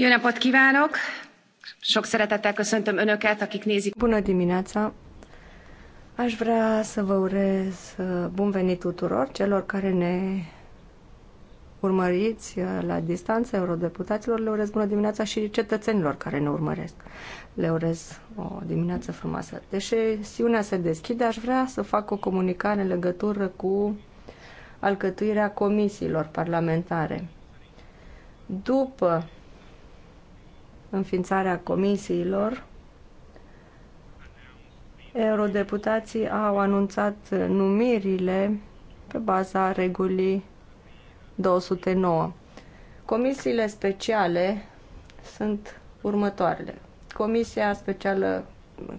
Jó napot kívánok! Sok szeretettel köszöntöm Önöket, akik nézik. Bună dimineața! Aș vrea să vă urez uh, bun venit tuturor celor care ne urmăriți uh, la distanță eurodeputaților, le urez bună dimineața și cetățenilor care ne urmăresc. Le urez o dimineață frumoasă. Deși siunea se deschide, aș vrea să fac o comunicare în legătură cu alcătuirea comisiilor parlamentare. După înființarea comisiilor, eurodeputații au anunțat numirile pe baza regulii 209. Comisiile speciale sunt următoarele. Comisia specială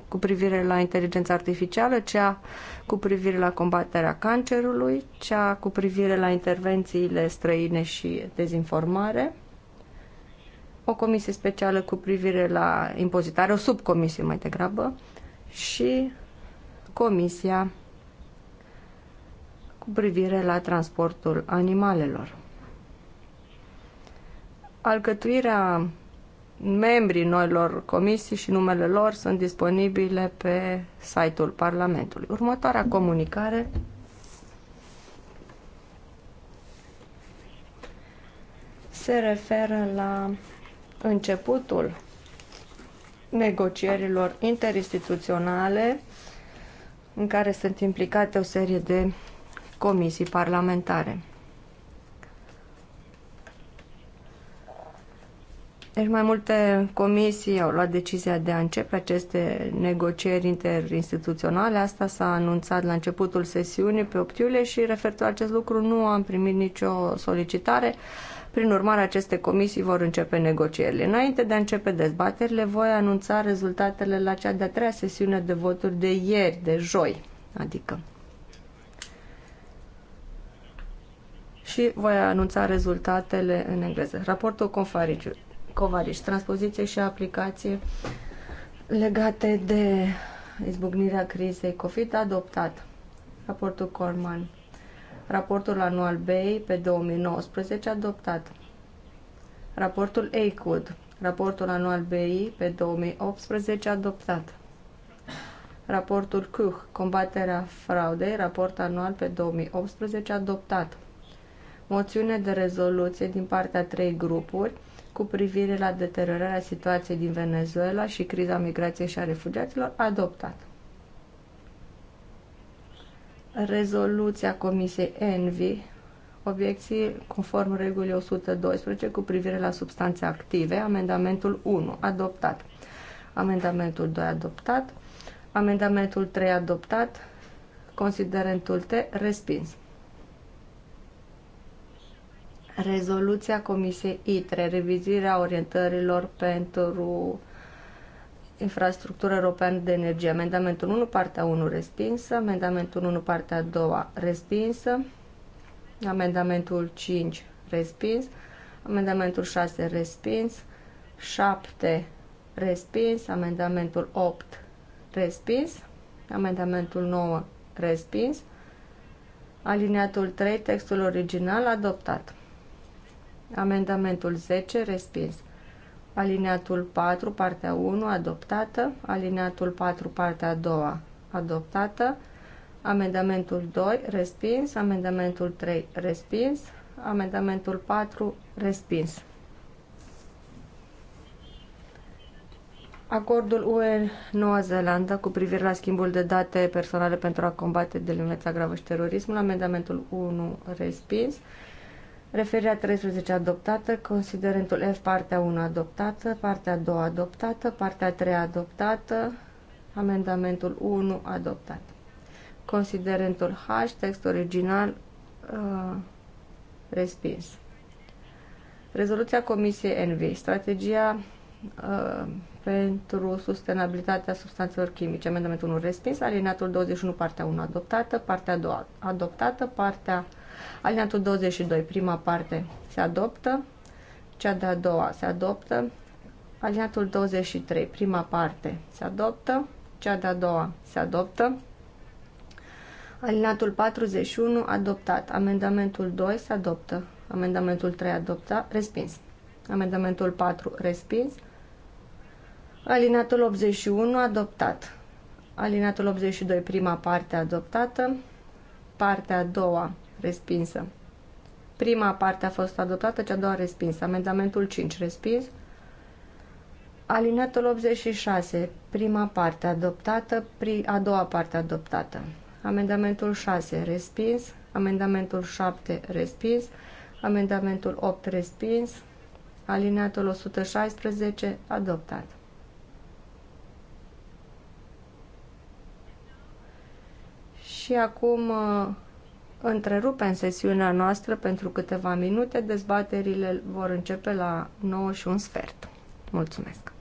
cu privire la inteligența artificială, cea cu privire la combaterea cancerului, cea cu privire la intervențiile străine și dezinformare, o comisie specială cu privire la impozitare, o subcomisie mai degrabă, și comisia cu privire la transportul animalelor. Alcătuirea membrii noilor comisii și numele lor sunt disponibile pe site-ul Parlamentului. Următoarea comunicare se referă la începutul negocierilor interinstituționale în care sunt implicate o serie de comisii parlamentare. Deci mai multe comisii au luat decizia de a începe aceste negocieri interinstituționale. Asta s-a anunțat la începutul sesiunii pe 8 iulie și referitor la acest lucru nu am primit nicio solicitare. Uh, prin urmare, aceste comisii vor începe negocierile. Înainte de a începe dezbaterile, voi anunța rezultatele la cea de-a treia sesiune de voturi de ieri, de joi, adică. Și voi anunța rezultatele în engleză. Raportul Covariș, transpoziție și aplicație legate de izbucnirea crizei COVID adoptat. Raportul Corman raportul anual BEI pe 2019 adoptat, raportul EICUD, raportul anual BEI pe 2018 adoptat, raportul CUH, combaterea fraudei, raport anual pe 2018 adoptat, moțiune de rezoluție din partea trei grupuri cu privire la deteriorarea situației din Venezuela și criza migrației și a refugiaților adoptat rezoluția Comisiei ENVI, obiecții conform regulii 112 cu privire la substanțe active, amendamentul 1 adoptat, amendamentul 2 adoptat, amendamentul 3 adoptat, considerentul T respins. Rezoluția Comisiei ITRE, revizirea orientărilor pentru infrastructură europeană de energie. Amendamentul 1, partea 1, respinsă. Amendamentul 1, partea 2, respinsă. Amendamentul 5, respins. Amendamentul 6, respins. 7, respins. Amendamentul 8, respins. Amendamentul 9, respins. Aliniatul 3, textul original, adoptat. Amendamentul 10, respins alineatul 4, partea 1, adoptată, alineatul 4, partea 2, adoptată, amendamentul 2, respins, amendamentul 3, respins, amendamentul 4, respins. Acordul UE Noua Zeelandă cu privire la schimbul de date personale pentru a combate delinvența gravă și terorismul, amendamentul 1 respins, Referirea 13 adoptată, considerentul F partea 1 adoptată, partea 2 adoptată, partea 3 adoptată, amendamentul 1 adoptat. Considerentul H, text original uh, respins. Rezoluția Comisiei NV, strategia uh, pentru sustenabilitatea substanțelor chimice, amendamentul 1 respins, alineatul 21, partea 1 adoptată, partea 2 adoptată, partea Alineatul 22, prima parte se adoptă, cea de-a doua se adoptă, alineatul 23, prima parte se adoptă, cea de-a doua se adoptă, alineatul 41 adoptat, amendamentul 2 se adoptă, amendamentul 3 adoptat, respins, amendamentul 4 respins, alineatul 81 adoptat, alineatul 82 prima parte adoptată, partea a doua respinsă. Prima parte a fost adoptată, cea a doua respinsă. Amendamentul 5 respins. Alinatul 86, prima parte adoptată, pri, a doua parte adoptată. Amendamentul 6 respins, amendamentul 7 respins, amendamentul 8 respins, alineatul 116 adoptat. Și acum uh, întrerupem sesiunea noastră pentru câteva minute. Dezbaterile vor începe la 9 și un sfert. Mulțumesc!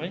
Oui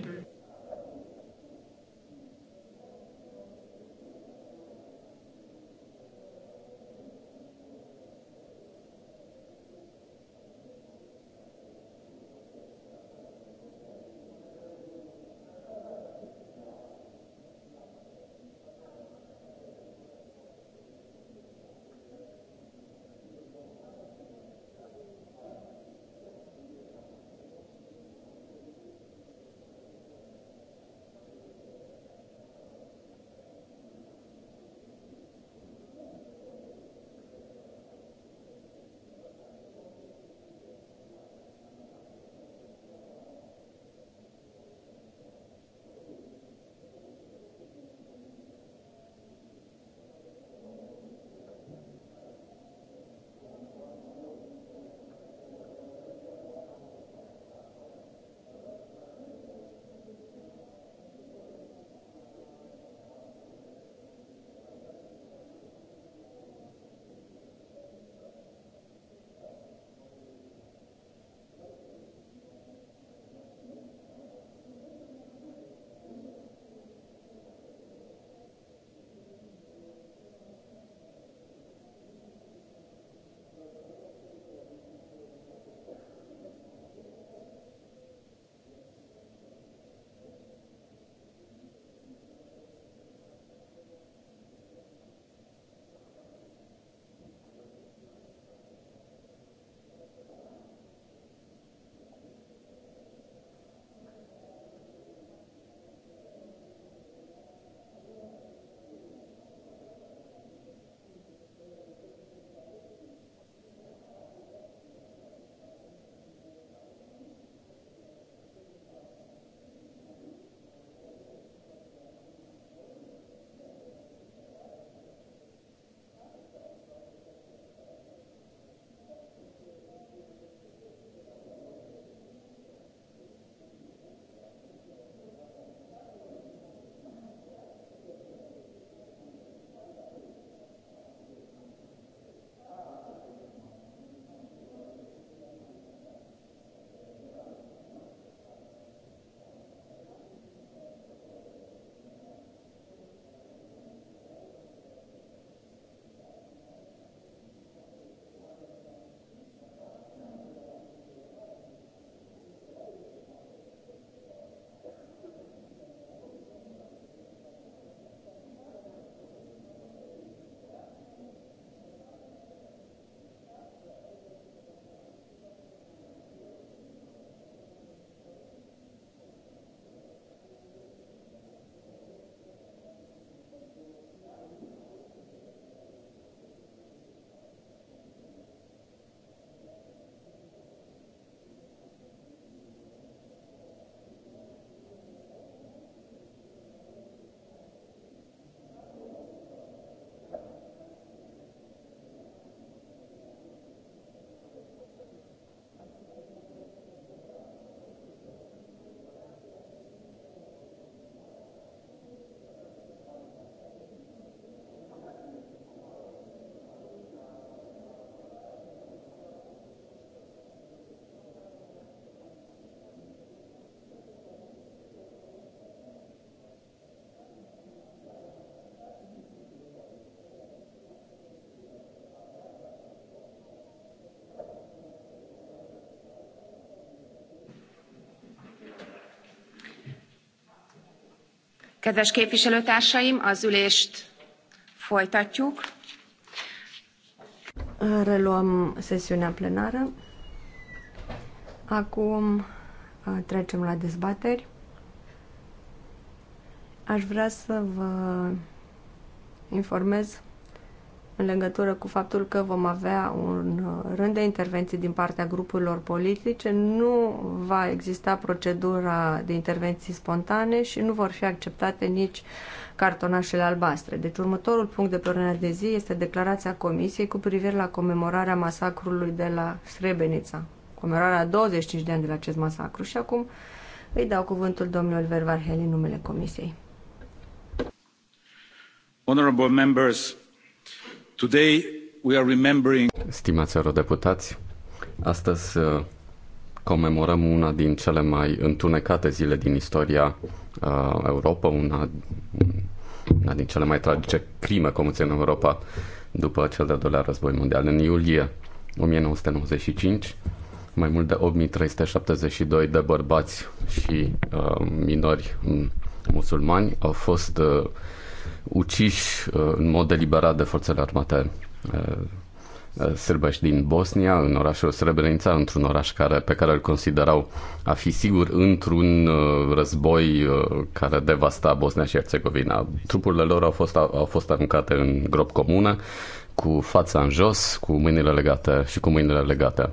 Kedves képviselőtársaim, az ülést folytatjuk. Reluăm sesiunea plenară. Acum trecem la dezbateri. Aș vrea să vă informez în legătură cu faptul că vom avea un uh, rând de intervenții din partea grupurilor politice, nu va exista procedura de intervenții spontane și nu vor fi acceptate nici cartonașele albastre. Deci următorul punct de pe de zi este declarația Comisiei cu privire la comemorarea masacrului de la Srebrenica, comemorarea 25 de ani de la acest masacru și acum îi dau cuvântul domnului Vervarheli în numele Comisiei. Honorable members, Today we are remembering... Stimați eurodeputați, astăzi uh, comemorăm una din cele mai întunecate zile din istoria uh, Europa, una, una din cele mai tragice crime comise în Europa după cel de-al doilea război mondial. În iulie 1995, mai mult de 8372 de bărbați și uh, minori mm, musulmani au fost uh, uciși uh, în mod deliberat de forțele armate uh, uh, sârbești din Bosnia, în orașul Srebrenica, într-un oraș care, pe care îl considerau a fi sigur într-un război care devasta Bosnia și Herțegovina. Trupurile lor au fost, au fost aruncate în grob comună, cu fața în jos, cu mâinile legate și cu mâinile legate.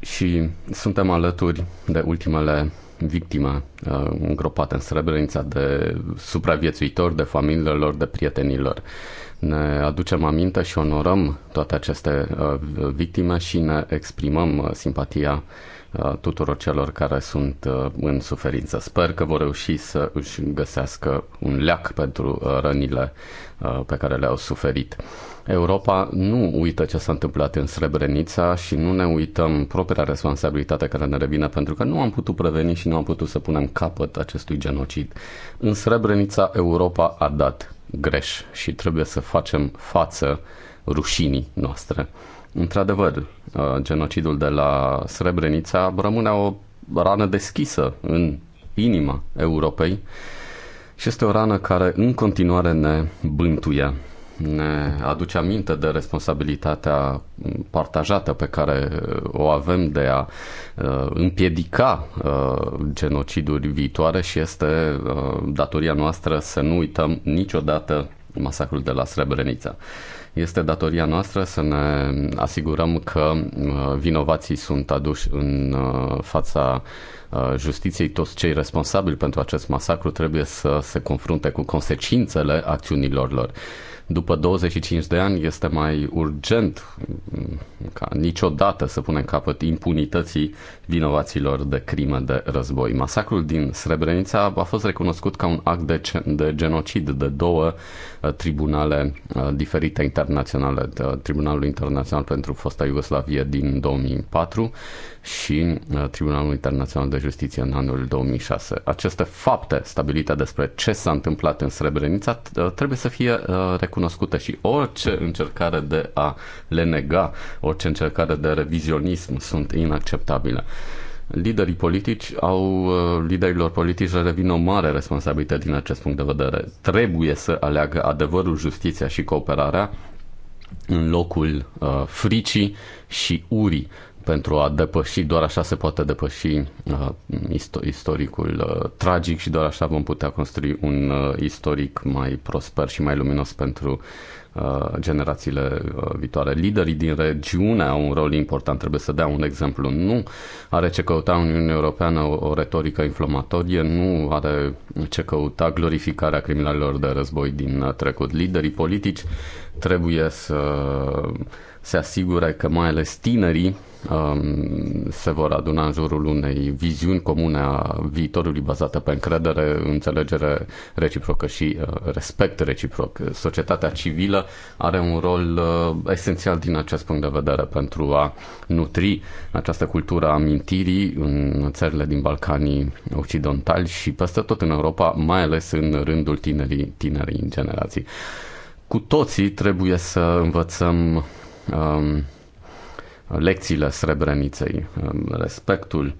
Și suntem alături de ultimele uh, îngropată în Srebrenica de supraviețuitori, de familiilor lor, de prietenilor. Ne aducem aminte și onorăm toate aceste uh, victime și ne exprimăm uh, simpatia uh, tuturor celor care sunt în suferință. Sper că vor reuși să își găsească un leac pentru rănile pe care le-au suferit. Europa nu uită ce s-a întâmplat în Srebrenica și nu ne uităm propria responsabilitate care ne revine pentru că nu am putut preveni și nu am putut să punem capăt acestui genocid. În Srebrenica Europa a dat greș și trebuie să facem față rușinii noastre. Într-adevăr, uh, genocidul de la Srebrenica rămâne o rană deschisă în inima Europei și este o rană care în continuare ne bântuie ne aduce aminte de responsabilitatea partajată pe care uh, o avem de a uh, împiedica uh, genociduri viitoare și este datoria noastră să nu uităm niciodată masacrul de la Srebrenica este datoria noastră să ne asigurăm că vinovații sunt aduși în fața justiției. Toți cei responsabili pentru acest masacru trebuie să se confrunte cu consecințele acțiunilor lor după 25 de ani este mai urgent ca niciodată să punem capăt impunității vinovaților de crime de război. Masacrul din Srebrenica a fost recunoscut ca un act de, de genocid de două uh, tribunale uh, diferite internaționale, uh, Tribunalul Internațional pentru Fosta Iugoslavie din 2004 și uh, Tribunalul Internațional de Justiție în anul 2006. Aceste fapte stabilite despre ce s-a întâmplat în Srebrenica uh, trebuie să fie uh, recunoscute și orice încercare de a le nega, orice încercare de revizionism sunt inacceptabile liderii politici au, liderilor politici le revine o mare responsabilitate din acest punct de vedere. Trebuie să aleagă adevărul, justiția și cooperarea în locul uh, fricii și urii pentru a depăși, doar așa se poate depăși uh, isto- istoricul uh, tragic și doar așa vom putea construi un uh, istoric mai prosper și mai luminos pentru uh, generațiile uh, viitoare. Liderii din regiune au un rol important, trebuie să dea un exemplu. Nu are ce căuta Uniunea Europeană o, o retorică inflamatorie, nu are ce căuta glorificarea criminalilor de război din uh, trecut. Liderii politici trebuie să se asigure că mai ales tinerii Um, se vor aduna în jurul unei viziuni comune a viitorului bazată pe încredere, înțelegere reciprocă și uh, respect reciproc. Societatea civilă are un rol uh, esențial din acest punct de vedere pentru a nutri această cultură a amintirii în țările din Balcanii Occidentali și peste tot în Europa, mai ales în rândul tinerii, tinerii generații. Cu toții trebuie să învățăm um, lecțiile Srebreniței, um, respectul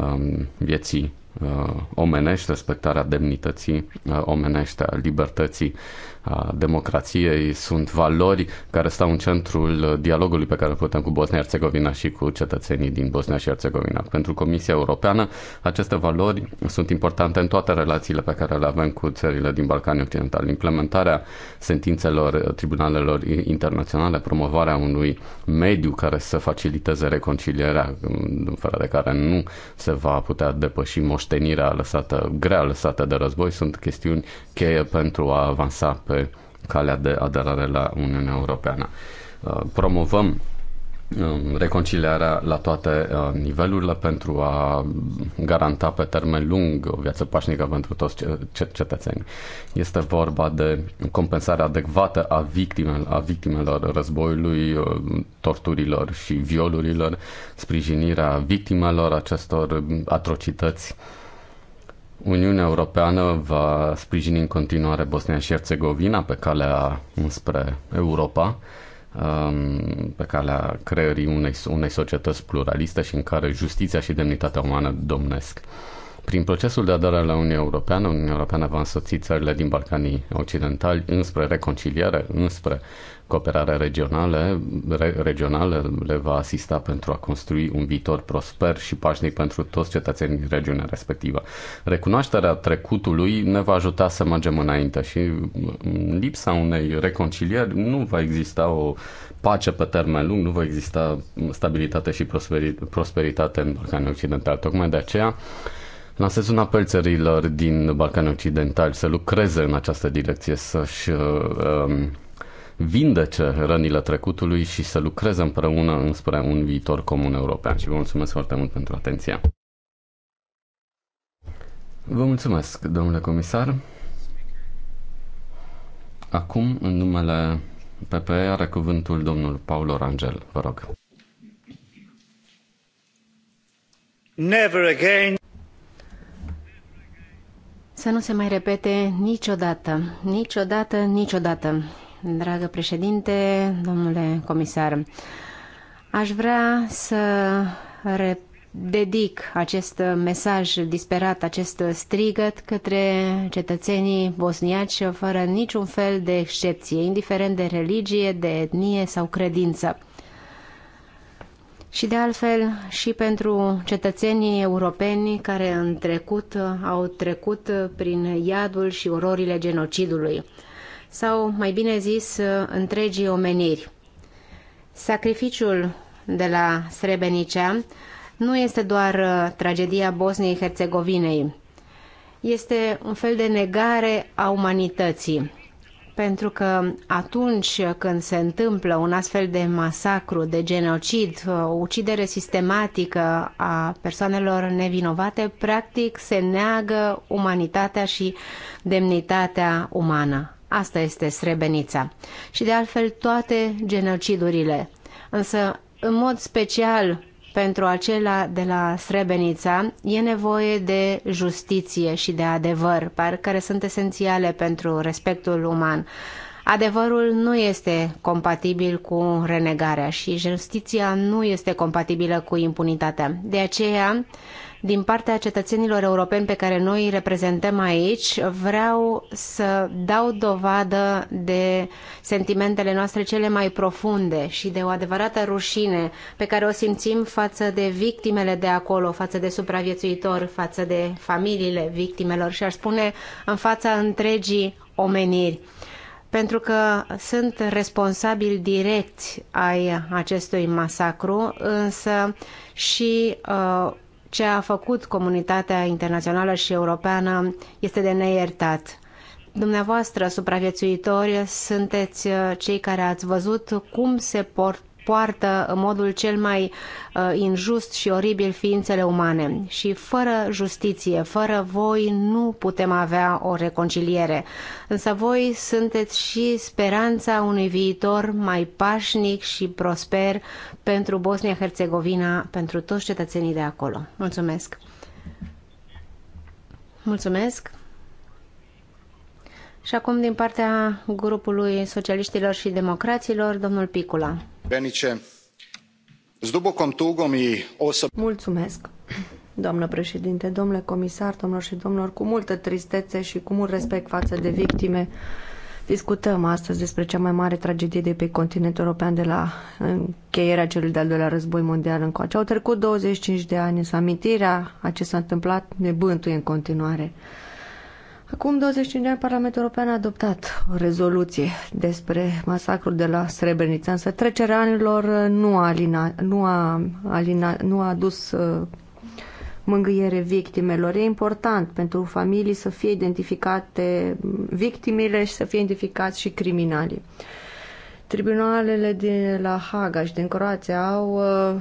um, vieții uh, omenești, respectarea demnității uh, omenești, a libertății a democrației, sunt valori care stau în centrul dialogului pe care îl putem cu Bosnia-Herzegovina și cu cetățenii din Bosnia și Herzegovina. Pentru Comisia Europeană, aceste valori sunt importante în toate relațiile pe care le avem cu țările din Balcanii Occidentali. Implementarea sentințelor tribunalelor internaționale, promovarea unui mediu care să faciliteze reconcilierea, fără de care nu se va putea depăși moștenirea lăsată, grea lăsată de război, sunt chestiuni cheie pentru a avansa pe pe calea de aderare la Uniunea Europeană. Uh, promovăm um, reconciliarea la toate uh, nivelurile pentru a garanta pe termen lung o viață pașnică pentru toți cetățenii. Este vorba de compensarea adecvată a, victimelor, a victimelor războiului, uh, torturilor și violurilor, sprijinirea victimelor acestor um, atrocități Uniunea Europeană va sprijini în continuare Bosnia și Herțegovina pe calea înspre Europa, um, pe calea creării unei, unei societăți pluraliste și în care justiția și demnitatea umană domnesc. Prin procesul de aderare la Uniunea Europeană, Uniunea Europeană va însoți țările din Balcanii Occidentali înspre reconciliere, înspre Cooperarea regională, re, regională le va asista pentru a construi un viitor prosper și pașnic pentru toți cetățenii regiunea respectivă. Recunoașterea trecutului ne va ajuta să mergem înainte și în lipsa unei reconcilieri nu va exista o pace pe termen lung, nu va exista stabilitate și prosperitate în Balcanii Occidentali. Tocmai de aceea Lansez un apel țărilor din Balcanul Occidental să lucreze în această direcție, să-și uh, um, vindece rănile trecutului și să lucreze împreună înspre un viitor comun european. Și vă mulțumesc foarte mult pentru atenție. Vă mulțumesc, domnule comisar. Acum, în numele PPE, are cuvântul domnul Paul Orangel. Vă rog. Never again. Să nu se mai repete niciodată, niciodată, niciodată dragă președinte, domnule comisar. Aș vrea să dedic acest mesaj disperat, acest strigăt către cetățenii bosniaci fără niciun fel de excepție, indiferent de religie, de etnie sau credință. Și de altfel și pentru cetățenii europeni care în trecut au trecut prin iadul și ororile genocidului sau, mai bine zis, întregii omeniri. Sacrificiul de la Srebrenica nu este doar uh, tragedia bosniei herțegovinei Este un fel de negare a umanității pentru că atunci când se întâmplă un astfel de masacru, de genocid, uh, o ucidere sistematică a persoanelor nevinovate, practic se neagă umanitatea și demnitatea umană. Asta este Srebenița. Și de altfel toate genocidurile. Însă, în mod special, pentru acela de la Srebrenica e nevoie de justiție și de adevăr, par care sunt esențiale pentru respectul uman. Adevărul nu este compatibil cu renegarea și justiția nu este compatibilă cu impunitatea. De aceea, din partea cetățenilor europeni pe care noi îi reprezentăm aici, vreau să dau dovadă de sentimentele noastre cele mai profunde și de o adevărată rușine pe care o simțim față de victimele de acolo, față de supraviețuitori, față de familiile victimelor și aș spune în fața întregii omeniri pentru că sunt responsabili direct ai acestui masacru, însă și uh, ce a făcut comunitatea internațională și europeană este de neiertat. Dumneavoastră, supraviețuitori, sunteți uh, cei care ați văzut cum se, port, poartă în modul cel mai uh, injust și oribil ființele umane. Și fără justiție, fără voi, nu putem avea o reconciliere. Însă voi sunteți și speranța unui viitor mai pașnic și prosper pentru Bosnia-Herzegovina, pentru toți cetățenii de acolo. Mulțumesc! Mulțumesc! Și acum din partea grupului socialiștilor și democraților, domnul Picula. Mulțumesc, doamnă președinte, domnule comisar, doamnelor și domnilor, cu multă tristețe și cu mult respect față de victime, discutăm astăzi despre cea mai mare tragedie de pe continentul european de la încheierea celui de-al doilea război mondial încoace. Au trecut 25 de ani, însă amintirea a ce s-a întâmplat ne bântuie în continuare. Acum 25 de ani, Parlamentul European a adoptat o rezoluție despre masacrul de la Srebrenica, însă trecerea anilor nu a, alina, nu a, alina, nu a adus uh, mângâiere victimelor. E important pentru familii să fie identificate victimele și să fie identificați și criminalii. Tribunalele de la Haga și din Croația au uh,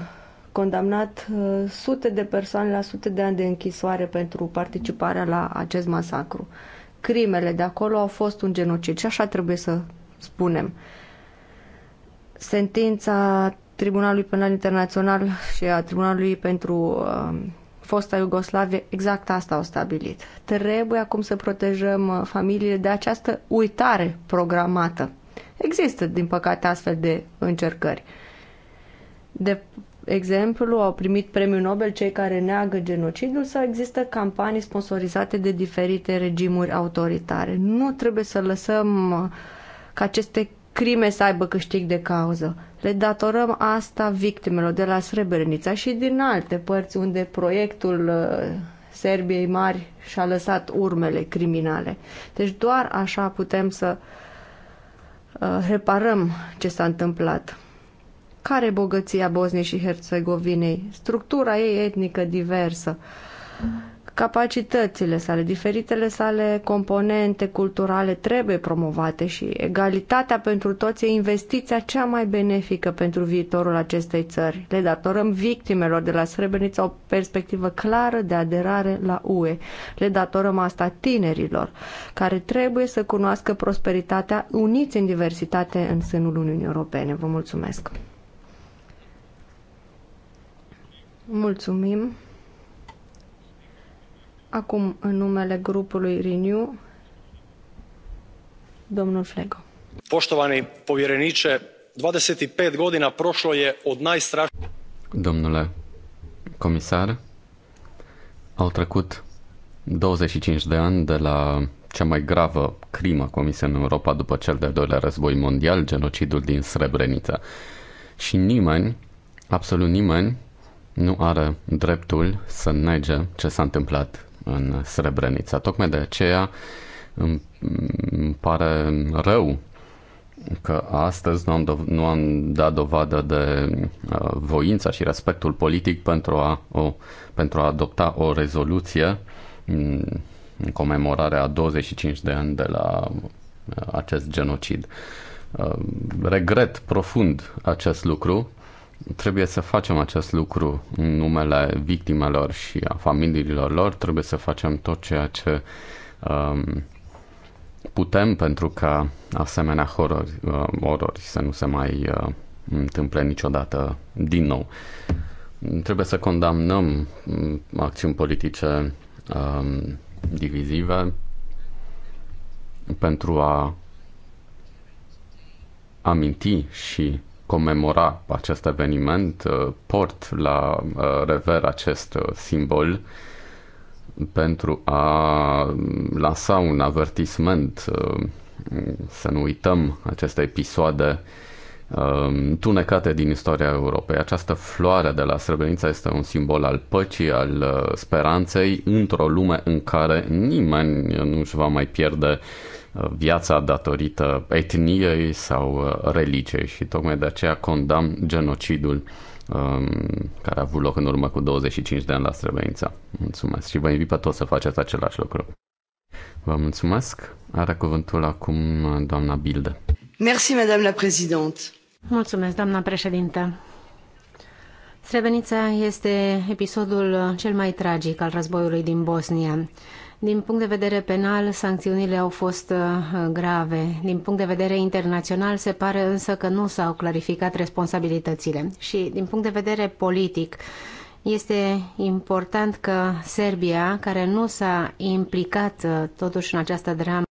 condamnat uh, sute de persoane la sute de ani de închisoare pentru participarea la acest masacru. Crimele de acolo au fost un genocid și așa trebuie să spunem. Sentința Tribunalului Penal Internațional și a Tribunalului pentru uh, fosta Iugoslavie, exact asta au stabilit. Trebuie acum să protejăm uh, familiile de această uitare programată. Există, din păcate, astfel de încercări. De exemplu, au primit premiul Nobel cei care neagă genocidul sau există campanii sponsorizate de diferite regimuri autoritare. Nu trebuie să lăsăm uh, ca aceste crime să aibă câștig de cauză. Le datorăm asta victimelor de la Srebrenica și din alte părți unde proiectul uh, Serbiei Mari și-a lăsat urmele criminale. Deci doar așa putem să uh, reparăm ce s-a întâmplat. Care e bogăția Bosniei și Herțegovinei? Structura ei etnică diversă, capacitățile sale, diferitele sale componente culturale trebuie promovate și egalitatea pentru toți e investiția cea mai benefică pentru viitorul acestei țări. Le datorăm victimelor de la Srebrenica o perspectivă clară de aderare la UE. Le datorăm asta tinerilor, care trebuie să cunoască prosperitatea uniți în diversitate în sânul Uniunii Europene. Vă mulțumesc! Mulțumim. Acum, în numele grupului Renew, domnul Flego. Poștovani povierenice, 25 godina prošlo je od najstrašnijih... Domnule comisar, au trecut 25 de ani de la cea mai gravă crimă comisă în Europa după cel de-al doilea război mondial, genocidul din Srebrenica. Și nimeni, absolut nimeni, nu are dreptul să nege ce s-a întâmplat în Srebrenica. Tocmai de aceea îmi pare rău că astăzi nu am, do- nu am dat dovadă de uh, voința și respectul politic pentru a, o, pentru a adopta o rezoluție în, comemorarea a 25 de ani de la uh, acest genocid. Uh, regret profund acest lucru trebuie să facem acest lucru în numele victimelor și a familiilor lor, trebuie să facem tot ceea ce um, putem pentru ca asemenea horrori, uh, orori să nu se mai uh, întâmple niciodată din nou. Trebuie să condamnăm mm, acțiuni politice um, divizive pentru a aminti și comemora acest eveniment, uh, port la uh, rever acest uh, simbol pentru a mm, lansa un avertisment, mm, să nu uităm aceste episoade tunecate din istoria Europei. Această floare de la Srebrenica este un simbol al păcii, al speranței într-o lume în care nimeni nu își va mai pierde uh, viața datorită etniei sau uh, religiei și tocmai de aceea condamn genocidul um, care a avut loc în urmă cu 25 de ani la Srebrenica. Mulțumesc și vă invit pe toți să faceți același lucru. Vă mulțumesc. Are cuvântul acum uh, doamna Bilde. Merci, madame la présidente. Mulțumesc, doamna președintă. Srebrenica este episodul cel mai tragic al războiului din Bosnia. Din punct de vedere penal, sancțiunile au fost uh, grave. Din punct de vedere internațional, se pare însă că nu s-au clarificat responsabilitățile. Și din punct de vedere politic, este important că Serbia, care nu s-a implicat uh, totuși în această dramă,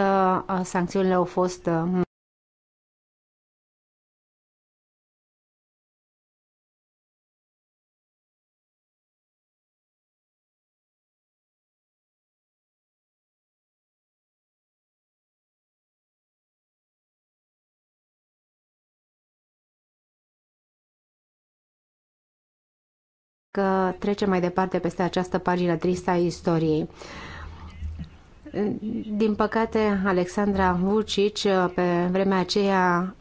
Uh, sancțiunile au fost uh, că trecem mai departe peste această pagină tristă a istoriei. Din păcate, Alexandra Vucic, pe vremea aceea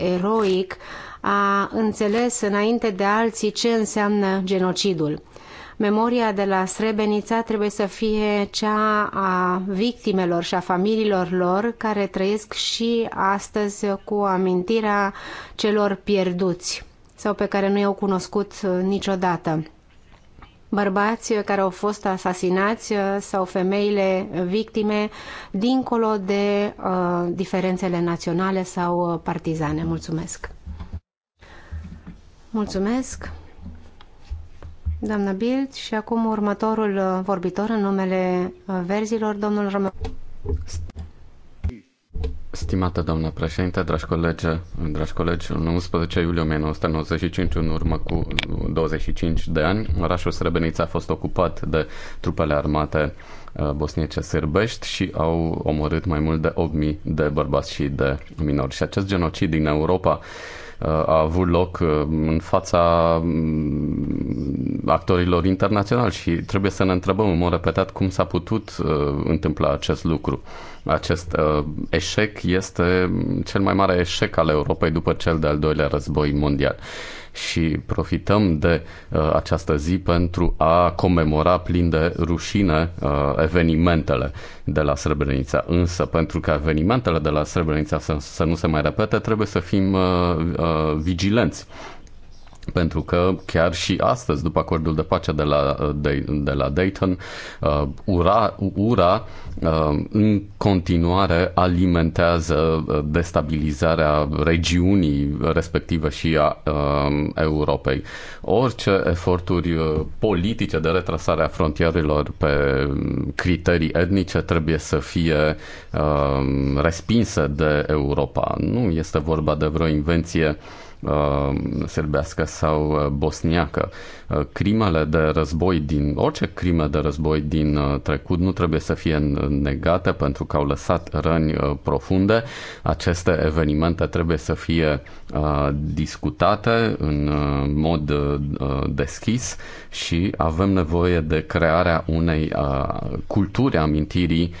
eroic a înțeles înainte de alții ce înseamnă genocidul. Memoria de la Srebrenica trebuie să fie cea a victimelor și a familiilor lor care trăiesc și astăzi cu amintirea celor pierduți sau pe care nu i-au cunoscut niciodată bărbați care au fost asasinați uh, sau femeile victime, dincolo de uh, diferențele naționale sau uh, partizane. Mulțumesc! Mulțumesc, doamna Bild. Și acum următorul uh, vorbitor în numele verzilor, domnul Romeo. Stimată doamnă președinte, dragi colegi, dragi colegi, în 11 iulie 1995, în urmă cu 25 de ani, orașul Srebrenica a fost ocupat de trupele armate uh, bosniece sârbești și au omorât mai mult de 8.000 de bărbați și de minori. Și acest genocid din Europa a avut loc uh, în fața mm, actorilor internaționali și trebuie să ne întrebăm în mod repetat cum s-a putut uh, întâmpla acest lucru. Acest uh, eșec este cel mai mare eșec al Europei după cel de-al doilea război mondial și profităm de uh, această zi pentru a comemora plin de rușine uh, evenimentele de la Srebrenica. Însă, pentru ca evenimentele de la Srebrenica să, să nu se mai repete, trebuie să fim uh, uh, vigilenți pentru că chiar și astăzi, după acordul de pace de la, uh, de, de la Dayton, uh, ura, ura uh, în continuare alimentează uh, destabilizarea regiunii respective și a uh, Europei. Orice eforturi uh, politice de retrasare a frontierelor pe criterii etnice trebuie să fie uh, respinse de Europa. Nu este vorba de vreo invenție Uh, sârbească sau uh, bosniacă. Uh, crimele de război din, orice crime de război din trecut nu trebuie să fie negate pentru că au lăsat răni profunde. Aceste evenimente trebuie să fie discutate în mod deschis și avem nevoie de crearea unei culturi amintirii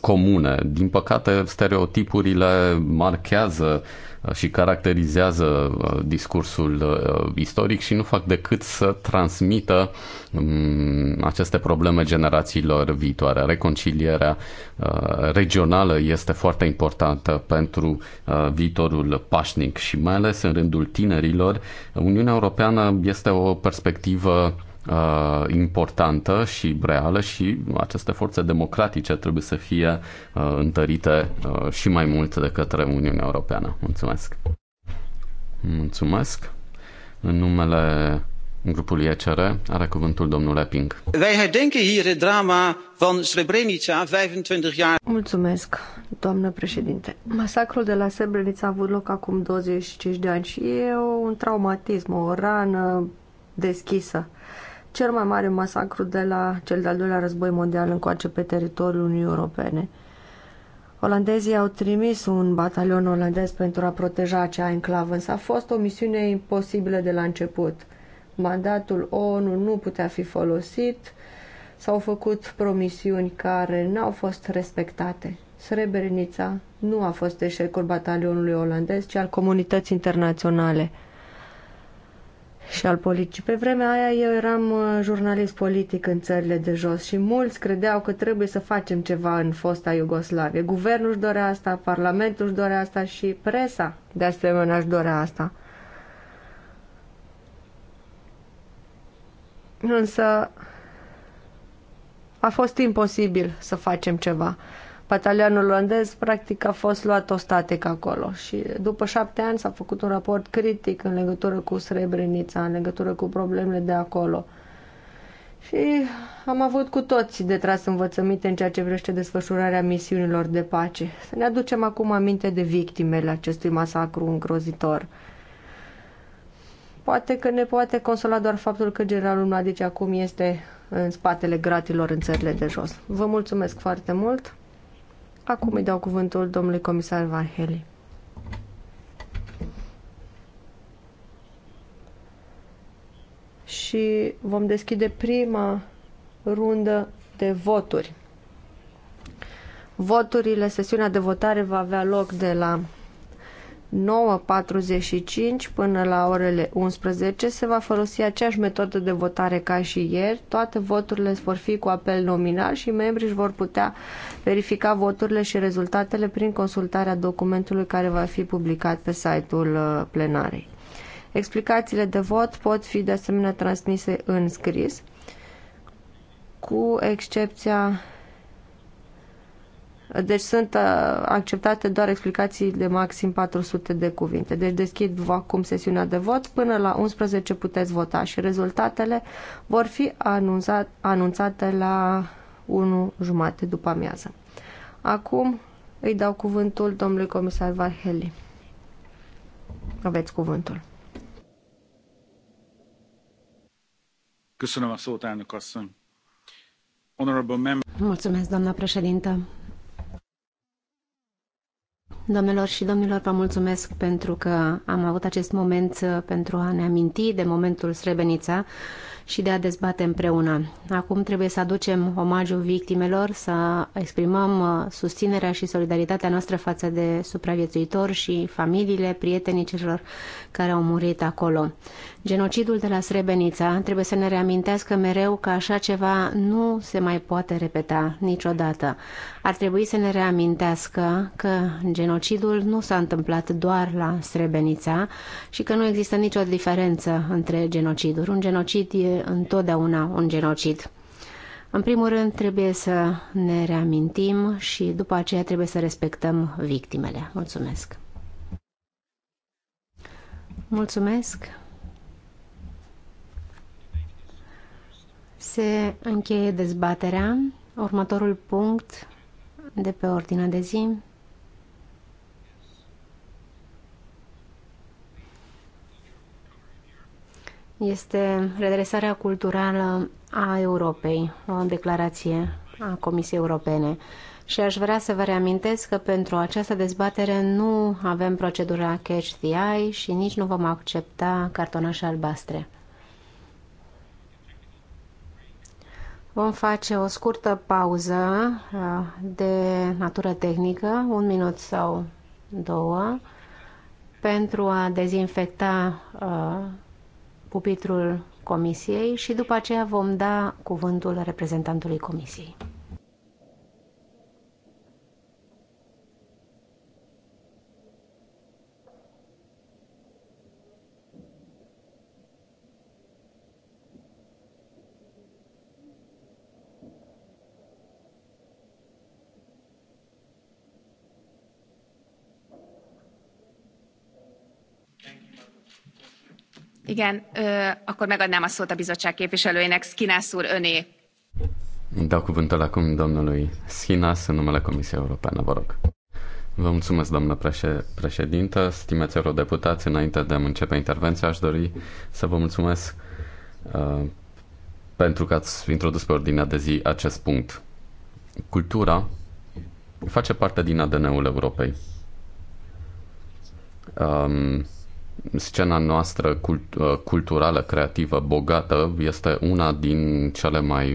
comune. Din păcate, stereotipurile marchează uh, și caracterizează uh, discursul uh, istoric și nu fac decât să transmită mm, aceste probleme generațiilor viitoare. Reconcilierea uh, regională este foarte importantă pentru viitorul pașnic și mai ales în rândul tinerilor. Uniunea Europeană este o perspectivă uh, importantă și reală și aceste forțe democratice trebuie să fie uh, întărite uh, și mai mult de către Uniunea Europeană. Mulțumesc! Mulțumesc! În numele grupului ECR are cuvântul domnul Epping. drama Srebrenica 25 Mulțumesc, doamnă președinte. Masacrul de la Srebrenica a avut loc acum 25 de ani și e un traumatism, o rană deschisă cel mai mare masacru de la cel de-al doilea război mondial încoace pe teritoriul Uniunii Europene. Olandezii au trimis un batalion olandez pentru a proteja acea enclavă, însă a fost o misiune imposibilă de la început. Mandatul ONU nu putea fi folosit, s-au făcut promisiuni care n-au fost respectate. Srebrenica nu a fost eșecul batalionului olandez, ci al comunității internaționale – și al politicii. Pe vremea aia eu eram uh, jurnalist politic în țările de jos și mulți credeau că trebuie să facem ceva în fosta Iugoslavie. Guvernul își dorea asta, parlamentul își dorea asta și presa de asemenea își dorea asta. Însă a fost imposibil să facem ceva batalionul londez practic a fost luat static acolo și după șapte ani s-a făcut un raport critic în legătură cu Srebrenica, în legătură cu problemele de acolo. Și am avut cu toți de tras învățăminte în ceea ce vrește desfășurarea misiunilor de pace. Să ne aducem acum aminte de victimele acestui masacru îngrozitor. Poate că ne poate consola doar faptul că generalul Mladic acum este în spatele gratilor în țările de jos. Vă mulțumesc foarte mult! Acum îi dau cuvântul domnului comisar Van Heli. Și vom deschide prima rundă de voturi. Voturile, sesiunea de votare va avea loc de la 9.45 până la orele 11 se va folosi aceeași metodă de votare ca și ieri. Toate voturile vor fi cu apel nominal și membrii își vor putea verifica voturile și rezultatele prin consultarea documentului care va fi publicat pe site-ul uh, plenarei. Explicațiile de vot pot fi de asemenea transmise în scris, cu excepția deci sunt uh, acceptate doar explicații de maxim 400 de cuvinte. Deci deschid acum sesiunea de vot. Până la 11 puteți vota și rezultatele vor fi anunțat, anunțate la 1 jumate după amiază. Acum îi dau cuvântul domnului comisar Varheli. Aveți cuvântul. Mulțumesc, doamna președintă. Doamnelor și domnilor, vă mulțumesc pentru că am avut acest moment uh, pentru a ne aminti de momentul Srebenița și de a dezbate împreună. Acum trebuie să aducem omagiu victimelor, să exprimăm uh, susținerea și solidaritatea noastră față de supraviețuitori și familiile, prietenii celor care au murit acolo. Genocidul de la Srebrenica trebuie să ne reamintească mereu că așa ceva nu se mai poate repeta niciodată. Ar trebui să ne reamintească că genocidul nu s-a întâmplat doar la Srebrenica și că nu există nicio diferență între genociduri. Un genocid e întotdeauna un genocid. În primul rând trebuie să ne reamintim și după aceea trebuie să respectăm victimele. Mulțumesc! Mulțumesc! Se încheie dezbaterea. Următorul punct de pe ordinea de zi este redresarea culturală a Europei, o declarație a Comisiei Europene. Și aș vrea să vă reamintesc că pentru această dezbatere nu avem procedura catch the eye și nici nu vom accepta cartonașe albastre. Vom face o scurtă pauză uh, de natură tehnică, un minut sau două, pentru a dezinfecta uh, pupitrul comisiei și după aceea vom da cuvântul reprezentantului comisiei. Igen, akkor megadnám a szót a bizottság képviselőjének. Skinász úr, öné. Dau cuvântul acum domnului Schinas în numele Comisiei Europene, vă rog. Vă mulțumesc, doamnă președintă, stimați eurodeputați, înainte de a începe intervenția, aș dori să vă mulțumesc uh, pentru că ați introdus pe ordinea de zi acest punct. Cultura face parte din ADN-ul Europei. Um, scena noastră cult- uh, culturală, creativă, bogată, este una din cele mai,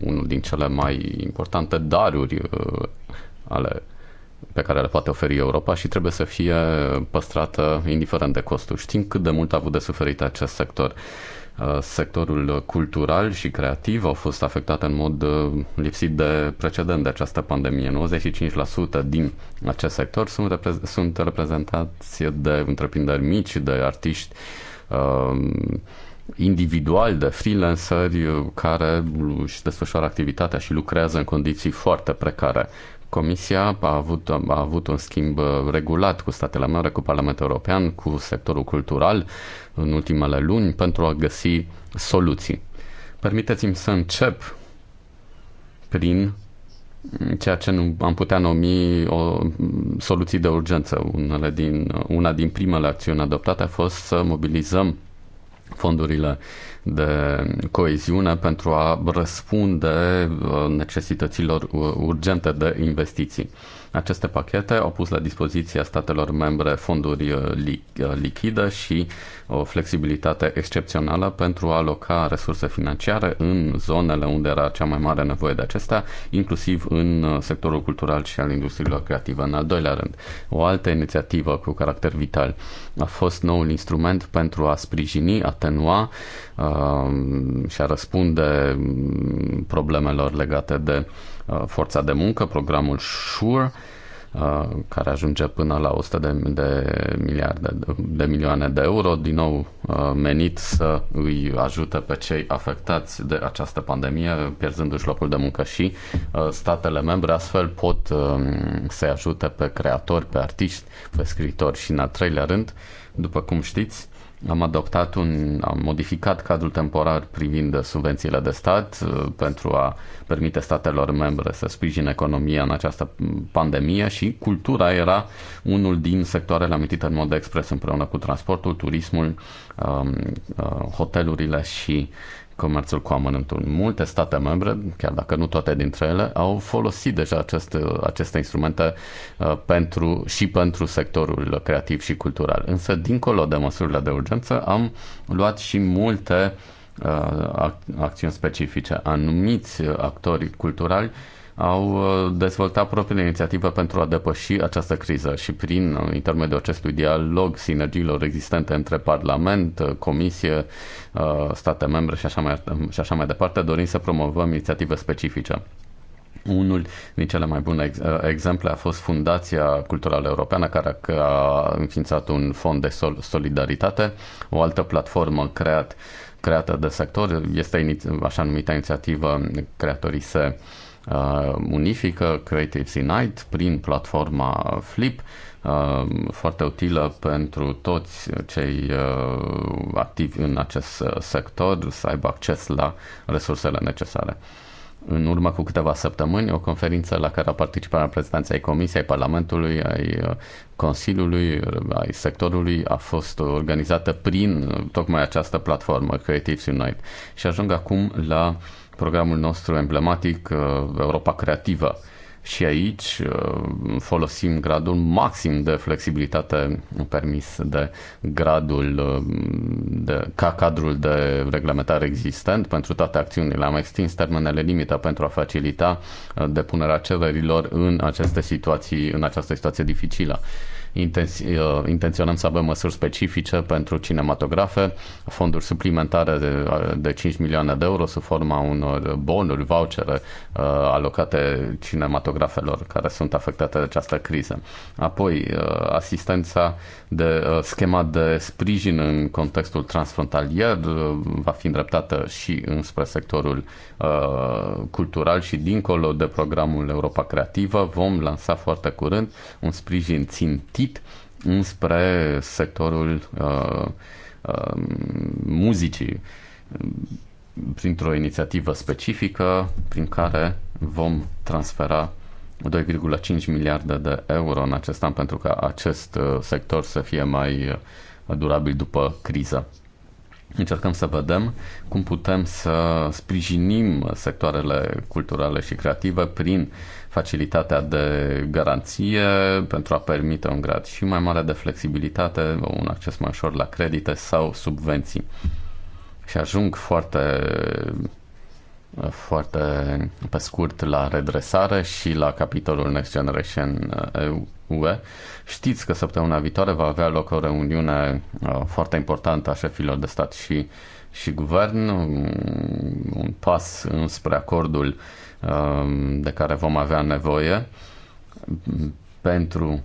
unul din cele mai importante daruri uh, ale pe care le poate oferi Europa și trebuie să fie păstrată indiferent de costuri. Știm cât de mult a avut de suferit acest sector. Uh, Uh, sectorul cultural și creativ au fost afectate în mod uh, lipsit de precedent de această pandemie. 95% din acest sector sunt, repre- sunt reprezentați de întreprinderi mici, de artiști uh, individual de freelanceri uh, care își desfășoară activitatea și lucrează în condiții foarte precare. Comisia a avut, a avut un schimb regulat cu statele membre, cu Parlamentul European, cu sectorul cultural în ultimele luni pentru a găsi soluții. Permiteți-mi să încep prin ceea ce nu am putea numi o soluții de urgență. Unele din, una din primele acțiuni adoptate a fost să mobilizăm fondurile de coeziune pentru a răspunde uh, necesităților uh, urgente de investiții. Aceste pachete au pus la dispoziția statelor membre fonduri uh, uh, lichide și o flexibilitate excepțională pentru a aloca resurse financiare în zonele unde era cea mai mare nevoie de acestea, inclusiv în uh, sectorul cultural și al industriilor creative. În al doilea rând, o altă inițiativă cu caracter vital a fost noul instrument pentru a sprijini, atenua uh, și a răspunde mm, problemelor legate de Uh, forța de muncă, programul SURE, uh, care ajunge până la 100 de, de miliarde de milioane de euro, din nou uh, menit să îi ajute pe cei afectați de această pandemie, pierzându-și locul de muncă și statele membre astfel pot um, să ajute pe creatori, pe artiști, pe scriitori și în al treilea rând, după cum știți, am adoptat un, am modificat cadrul temporar privind subvențiile de stat uh, pentru a permite statelor membre să sprijine economia în această pandemie și cultura era unul din sectoarele amintite în mod expres împreună cu transportul, turismul, um, uh, hotelurile și comerțul cu amănântul. Multe state membre, chiar dacă nu toate dintre ele, au folosit deja aceste, aceste instrumente uh, pentru, și pentru sectorul creativ și cultural. Însă, dincolo de măsurile de urgență, am luat și multe uh, acțiuni specifice. Anumiți actori culturali au uh, dezvoltat propriile inițiative pentru a depăși această criză și prin intermediul acestui dialog, sinergiilor existente între Parlament, uh, Comisie, uh, state membre și așa mai, și așa mai departe, dorim să promovăm inițiative specifice. Unul din cele mai bune exemple a fost Fundația Culturală Europeană, care a înființat un fond de solidaritate, o altă platformă creat, creată de sector, este așa numită inițiativă Creatorii se Uh, unifică Creative Unite prin platforma Flip, uh, foarte utilă pentru toți cei uh, activi în acest sector să aibă acces la resursele necesare. În urmă cu câteva săptămâni, o conferință la care a participat reprezentanții ai Comisiei, ai Parlamentului, ai Consiliului, ai sectorului a fost organizată prin tocmai această platformă Creative Unite. Și ajung acum la uh, programul nostru emblematic uh, Europa Creativă. Și aici uh, folosim gradul maxim de flexibilitate permis de gradul uh, de, ca cadrul de reglementare existent pentru toate acțiunile. Am extins termenele limită pentru a facilita depunerea cererilor în aceste situații, în această situație dificilă. Uh, intenționăm să avem măsuri specifice pentru cinematografe, fonduri suplimentare de, 5 milioane de euro sub forma unor bonuri, vouchere uh, alocate cinematografelor care sunt afectate de această criză. Apoi, uh, asistența de schema de sprijin în contextul transfrontalier va fi îndreptată și înspre sectorul cultural și dincolo de programul Europa Creativă. Vom lansa foarte curând un sprijin țintit pregătit înspre sectorul uh, uh, muzicii printr-o inițiativă specifică prin care vom transfera 2,5 miliarde de euro în acest an pentru ca acest uh, sector să fie mai uh, durabil după criză. Încercăm să vedem cum putem să sprijinim sectoarele culturale și creative prin uh, facilitatea de garanție pentru a permite un grad și mai mare de flexibilitate, un acces mai ușor la credite sau subvenții. Și ajung foarte foarte pe scurt la redresare și la capitolul Next Generation UE. Uh, Știți că săptămâna viitoare va avea loc o reuniune uh, foarte importantă a șefilor de stat și, și guvern, un pas înspre acordul Um, de care vom avea nevoie pentru,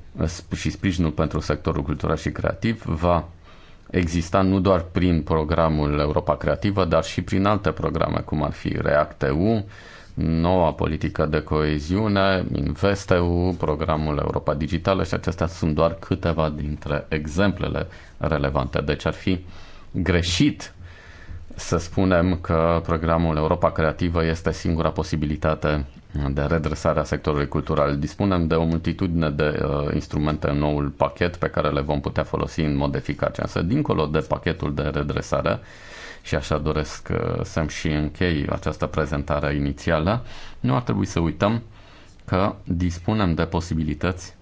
și sprijinul pentru sectorul cultural și creativ va exista nu doar prin programul Europa Creativă, dar și prin alte programe, cum ar fi REACT-EU, noua politică de coeziune, InvestEU, programul Europa Digitală și acestea sunt doar câteva dintre exemplele relevante. Deci ar fi greșit să spunem că programul Europa Creativă este singura posibilitate de redresare a sectorului cultural. Dispunem de o multitudine de uh, instrumente în noul pachet pe care le vom putea folosi în mod eficace. Însă, dincolo de pachetul de redresare, și așa doresc uh, să-mi și închei această prezentare inițială, nu ar trebui să uităm că dispunem de posibilități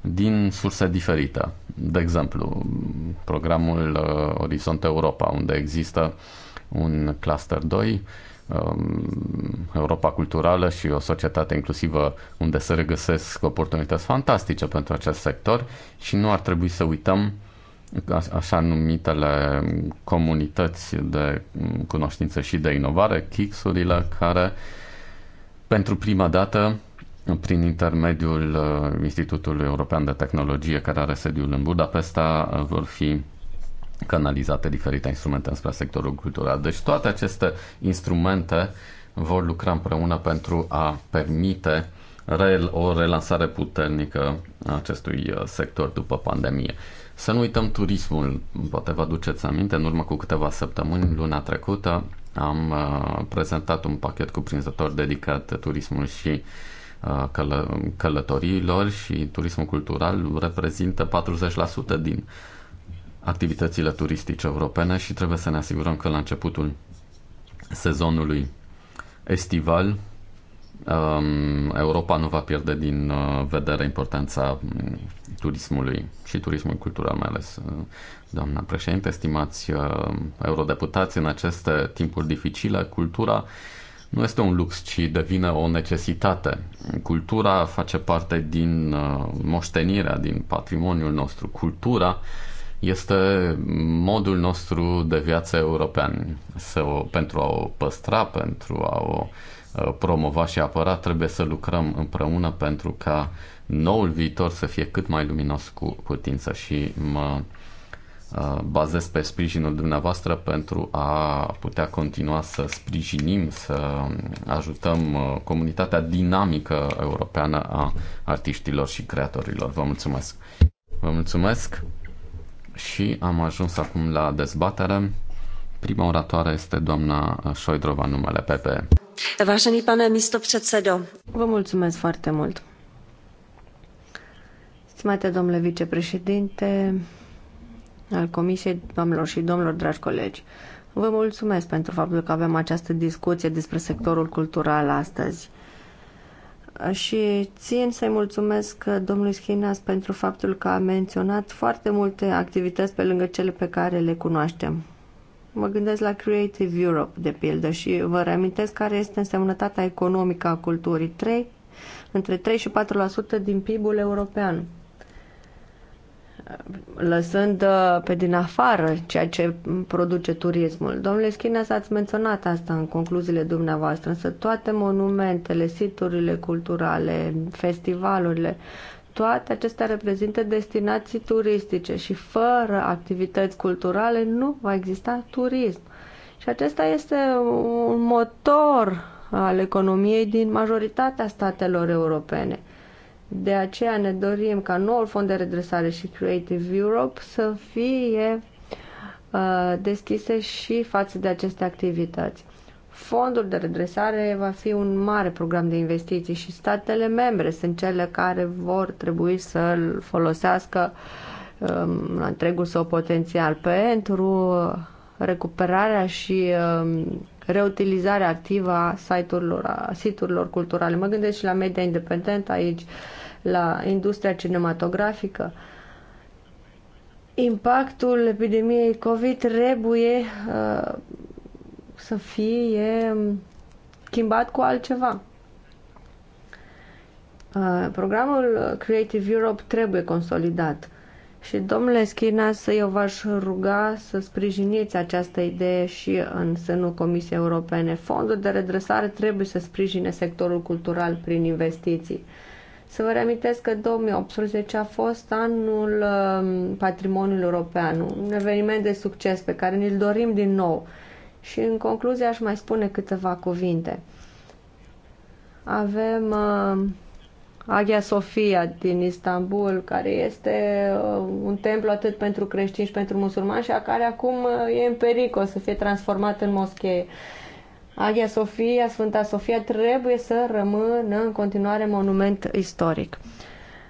din surse diferite. De exemplu, programul uh, Orizont Europa, unde există uh, un cluster 2, um, Europa culturală și o societate inclusivă unde se regăsesc oportunități fantastice pentru acest sector și nu ar trebui să uităm așa numitele comunități de um, cunoștință și de inovare, kics urile care pentru prima dată prin intermediul uh, Institutului European de Tehnologie, care are sediul în Budapesta, uh, vor fi canalizate diferite instrumente înspre sectorul cultural. Deci toate aceste instrumente vor lucra împreună pentru a permite o relansare puternică a acestui uh, sector după pandemie. Să nu uităm turismul. Poate vă aduceți aminte, în urmă cu câteva săptămâni, luna trecută, am uh, prezentat un pachet cuprinzător dedicat turismului și uh, călătoriilor și turismul cultural reprezintă 40% din activitățile turistice europene și trebuie să ne asigurăm că la începutul sezonului estival um, Europa nu va pierde din uh, vedere importanța mm, turismului și turismul cultural mai ales. Uh, doamna președinte, estimați uh, eurodeputați, în aceste timpuri dificile, cultura nu este un lux, ci devine o necesitate. Cultura face parte din moștenirea, din patrimoniul nostru. Cultura este modul nostru de viață european. Să o, pentru a o păstra, pentru a o uh, promova și apăra, trebuie să lucrăm împreună pentru ca noul viitor să fie cât mai luminos cu putință și mă uh, bazez pe sprijinul dumneavoastră pentru a putea continua să sprijinim, să ajutăm uh, comunitatea dinamică europeană a artiștilor și creatorilor. Vă mulțumesc! Vă mulțumesc! și am ajuns acum la dezbatere. Prima oratoare este doamna Șoidrova, numele PP. Vážený pane místopředsedo. Vă mulțumesc foarte mult. Stimate domnule vicepreședinte al Comisiei, doamnelor și domnilor, dragi colegi, vă mulțumesc pentru faptul că avem această discuție despre sectorul cultural astăzi și țin să-i mulțumesc domnului Schinas pentru faptul că a menționat foarte multe activități pe lângă cele pe care le cunoaștem. Mă gândesc la Creative Europe, de pildă, și vă reamintesc care este însemnătatea economică a culturii. 3, între 3 și 4% din PIB-ul european lăsând uh, pe din afară ceea ce produce turismul. Domnule s ați menționat asta în concluziile dumneavoastră, însă toate monumentele, siturile culturale, festivalurile, toate acestea reprezintă destinații turistice și fără activități culturale nu va exista turism. Și acesta este un motor al economiei din majoritatea statelor europene. De aceea ne dorim ca noul fond de redresare și Creative Europe să fie uh, deschise și față de aceste activități. Fondul de redresare va fi un mare program de investiții și statele membre sunt cele care vor trebui să-l folosească um, la întregul său potențial pentru recuperarea și um, reutilizarea activă a site-urilor, a siturilor culturale. Mă gândesc și la media independentă aici, la industria cinematografică. Impactul epidemiei COVID trebuie uh, să fie um, schimbat cu altceva. Uh, programul Creative Europe trebuie consolidat. Și, domnule să eu v-aș ruga să sprijiniți această idee și în sânul Comisiei Europene. Fondul de redresare trebuie să sprijine sectorul cultural prin investiții. Să vă reamintesc că 2018 a fost anul um, patrimoniului european, un eveniment de succes pe care ne-l dorim din nou. Și în concluzie aș mai spune câteva cuvinte. Avem uh, Agia Sofia din Istanbul, care este uh, un templu atât pentru creștini și pentru musulmani și a care acum uh, e în pericol să fie transformat în moschee. Agia Sofia, Sfânta Sofia trebuie să rămână în continuare monument istoric.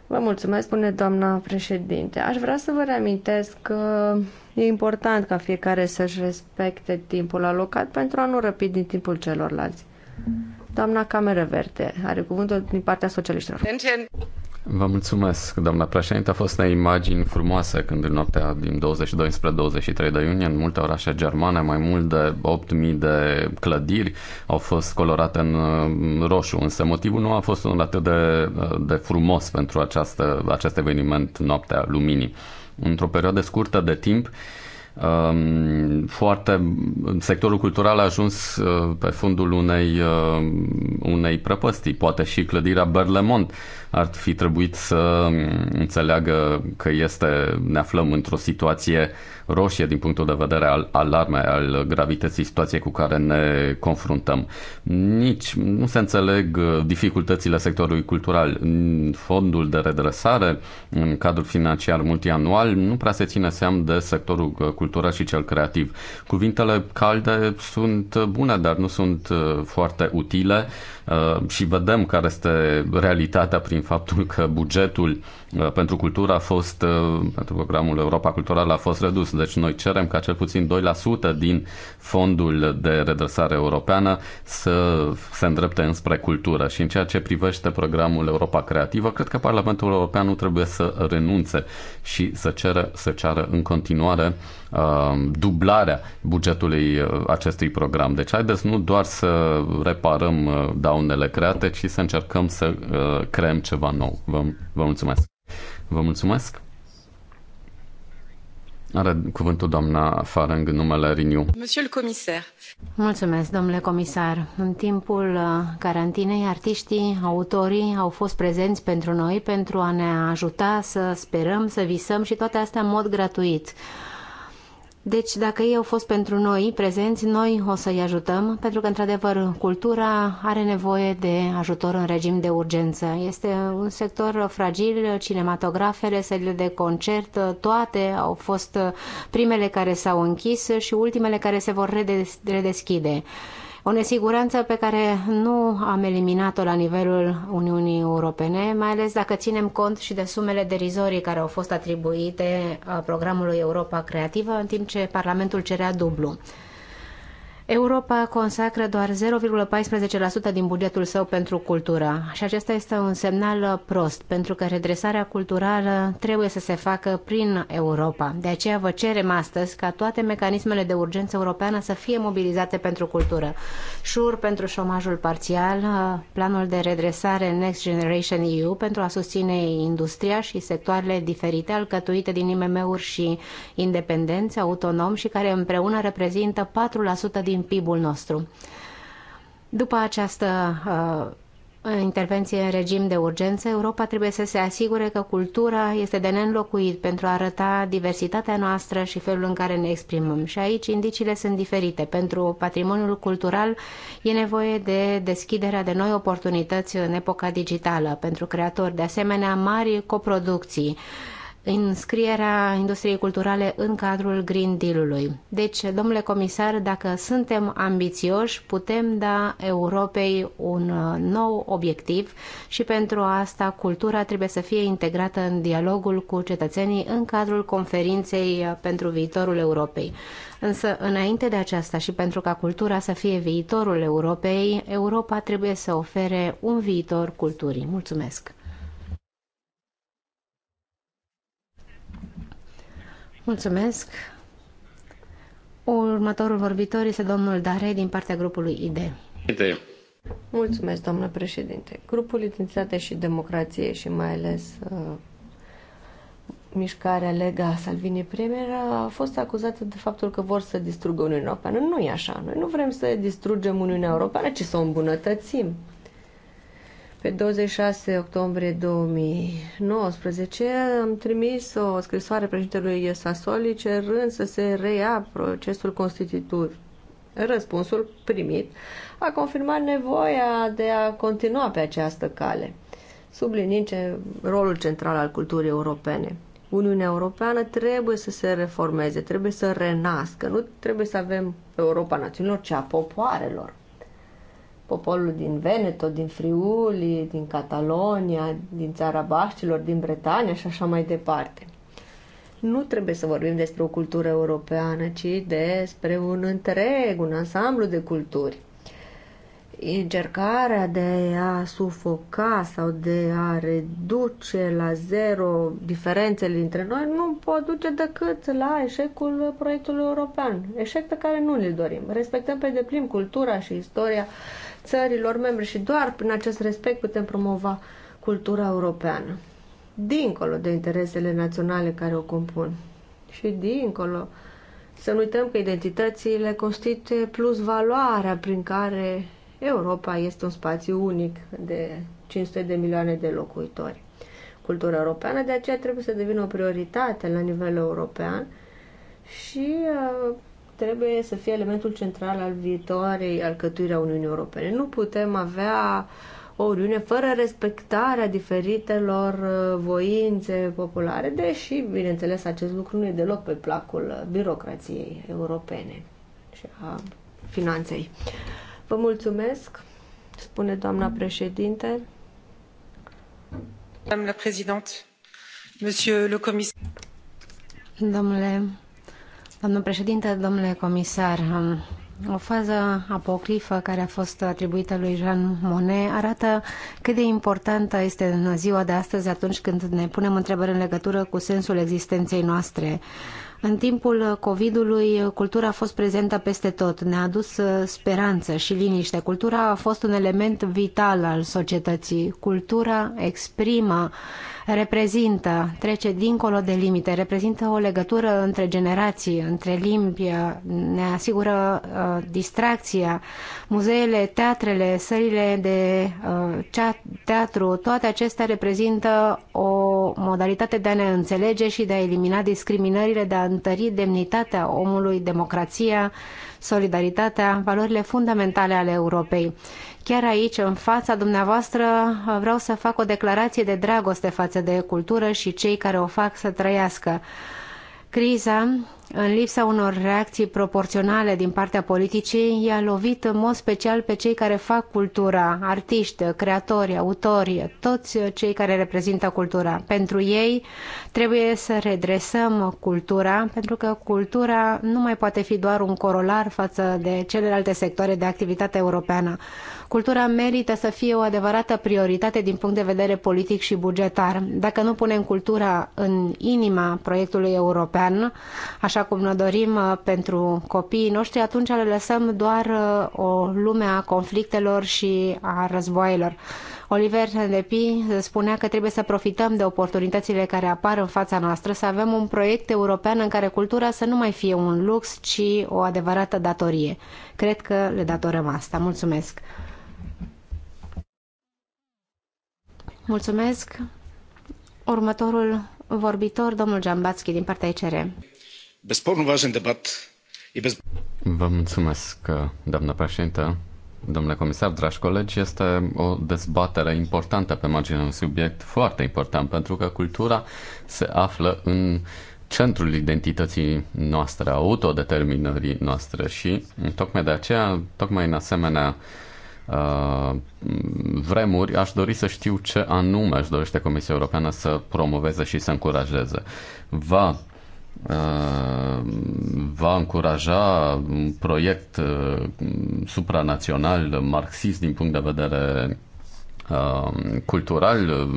Vă mulțumesc, spune doamna președinte. Aș vrea să vă reamintesc că e important ca fiecare să-și respecte timpul alocat pentru a nu răpi din timpul celorlalți. Mm. Doamna cameră Verde are cuvântul din partea socialiștilor. Vă mulțumesc, doamna președinte. A fost o imagine frumoasă când în noaptea din 22 spre 23 de iunie, în multe orașe germane, mai mult de 8.000 de clădiri au fost colorate în roșu. Însă motivul nu a fost unul atât de, de frumos pentru această, acest eveniment, Noaptea Luminii. Într-o perioadă scurtă de timp, Ehm, foarte, sectorul cultural a ajuns eh, pe fundul unei, eh, unei prăpăstii. Poate și clădirea Berlemont ar fi trebuit să mm, înțeleagă că este, ne aflăm într-o situație uh, roșie din punctul de vedere al alarmei, al gravității situației cu care ne confruntăm. Nici nu se înțeleg uh, dificultățile sectorului cultural. Fondul de redresare în cadrul financiar multianual nu prea se ține seam de sectorul uh, cultural și cel creativ. Cuvintele calde sunt uh, bune, dar nu sunt foarte utile și vedem care este realitatea prin faptul că bugetul pentru cultură a fost, pentru programul Europa Culturală a fost redus deci noi cerem ca cel puțin 2% din fondul de redresare europeană să se îndrepte înspre cultură. Și în ceea ce privește programul Europa Creativă, cred că Parlamentul European nu trebuie să renunțe și să, ceră, să ceară în continuare uh, dublarea bugetului uh, acestui program. Deci haideți nu doar să reparăm uh, daunele create, ci să încercăm să creăm ceva nou. Vă, vă mulțumesc! Vă mulțumesc! Are cuvântul doamna Farang în numele Renew. Monsieur le comisar. Mulțumesc, domnule comisar. În timpul uh, carantinei, artiștii, autorii au fost prezenți pentru noi pentru a ne ajuta să sperăm, să visăm și toate astea în mod gratuit. Deci, dacă ei au fost pentru noi prezenți, noi o să-i ajutăm, pentru că, într-adevăr, cultura are nevoie de ajutor în regim de urgență. Este un sector fragil, cinematografele, sările de concert, toate au fost primele care s-au închis și ultimele care se vor redeschide. O nesiguranță pe care nu am eliminat-o la nivelul Uniunii Europene, mai ales dacă ținem cont și de sumele derizorii care au fost atribuite uh, programului Europa Creativă, în timp ce Parlamentul cerea dublu. Europa consacră doar 0,14% din bugetul său pentru cultură și acesta este un semnal prost, pentru că redresarea culturală trebuie să se facă prin Europa. De aceea vă cerem astăzi ca toate mecanismele de urgență europeană să fie mobilizate pentru cultură. Șur pentru șomajul parțial, planul de redresare Next Generation EU pentru a susține industria și sectoarele diferite alcătuite din IMM-uri și independenți, autonom și care împreună reprezintă 4% din din PIB-ul nostru. După această uh, intervenție în regim de urgență, Europa trebuie să se asigure că cultura este de neînlocuit pentru a arăta diversitatea noastră și felul în care ne exprimăm. Și aici indiciile sunt diferite. Pentru patrimoniul cultural e nevoie de deschiderea de noi oportunități în epoca digitală. Pentru creatori, de asemenea, mari coproducții. Uh, înscrierea industriei culturale în cadrul Green Deal-ului. Deci, domnule comisar, dacă suntem ambițioși, putem da Europei un uh, nou obiectiv și pentru asta cultura trebuie să fie integrată în dialogul cu cetățenii în cadrul conferinței uh, pentru viitorul Europei. Însă, înainte de aceasta și pentru ca cultura să fie viitorul Europei, Europa trebuie să ofere un viitor culturii. Mulțumesc! Mulțumesc. Următorul vorbitor este domnul Dare din partea grupului ID. ID. Mulțumesc, domnule președinte. Grupul Identitate și Democrație și mai ales uh, mișcarea Lega Salvini Premier a fost acuzată de faptul că vor să distrugă Uniunea Europeană. Nu e așa. Noi nu vrem să distrugem Uniunea Europeană, ci să o îmbunătățim. Pe 26 octombrie 2019 am trimis o scrisoare președintelui Sassoli cerând să se reia procesul constitutiv. Răspunsul primit a confirmat nevoia de a continua pe această cale, sublinind ce rolul central al culturii europene. Uniunea Europeană trebuie să se reformeze, trebuie să renască, nu trebuie să avem Europa națiunilor, ci a popoarelor poporul din Veneto, din Friuli, din Catalonia, din țara Baștilor, din Bretania și așa mai departe. Nu trebuie să vorbim despre o cultură europeană, ci despre un întreg, un ansamblu de culturi. Încercarea de a sufoca sau de a reduce la zero diferențele dintre noi nu pot duce decât la eșecul proiectului european, eșec pe care nu ne dorim. Respectăm pe deplin cultura și istoria uh, țărilor membre și doar prin acest respect putem promova cultura europeană, dincolo de interesele naționale care o compun și dincolo să nu uităm că identitățile constituie plus valoarea prin care Europa este un spațiu unic de 500 de milioane de locuitori. Cultura europeană de aceea trebuie să devină o prioritate la nivel european și uh, trebuie să fie elementul central al viitoarei alcătuiri a Uniunii Europene. Nu putem avea o Uniune fără respectarea diferitelor uh, voințe populare, deși, bineînțeles, acest lucru nu e deloc pe placul uh, birocrației europene și a finanței. Vă mulțumesc, spune doamna președinte. Doamna președinte, domnule comisar. Domnule Domnul președinte, domnule comisar, um, o fază apocrifă care a fost atribuită lui Jean Monnet arată cât de importantă este în ziua de astăzi atunci când ne punem întrebări în legătură cu sensul existenței noastre. În timpul COVID-ului, cultura a fost prezentă peste tot, ne-a adus uh, speranță și liniște. Cultura a fost un element vital al societății. Cultura exprimă uh, reprezintă, trece dincolo de limite, reprezintă o legătură între generații, între limbi, uh, ne asigură uh, distracția. Muzeele, teatrele, sările de uh, teatru, toate acestea reprezintă o modalitate de a ne înțelege și de a elimina discriminările, de a întări demnitatea omului, democrația, solidaritatea, valorile fundamentale ale Europei. Chiar aici, în fața dumneavoastră, vreau să fac o declarație de dragoste față de cultură și cei care o fac să trăiască. Criza, în lipsa unor reacții proporționale din partea politicii, i-a lovit în mod special pe cei care fac cultura, artiști, creatori, autori, toți cei care reprezintă cultura. Pentru ei trebuie să redresăm cultura, pentru că cultura nu mai poate fi doar un corolar față de celelalte sectoare de activitate europeană. Cultura merită să fie o adevărată prioritate din punct de vedere politic și bugetar. Dacă nu punem cultura în inima proiectului european, așa cum ne dorim uh, pentru copiii noștri, atunci le lăsăm doar uh, o lume a conflictelor și a războaielor. Oliver Sandepi spunea că trebuie să profităm de oportunitățile care apar în fața noastră, să avem un proiect european în care cultura să nu mai fie un lux, ci o adevărată datorie. Cred că le datorăm asta. Mulțumesc! Mulțumesc. Următorul vorbitor, domnul Giambatski, din partea ICR. Vă mulțumesc, doamnă președintă. Domnule comisar, dragi colegi, este o dezbatere importantă pe marginea unui subiect foarte important, pentru că cultura se află în centrul identității noastre, autodeterminării noastre și tocmai de aceea, tocmai în asemenea Uh, vremuri, aș dori să știu ce anume își dorește Comisia Europeană să promoveze și să încurajeze. Va uh, va încuraja un proiect uh, supranațional marxist din punct de vedere Uh, cultural, uh,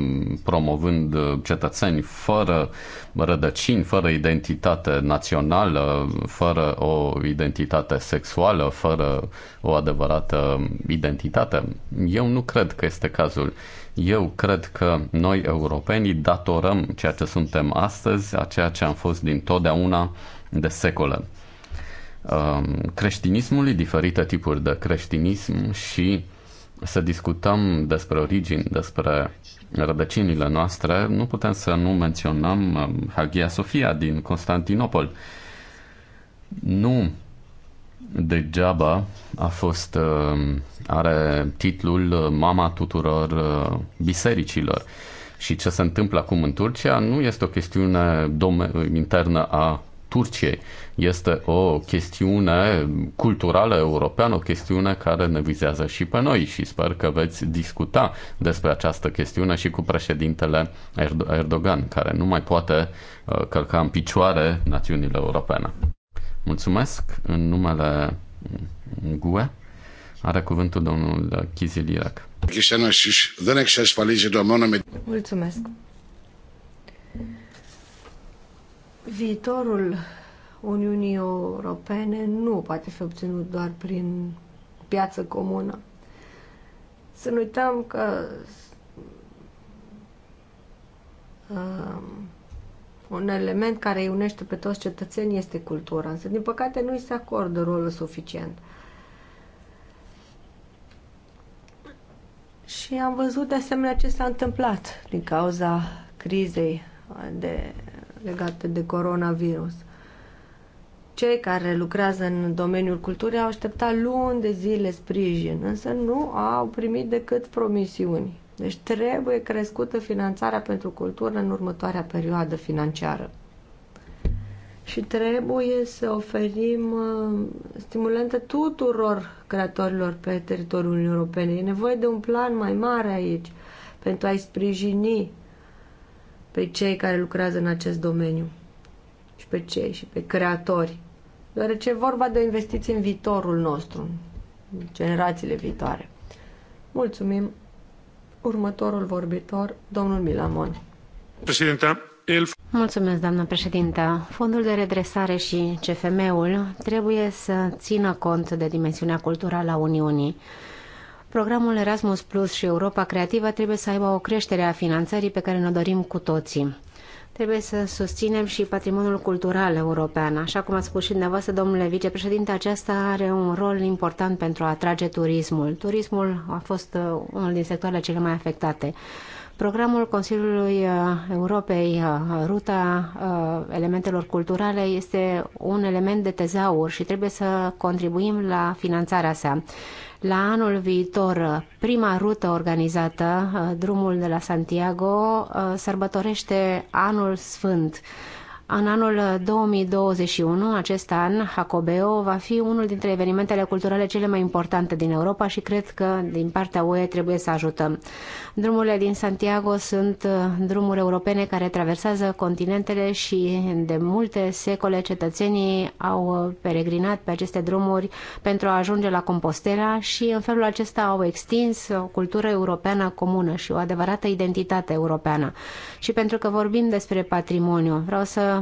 promovând uh, cetățeni fără rădăcini, fără identitate națională, fără o identitate sexuală, fără o adevărată identitate? Eu nu cred că este cazul. Eu cred că noi, europenii, datorăm ceea ce suntem astăzi a ceea ce am fost dintotdeauna de secole creștinismului, diferite tipuri de creștinism și să discutăm despre origini, despre rădăcinile noastre, nu putem să nu menționăm um, Hagia Sofia din Constantinopol. Nu degeaba a fost, um, are titlul uh, Mama tuturor uh, bisericilor. Și ce se întâmplă acum în Turcia nu este o chestiune internă a Turciei. Este o chestiune culturală europeană, o chestiune care ne vizează și pe noi și sper că veți discuta despre această chestiune și cu președintele Erdogan, care nu mai poate uh, călca în picioare națiunile europene. Mulțumesc în numele GUE. Are cuvântul domnul Chizilirac. Mulțumesc. Viitorul Uniunii Europene nu poate fi obținut doar prin piață comună. Să nu uităm că uh, un element care îi unește pe toți cetățenii este cultura, însă din păcate nu îi se acordă rolul suficient. Și am văzut de asemenea ce s-a întâmplat din cauza crizei de legate de coronavirus. Cei care lucrează în domeniul culturii au așteptat luni de zile sprijin, însă nu au primit decât promisiuni. Deci trebuie crescută finanțarea pentru cultură în următoarea perioadă financiară. Și trebuie să oferim uh, stimulente tuturor creatorilor pe teritoriul Uniunii Europene. E nevoie de un plan mai mare aici pentru a-i sprijini pe cei care lucrează în acest domeniu și pe cei și pe creatori, deoarece e vorba de o investiție în viitorul nostru, în generațiile viitoare. Mulțumim. Următorul vorbitor, domnul Milamon. Președinte, el... Mulțumesc, doamnă președintă. Fondul de redresare și CFM-ul trebuie să țină cont de dimensiunea culturală a Uniunii Programul Erasmus Plus și Europa Creativă trebuie să aibă o creștere a finanțării pe care ne dorim cu toții. Trebuie să susținem și patrimoniul cultural european. Așa cum ați spus și dumneavoastră, domnule vicepreședinte, aceasta are un rol important pentru a atrage turismul. Turismul a fost uh, unul din sectoarele cele mai afectate. Programul Consiliului uh, Europei, uh, ruta elementelor culturale, este un element de tezaur și trebuie să contribuim la finanțarea sa. La anul viitor, prima rută organizată, uh, drumul de la Santiago, uh, sărbătorește Anul Sfânt în anul 2021, acest an, Hacobeo va fi unul dintre evenimentele culturale cele mai importante din Europa și cred că din partea UE trebuie să ajutăm. Drumurile din Santiago sunt uh, drumuri europene care traversează continentele și de multe secole cetățenii au uh, peregrinat pe aceste drumuri pentru a ajunge la Compostela și în felul acesta au extins o cultură europeană comună și o adevărată identitate europeană. Și pentru că vorbim despre patrimoniu, vreau să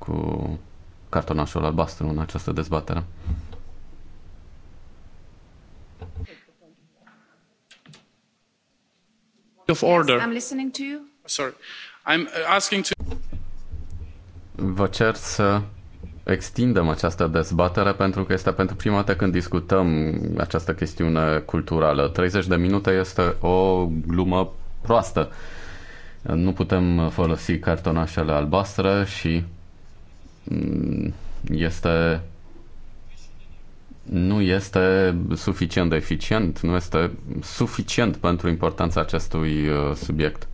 cu cartonașul albastru în această dezbatere. Of order. Yes, I'm listening to you. Sorry. I'm uh, asking to... Vă cer să extindem această dezbatere pentru că este pentru prima dată când discutăm această chestiune culturală. 30 de minute este o glumă proastă. Nu putem folosi cartonașele albastre și Mm, este nu este suficient de eficient, nu este suficient pentru importanța acestui uh, subiect.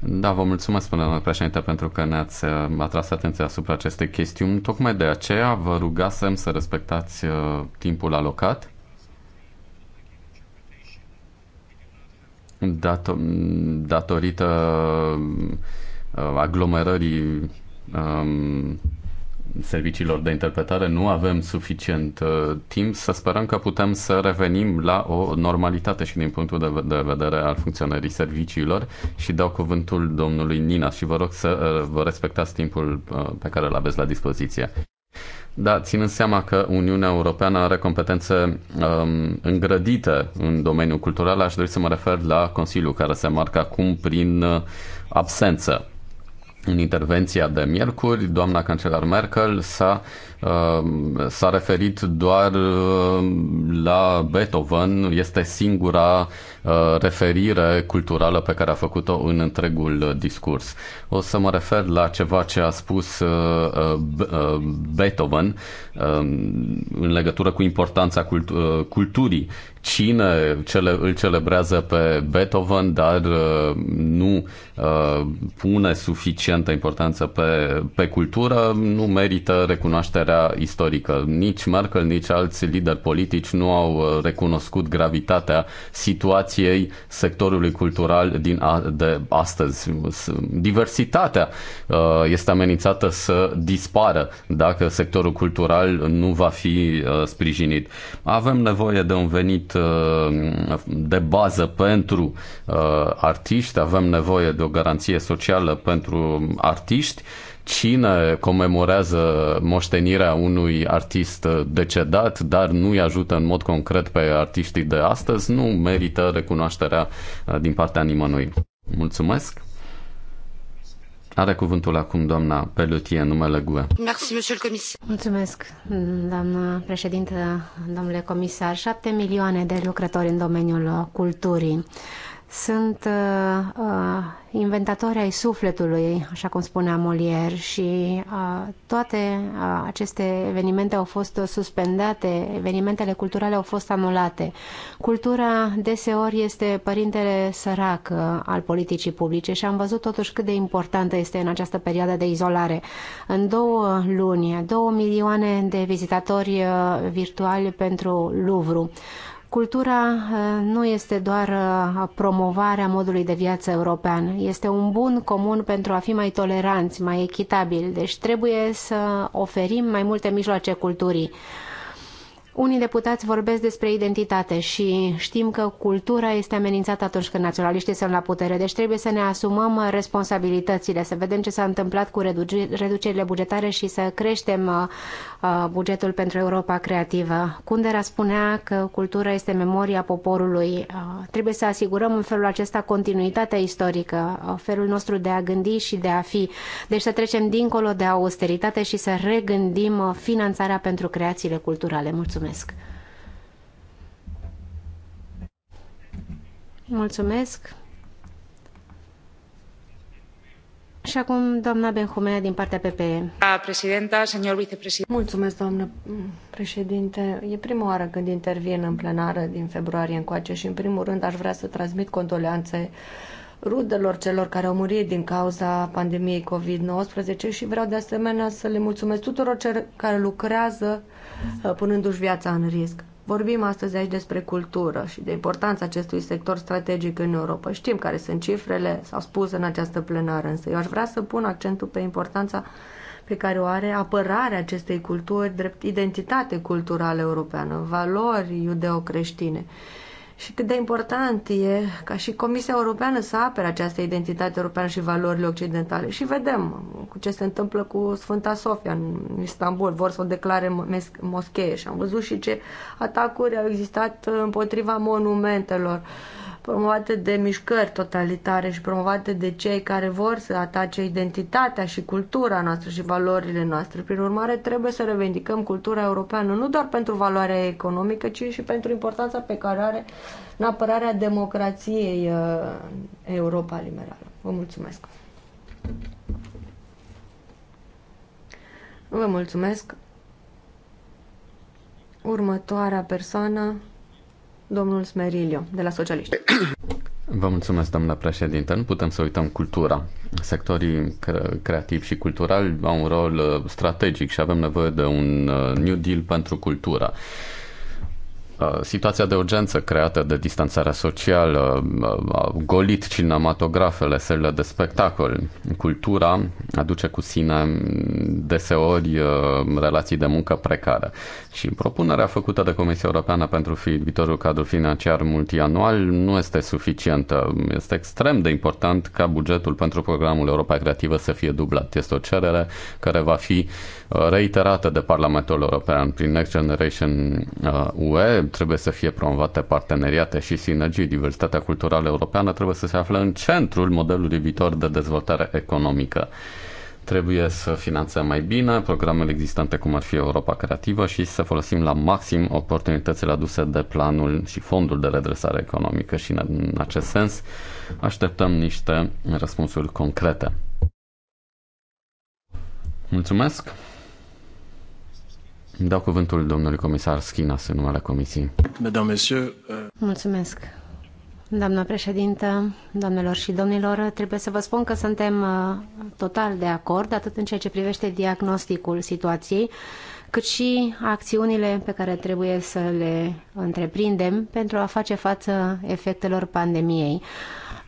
Da, vă mulțumesc, până doamnă președinte, pentru că ne-ați uh, atras atenția asupra acestei chestiuni. Tocmai de aceea vă rugasem să respectați uh, timpul alocat. Dator- datorită aglomerării um, serviciilor de interpretare, nu avem suficient uh, timp să sperăm că putem să revenim la o normalitate și din punctul de, de vedere al funcționării serviciilor și dau cuvântul domnului Nina și vă rog să uh, vă respectați timpul uh, pe care îl aveți la dispoziție. Da, ținând seama că Uniunea Europeană are competențe um, îngrădite în domeniul cultural, aș dori să mă refer la Consiliu, care se marcă acum prin uh, absență în intervenția de miercuri, doamna cancelar Merkel s-a, uh, s-a referit doar uh, la Beethoven, este singura Uh, referire culturală pe care a făcut-o în întregul uh, discurs. O să mă refer la ceva ce a spus uh, Beethoven um, în legătură cu importanța culturii. Cine cele, îl celebrează pe Beethoven, dar nu pune suficientă importanță pe, pe cultură, nu merită recunoașterea istorică. Nici Merkel, nici alți lideri politici nu au recunoscut gravitatea situației evoluției sectorului cultural din a, de astăzi. Diversitatea uh, este amenințată să dispară dacă sectorul cultural nu va fi uh, sprijinit. Avem nevoie de un venit uh, de bază pentru artiști, avem nevoie de o garanție socială pentru artiști cine comemorează moștenirea unui artist decedat, dar nu îi ajută în mod concret pe artiștii de astăzi, nu merită recunoașterea uh, din partea nimănui. Mulțumesc! Are cuvântul acum doamna Pelutie, numele GUE. Mulțumesc, doamna președintă, domnule comisar. Șapte milioane de lucrători în domeniul culturii sunt uh, uh, inventatori ai sufletului, așa cum spunea Molière, și uh, toate uh, aceste evenimente au fost suspendate, evenimentele culturale au fost anulate. Cultura deseori este părintele sărac uh, al politicii publice și am văzut totuși cât de importantă este în această perioadă de izolare. În două luni, două milioane de vizitatori uh, virtuali pentru Louvre Cultura eh, nu este doar eh, promovarea modului de viață european, este un bun comun pentru a fi mai toleranți, mai echitabili, deci trebuie să oferim mai multe mijloace culturii. Unii deputați vorbesc despre identitate și știm că cultura este amenințată atunci când naționaliștii sunt la putere, deci trebuie să ne asumăm responsabilitățile, să vedem ce s-a întâmplat cu reducerile bugetare și să creștem bugetul pentru Europa Creativă. Cundera spunea că cultura este memoria poporului. Trebuie să asigurăm în felul acesta continuitatea istorică, felul nostru de a gândi și de a fi. Deci să trecem dincolo de austeritate și să regândim finanțarea pentru creațiile culturale. Mulțumesc! Mulțumesc! Și acum doamna Benhumea din partea PPE. Președinta, senior vicepreședinte. Mulțumesc, doamnă președinte. E prima oară când intervin în plenară din februarie încoace și în primul rând aș vrea să transmit condoleanțe rudelor celor care au murit din cauza pandemiei COVID-19 și vreau de asemenea să le mulțumesc tuturor celor care lucrează uh, punându-și viața în risc. Vorbim astăzi aici despre cultură și de importanța acestui sector strategic în Europa. Știm care sunt cifrele, s-au spus în această plenară, însă eu aș vrea să pun accentul pe importanța pe care o are apărarea acestei culturi drept identitate culturală europeană, valori iudeocreștine. creștine și cât de important e ca și Comisia Europeană să apere această identitate europeană și valorile occidentale. Și vedem cu ce se întâmplă cu Sfânta Sofia în Istanbul. Vor să o declare moschee și am văzut și ce atacuri au existat împotriva monumentelor. Uh, promovate de mișcări totalitare și promovate de cei care vor să atace identitatea și cultura noastră și valorile noastre. Prin urmare, trebuie să revendicăm cultura europeană nu doar pentru valoarea economică, ci și pentru importanța pe care are în apărarea democrației uh, Europa liberală. Vă mulțumesc! Vă mulțumesc! Următoarea persoană domnul Smerilio, de la Socialiști. Vă mulțumesc, doamna președintă. Nu putem să uităm cultura. Sectorii creativ și cultural au un rol uh, strategic și avem nevoie de un uh, New Deal pentru cultura. Uh, situația de urgență creată de distanțarea socială uh, a golit cinematografele, sările de spectacol. Cultura aduce cu sine mm, deseori uh, relații de muncă precare. Și propunerea făcută de Comisia Europeană pentru viitorul cadru financiar multianual nu este suficientă. Este extrem de important ca bugetul pentru programul Europa Creativă să fie dublat. Este o cerere care va fi reiterată de Parlamentul European prin Next Generation UE trebuie să fie promovate parteneriate și sinergii. Diversitatea culturală europeană trebuie să se afle în centrul modelului viitor de dezvoltare economică. Trebuie să finanțăm mai bine programele existente cum ar fi Europa Creativă și să folosim la maxim oportunitățile aduse de planul și fondul de redresare economică și în acest sens așteptăm niște răspunsuri concrete. Mulțumesc! Îmi dau cuvântul domnului comisar Schinas în numele Comisiei. Euh, Mulțumesc. Doamna președintă, doamnelor și domnilor, trebuie să vă spun că suntem uh, total de acord, atât în ceea ce privește diagnosticul situației, cât și acțiunile pe care trebuie să le întreprindem pentru a face față efectelor pandemiei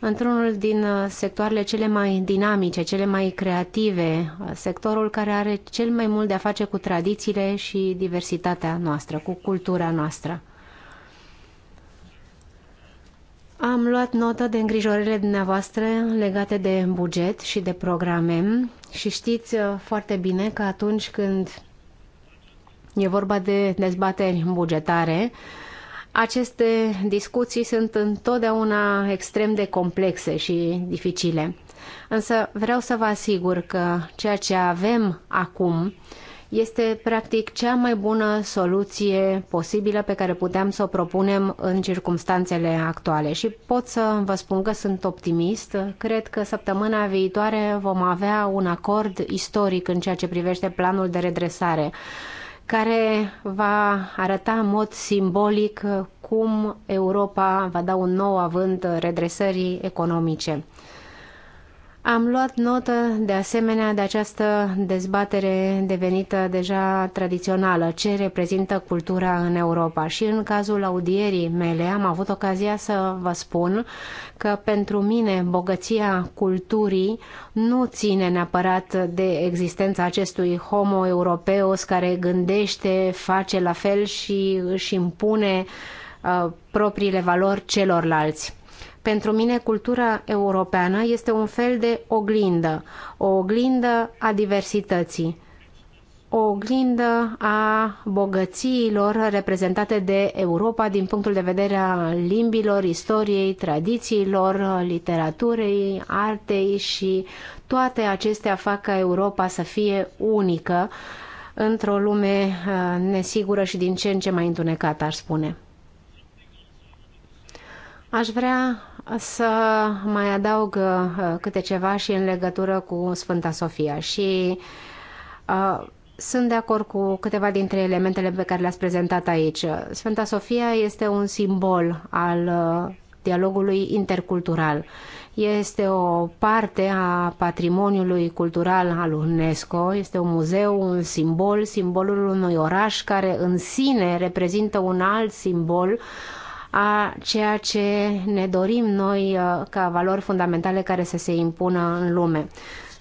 într-unul din uh, sectoarele cele mai dinamice, cele mai creative, uh, sectorul care are cel mai mult de a face cu tradițiile și diversitatea noastră, cu cultura noastră. Am luat notă de îngrijorările dumneavoastră legate de buget și de programe și știți uh, foarte bine că atunci când e vorba de dezbateri bugetare, uh, aceste discuții sunt întotdeauna extrem de complexe și dificile. Însă vreau să vă asigur că ceea ce avem acum este practic cea mai bună soluție posibilă pe care puteam să o propunem în circumstanțele actuale și pot să vă spun că sunt optimist. Cred că săptămâna viitoare vom avea un acord istoric în ceea ce privește planul de redresare care va arăta în mod simbolic cum Europa va da un nou avânt redresării economice. Am luat notă de asemenea de această dezbatere devenită deja tradițională, ce reprezintă cultura în Europa. Și în cazul audierii mele am avut ocazia să vă spun că pentru mine bogăția culturii nu ține neapărat de existența acestui homo europeos care gândește, face la fel și își impune uh, propriile valori celorlalți pentru mine, cultura europeană este un fel de oglindă, o oglindă a diversității, o oglindă a bogățiilor reprezentate de Europa din punctul de vedere a limbilor, istoriei, tradițiilor, literaturii, artei și toate acestea fac ca Europa să fie unică într-o lume uh, nesigură și din ce în ce mai întunecată, aș spune. Aș vrea să mai adaug uh, câte ceva și în legătură cu Sfânta Sofia și uh, sunt de acord cu câteva dintre elementele pe care le-ați prezentat aici. Sfânta Sofia este un simbol al uh, dialogului intercultural. Este o parte a patrimoniului cultural al UNESCO, este un muzeu, un simbol, simbolul unui oraș care în sine reprezintă un alt simbol a ceea ce ne dorim noi uh, ca valori fundamentale care să se impună în lume.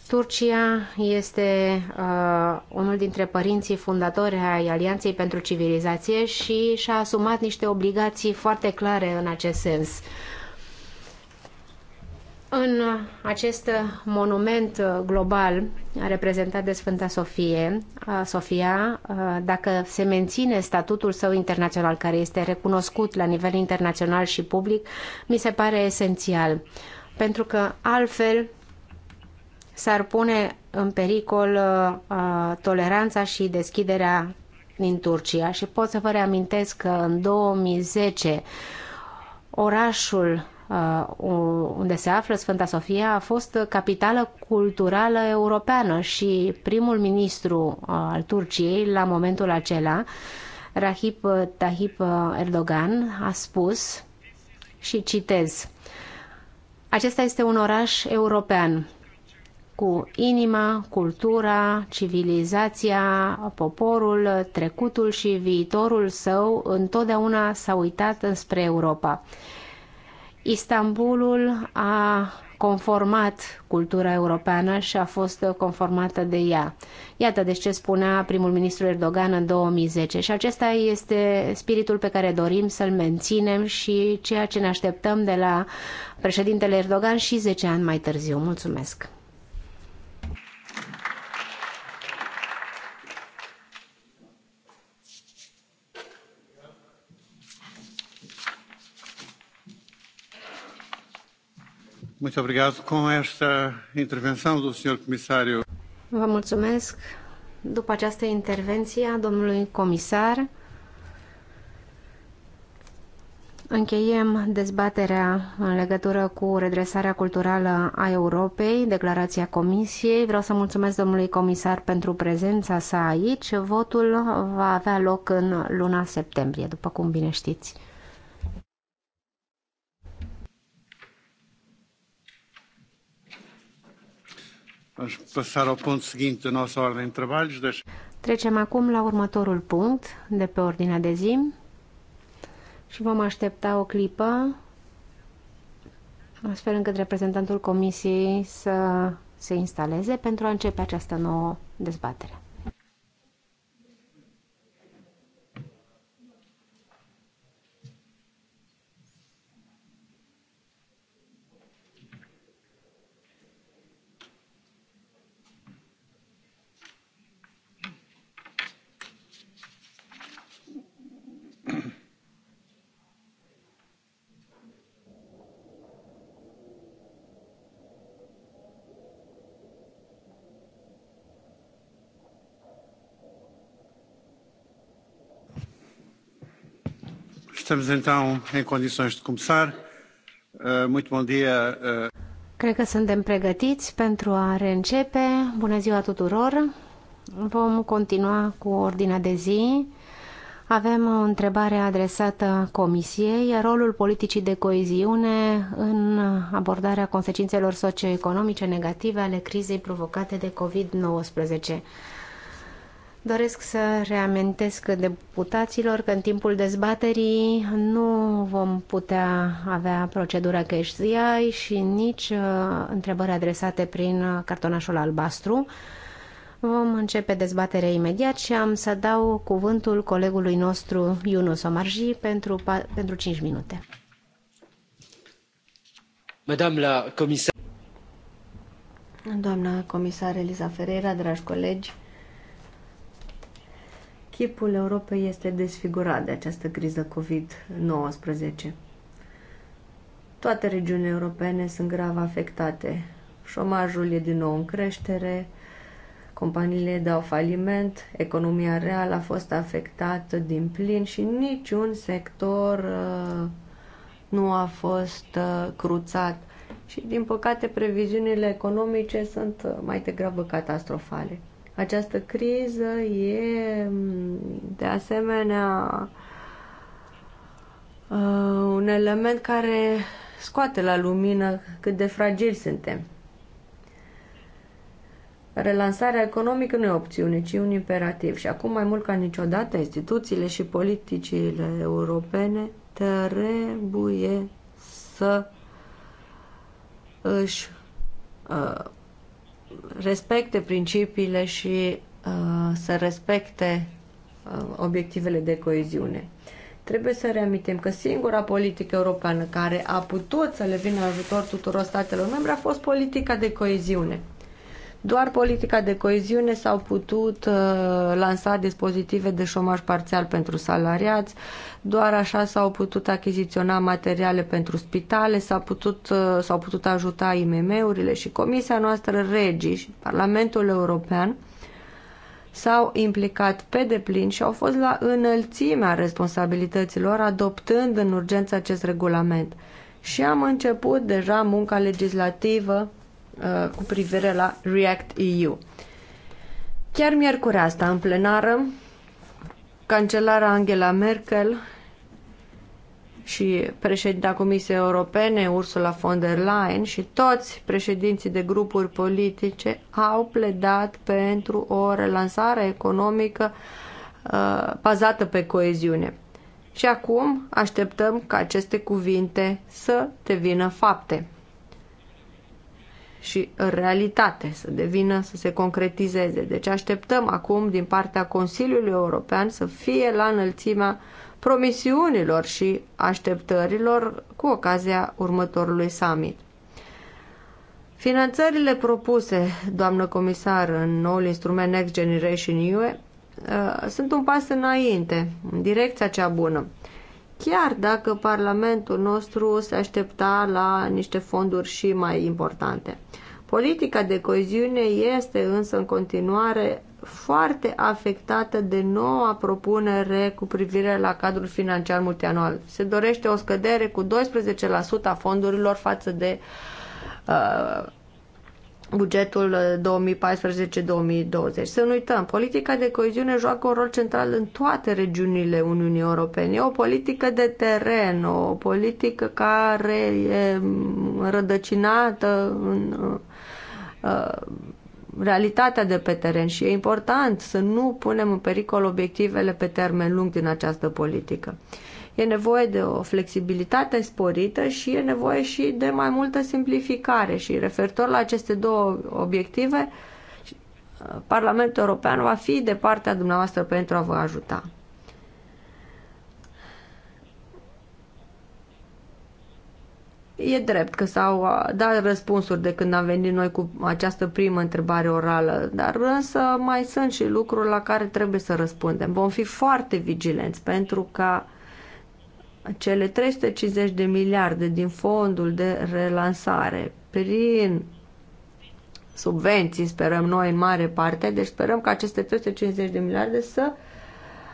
Turcia este uh, unul dintre părinții fundatori ai Alianței pentru Civilizație și și-a asumat niște obligații foarte clare în acest sens. Uh, în acest monument global reprezentat de Sfânta Sofie, Sofia, dacă se menține statutul său internațional, care este recunoscut la nivel internațional și public, mi se pare esențial. Pentru că altfel s-ar pune în pericol toleranța și deschiderea din Turcia. Și pot să vă reamintesc că în 2010 orașul Uh, unde se află Sfânta Sofia a fost capitală culturală europeană și primul ministru uh, al Turciei la momentul acela, Rahip uh, Tahip Erdogan, a spus și citez Acesta este un oraș european cu inima, cultura, civilizația, poporul, trecutul și viitorul său întotdeauna s-a uitat înspre Europa. Istanbulul a conformat cultura europeană și a fost conformată de ea. Iată deci ce spunea primul ministru Erdogan în 2010 și acesta este spiritul pe care dorim să-l menținem și ceea ce ne așteptăm de la președintele Erdogan și 10 ani mai târziu. Mulțumesc! Muito obrigado. Com esta intervenção do comissário. Vă mulțumesc. După această intervenție a domnului comisar, Încheiem dezbaterea în legătură cu redresarea culturală a Europei, declarația Comisiei. Vreau să mulțumesc domnului comisar pentru prezența sa aici. Votul va avea loc în luna septembrie, după cum bine știți. Trecem acum la următorul punct de pe ordinea de zi și vom aștepta o clipă astfel încât reprezentantul comisiei să se instaleze pentru a începe această nouă dezbatere. Estamos então em condições de começar. Uh, Muito bom dia. Uh. Cred că suntem pregătiți pentru a reîncepe. Bună ziua tuturor! Vom continua cu ordinea de zi. Avem o întrebare adresată Comisiei. Rolul politicii de coeziune în abordarea consecințelor socioeconomice negative ale crizei provocate de COVID-19. Doresc să reamintesc deputaților că în timpul dezbaterii nu vom putea avea procedura cash și nici uh, întrebări adresate prin uh, cartonașul albastru. Vom începe dezbaterea imediat și am să dau cuvântul colegului nostru Iunus Omarji pentru, pentru 5 minute. Madame la comisar... Doamna comisar Eliza Ferreira, dragi colegi, chipul Europei este desfigurat de această criză COVID-19. Toate regiunile europene sunt grav afectate. Șomajul e din nou în creștere, companiile dau faliment, economia reală a fost afectată din plin și niciun sector uh, nu a fost uh, cruțat. Și, din păcate, previziunile economice sunt uh, mai degrabă catastrofale. Această criză e mm, de asemenea uh, un element care scoate la lumină cât de fragili suntem. Relansarea economică nu e opțiune, ci un imperativ și acum mai mult ca niciodată instituțiile și politicile europene trebuie să își uh, respecte principiile și uh, să respecte uh, obiectivele de coeziune. Trebuie să reamintim că singura politică europeană care a putut să le vină ajutor tuturor statelor membre a fost politica de coeziune. Doar politica de coeziune s-au putut uh, lansa dispozitive de șomaj parțial pentru salariați, doar așa s-au putut achiziționa materiale pentru spitale, s-au putut, uh, putut ajuta IMM-urile și Comisia noastră Regii și Parlamentul European s-au implicat pe deplin și au fost la înălțimea responsabilităților adoptând în urgență acest regulament. Și am început deja munca legislativă Uh, cu privire la React EU. Chiar miercuri asta, în plenară, cancelara Angela Merkel și președinta Comisiei Europene, Ursula von der Leyen și toți președinții de grupuri politice au pledat pentru o relansare economică uh, bazată pe coeziune. Și acum așteptăm ca aceste cuvinte să devină fapte și realitate, să devină, să se concretizeze. Deci așteptăm acum din partea Consiliului European să fie la înălțimea promisiunilor și așteptărilor cu ocazia următorului summit. Finanțările propuse, doamnă comisar, în noul instrument Next Generation UE uh, sunt un pas înainte, în direcția cea bună chiar dacă Parlamentul nostru se aștepta la niște fonduri și mai importante. Politica de coeziune este însă în continuare foarte afectată de noua propunere cu privire la cadrul financiar multianual. Se dorește o scădere cu 12% a fondurilor față de uh, bugetul 2014-2020. Uh, să nu uităm, politica de coeziune joacă un rol central în toate regiunile Uniunii Europene. E o politică de teren, o politică care e rădăcinată în uh, uh, realitatea de pe teren și e important să nu punem în pericol obiectivele pe termen lung din această politică. E nevoie de o flexibilitate sporită și e nevoie și de mai multă simplificare și referitor la aceste două obiective, Parlamentul European va fi de partea dumneavoastră pentru a vă ajuta. E drept că s-au dat răspunsuri de când am venit noi cu această primă întrebare orală, dar însă mai sunt și lucruri la care trebuie să răspundem. Vom fi foarte vigilenți pentru ca cele 350 de miliarde din fondul de relansare prin subvenții, sperăm noi în mare parte, deci sperăm că aceste 350 de miliarde să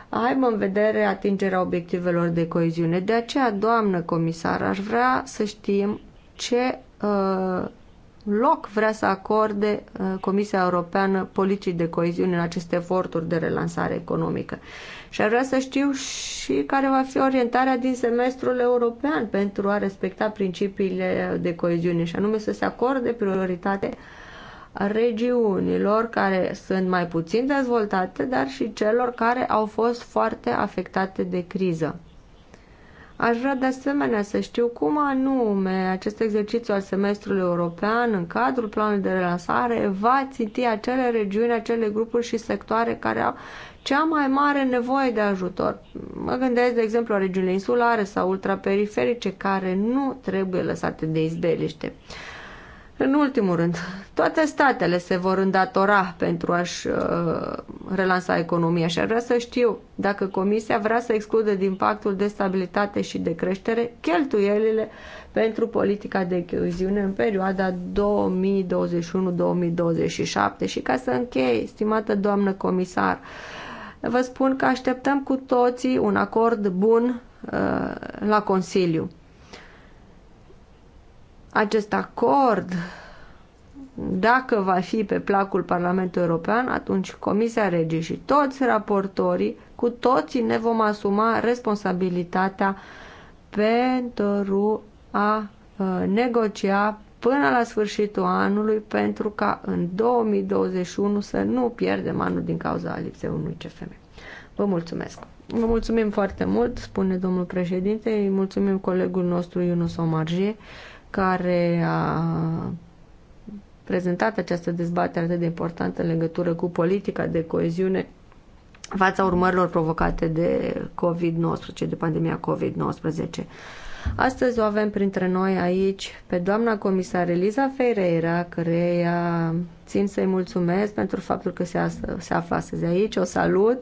aibă în vedere atingerea obiectivelor de coeziune. De aceea, doamnă comisar, aș vrea să știm ce uh, loc vrea să acorde uh, Comisia Europeană politicii de coeziune în aceste eforturi de relansare economică. Și ar vrea să știu și care va fi orientarea din semestrul european pentru a respecta principiile de coeziune și anume să se acorde prioritate regiunilor care sunt mai puțin dezvoltate, dar și celor care au fost foarte afectate de criză. Aș vrea de asemenea să știu cum anume acest exercițiu al semestrului european în cadrul planului de relansare va ținti acele regiuni, acele grupuri și sectoare care au cea mai mare nevoie de ajutor. Mă gândesc, de exemplu, la regiunile insulare sau ultraperiferice care nu trebuie lăsate de izbeliște. În ultimul rând, toate statele se vor îndatora pentru a-și uh, relansa economia și ar vrea să știu dacă Comisia vrea să exclude din pactul de stabilitate și de creștere cheltuielile pentru politica de coeziune în perioada 2021-2027 și ca să închei, stimată doamnă comisar, vă spun că așteptăm cu toții un acord bun uh, la Consiliu acest acord, dacă va fi pe placul Parlamentului European, atunci Comisia Rege și toți raportorii, cu toții ne vom asuma responsabilitatea pentru a ă, negocia până la sfârșitul anului pentru ca în 2021 să nu pierdem anul din cauza lipsei unui CFM. Vă mulțumesc! Vă mulțumim foarte mult, spune domnul președinte, îi mulțumim colegul nostru Iunus Omarjie, care a prezentat această dezbatere atât de importantă în legătură cu politica de coeziune fața urmărilor provocate de COVID-19, de pandemia COVID-19. Astăzi o avem printre noi aici pe doamna comisar Eliza Ferreira, căreia țin să-i mulțumesc pentru faptul că se, as- se află astăzi aici. O salut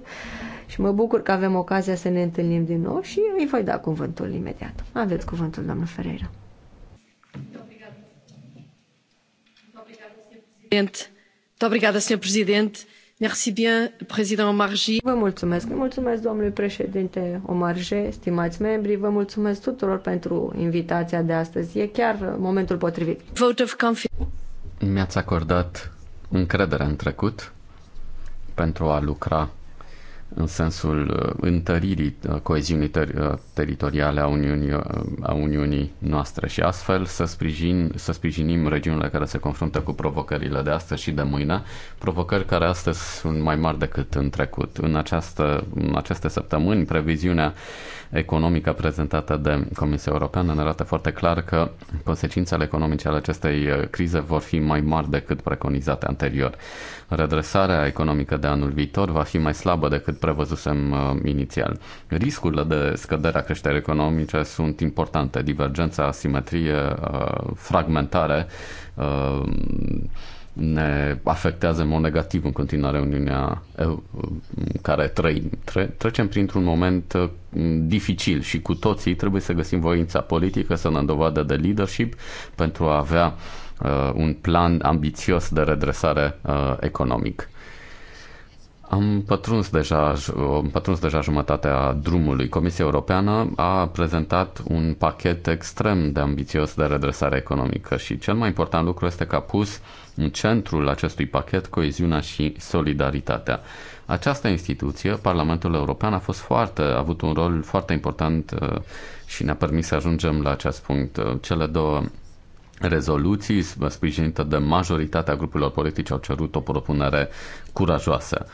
și mă bucur că avem ocazia să ne întâlnim din nou și îi voi da cuvântul imediat. Aveți cuvântul, doamna Ferreira. Vă mulțumesc. Mulțumesc, domnule președinte Omarje, stimați membri. Vă mulțumesc tuturor pentru invitația de astăzi. E chiar momentul potrivit. Vote of Mi-ați acordat încredere în trecut pentru a lucra în sensul uh, întăririi uh, coeziunii ter- uh, teritoriale a Uniunii, a Uniunii noastre și astfel să, sprijin, să sprijinim regiunile care se confruntă cu provocările de astăzi și de mâine, provocări care astăzi sunt mai mari decât în trecut. În, această, în aceste săptămâni, previziunea economică prezentată de Comisia Europeană ne arată foarte clar că consecințele economice ale acestei uh, crize vor fi mai mari decât preconizate anterior. Redresarea economică de anul viitor va fi mai slabă decât prevăzusem uh, inițial. Riscurile de scădere a creșterii economice sunt importante. Divergența, asimetrie, uh, fragmentare, ne afectează în mod negativ în continuare Uniunea care trăim. Tre- trecem printr-un moment uh, dificil și cu toții trebuie să găsim voința politică, să ne dovadă de leadership pentru a avea uh, un plan ambițios de redresare uh, economic. Am pătruns deja, am pătruns deja jumătatea drumului. Comisia Europeană a prezentat un pachet extrem de ambițios de redresare economică și cel mai important lucru este că a pus uh, în centrul acestui pachet coeziunea și solidaritatea. Această instituție, Parlamentul European, a fost foarte, a avut un rol foarte important uh, și ne-a permis să ajungem la acest punct. Uh, cele două rezoluții uh, sprijinită de majoritatea grupurilor politice au cerut o propunere curajoasă.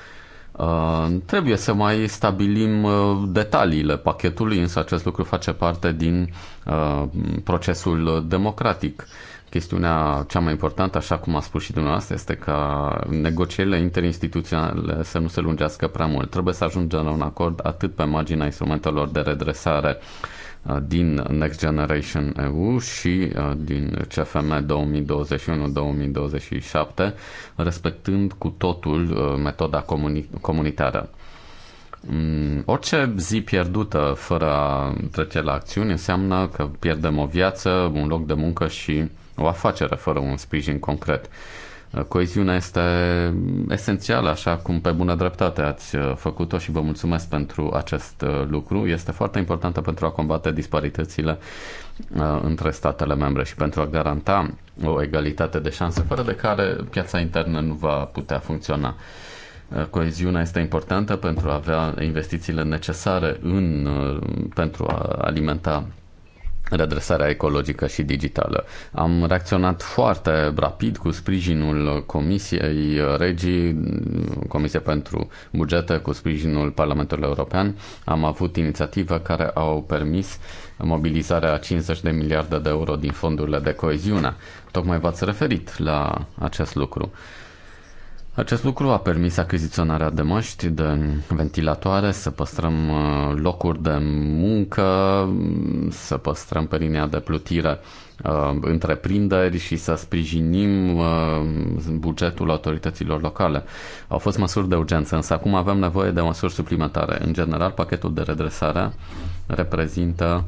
Uh, trebuie să mai stabilim uh, detaliile pachetului, însă acest lucru face parte din uh, procesul democratic. Uh, Chestiunea cea mai importantă, așa cum a spus și dumneavoastră, este ca negocierile interinstituționale să nu se lungească prea mult. Trebuie să ajungem la un acord atât pe marginea instrumentelor de redresare uh, din Next Generation EU și uh, din CFM 2021-2027, respectând cu totul uh, metoda comuni- comunitară. Mm, orice zi pierdută fără a trece la acțiuni înseamnă că pierdem o viață, un loc de muncă și o afacere fără un sprijin concret. Coeziunea este esențială, așa cum pe bună dreptate ați uh, făcut-o și vă mulțumesc pentru acest uh, lucru. Este foarte importantă pentru a combate disparitățile uh, între statele membre și pentru a garanta o egalitate de șanse, fără de care piața internă nu va putea funcționa. Coeziunea este importantă pentru a avea investițiile necesare în, pentru a alimenta redresarea ecologică și digitală. Am reacționat foarte rapid cu sprijinul Comisiei Regii, Comisia pentru Bugete, cu sprijinul Parlamentului European. Am avut inițiative care au permis mobilizarea a 50 de miliarde de euro din fondurile de coeziune. Tocmai v-ați referit la acest lucru. Acest lucru a permis achiziționarea de măști, de ventilatoare, să păstrăm uh, locuri de muncă, să păstrăm pe linia de plutire uh, întreprinderi și să sprijinim uh, bugetul autorităților locale. Au fost măsuri de urgență, însă acum avem nevoie de măsuri suplimentare. În general, pachetul de redresare reprezintă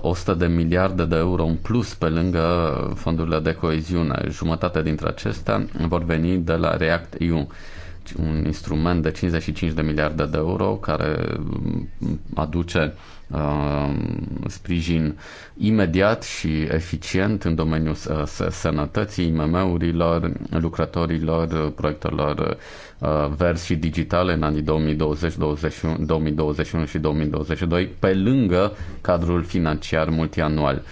100 uh, de miliarde de euro în plus pe lângă fondurile de coeziune. Jumătate dintre acestea vor veni de la React EU un instrument de 55 de miliarde de euro care um, aduce uh, sprijin imediat și eficient în domeniul uh, sănătății, IMM-urilor, lucrătorilor, proiectelor Uh, verzi și digitale în anii 2020, 2021, 2021 și 2022, pe lângă cadrul financiar multianual.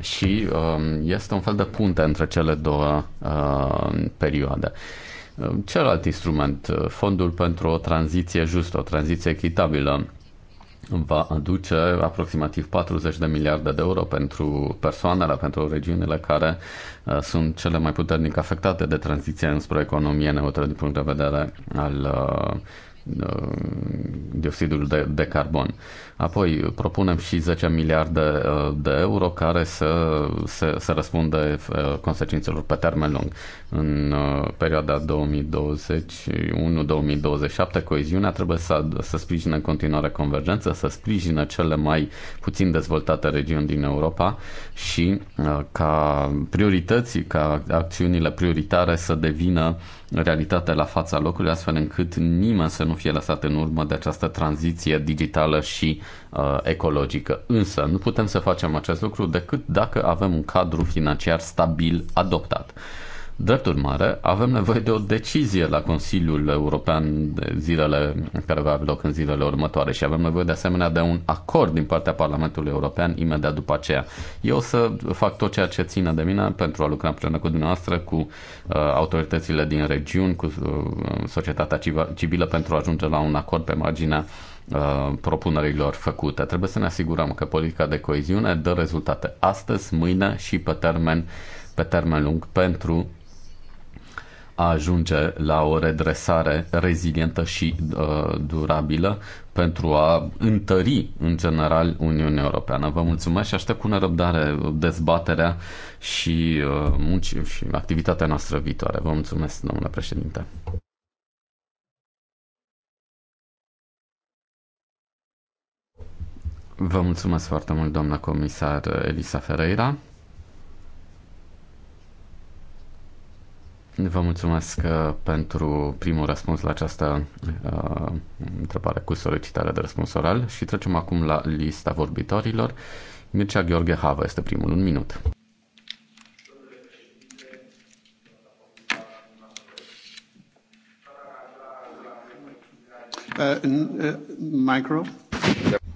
Și um, este un fel de punte între cele două uh, perioade. Uh, celălalt instrument, fondul pentru o tranziție justă, o tranziție echitabilă, va aduce aproximativ 40 de miliarde de euro pentru persoanele, pentru regiunile care uh, sunt cele mai puternic afectate de tranziția înspre economie neutră din punct de vedere al uh, uh de, de carbon. Apoi uh, propunem și 10 miliarde uh, de euro care să, să, să răspundă uh, consecințelor pe termen lung. În perioada 2021-2027, coeziunea trebuie să, să sprijine în continuare convergență, să sprijine cele mai puțin dezvoltate regiuni din Europa și ca priorității, ca acțiunile prioritare să devină realitate la fața locului, astfel încât nimeni să nu fie lăsat în urmă de această tranziție digitală și uh, ecologică. Însă nu putem să facem acest lucru decât dacă avem un cadru financiar stabil adoptat. Drept urmare, avem nevoie de o decizie la Consiliul European de zilele care va avea loc în zilele următoare și avem nevoie de asemenea de un acord din partea Parlamentului European imediat după aceea. Eu o să fac tot ceea ce ține de mine pentru a lucra împreună cu dumneavoastră, cu uh, autoritățile din regiuni, cu uh, societatea civilă pentru a ajunge la un acord pe marginea Uh, propunerilor făcute. Trebuie să ne asigurăm că politica de coeziune dă rezultate astăzi, mâine și pe termen, pe termen lung pentru a ajunge la o redresare rezilientă și uh, durabilă pentru a întări, în general, Uniunea Europeană. Vă mulțumesc și aștept cu nerăbdare dezbaterea și, uh, și activitatea noastră viitoare. Vă mulțumesc, domnule președinte. Vă mulțumesc foarte mult, doamna comisar Elisa Ferreira. Vă mulțumesc uh, pentru primul răspuns la această uh, întrebare cu solicitare de răspuns oral și trecem acum la lista vorbitorilor. Mircea Gheorghe Hava este primul, un minut. Uh, uh, micro. Da,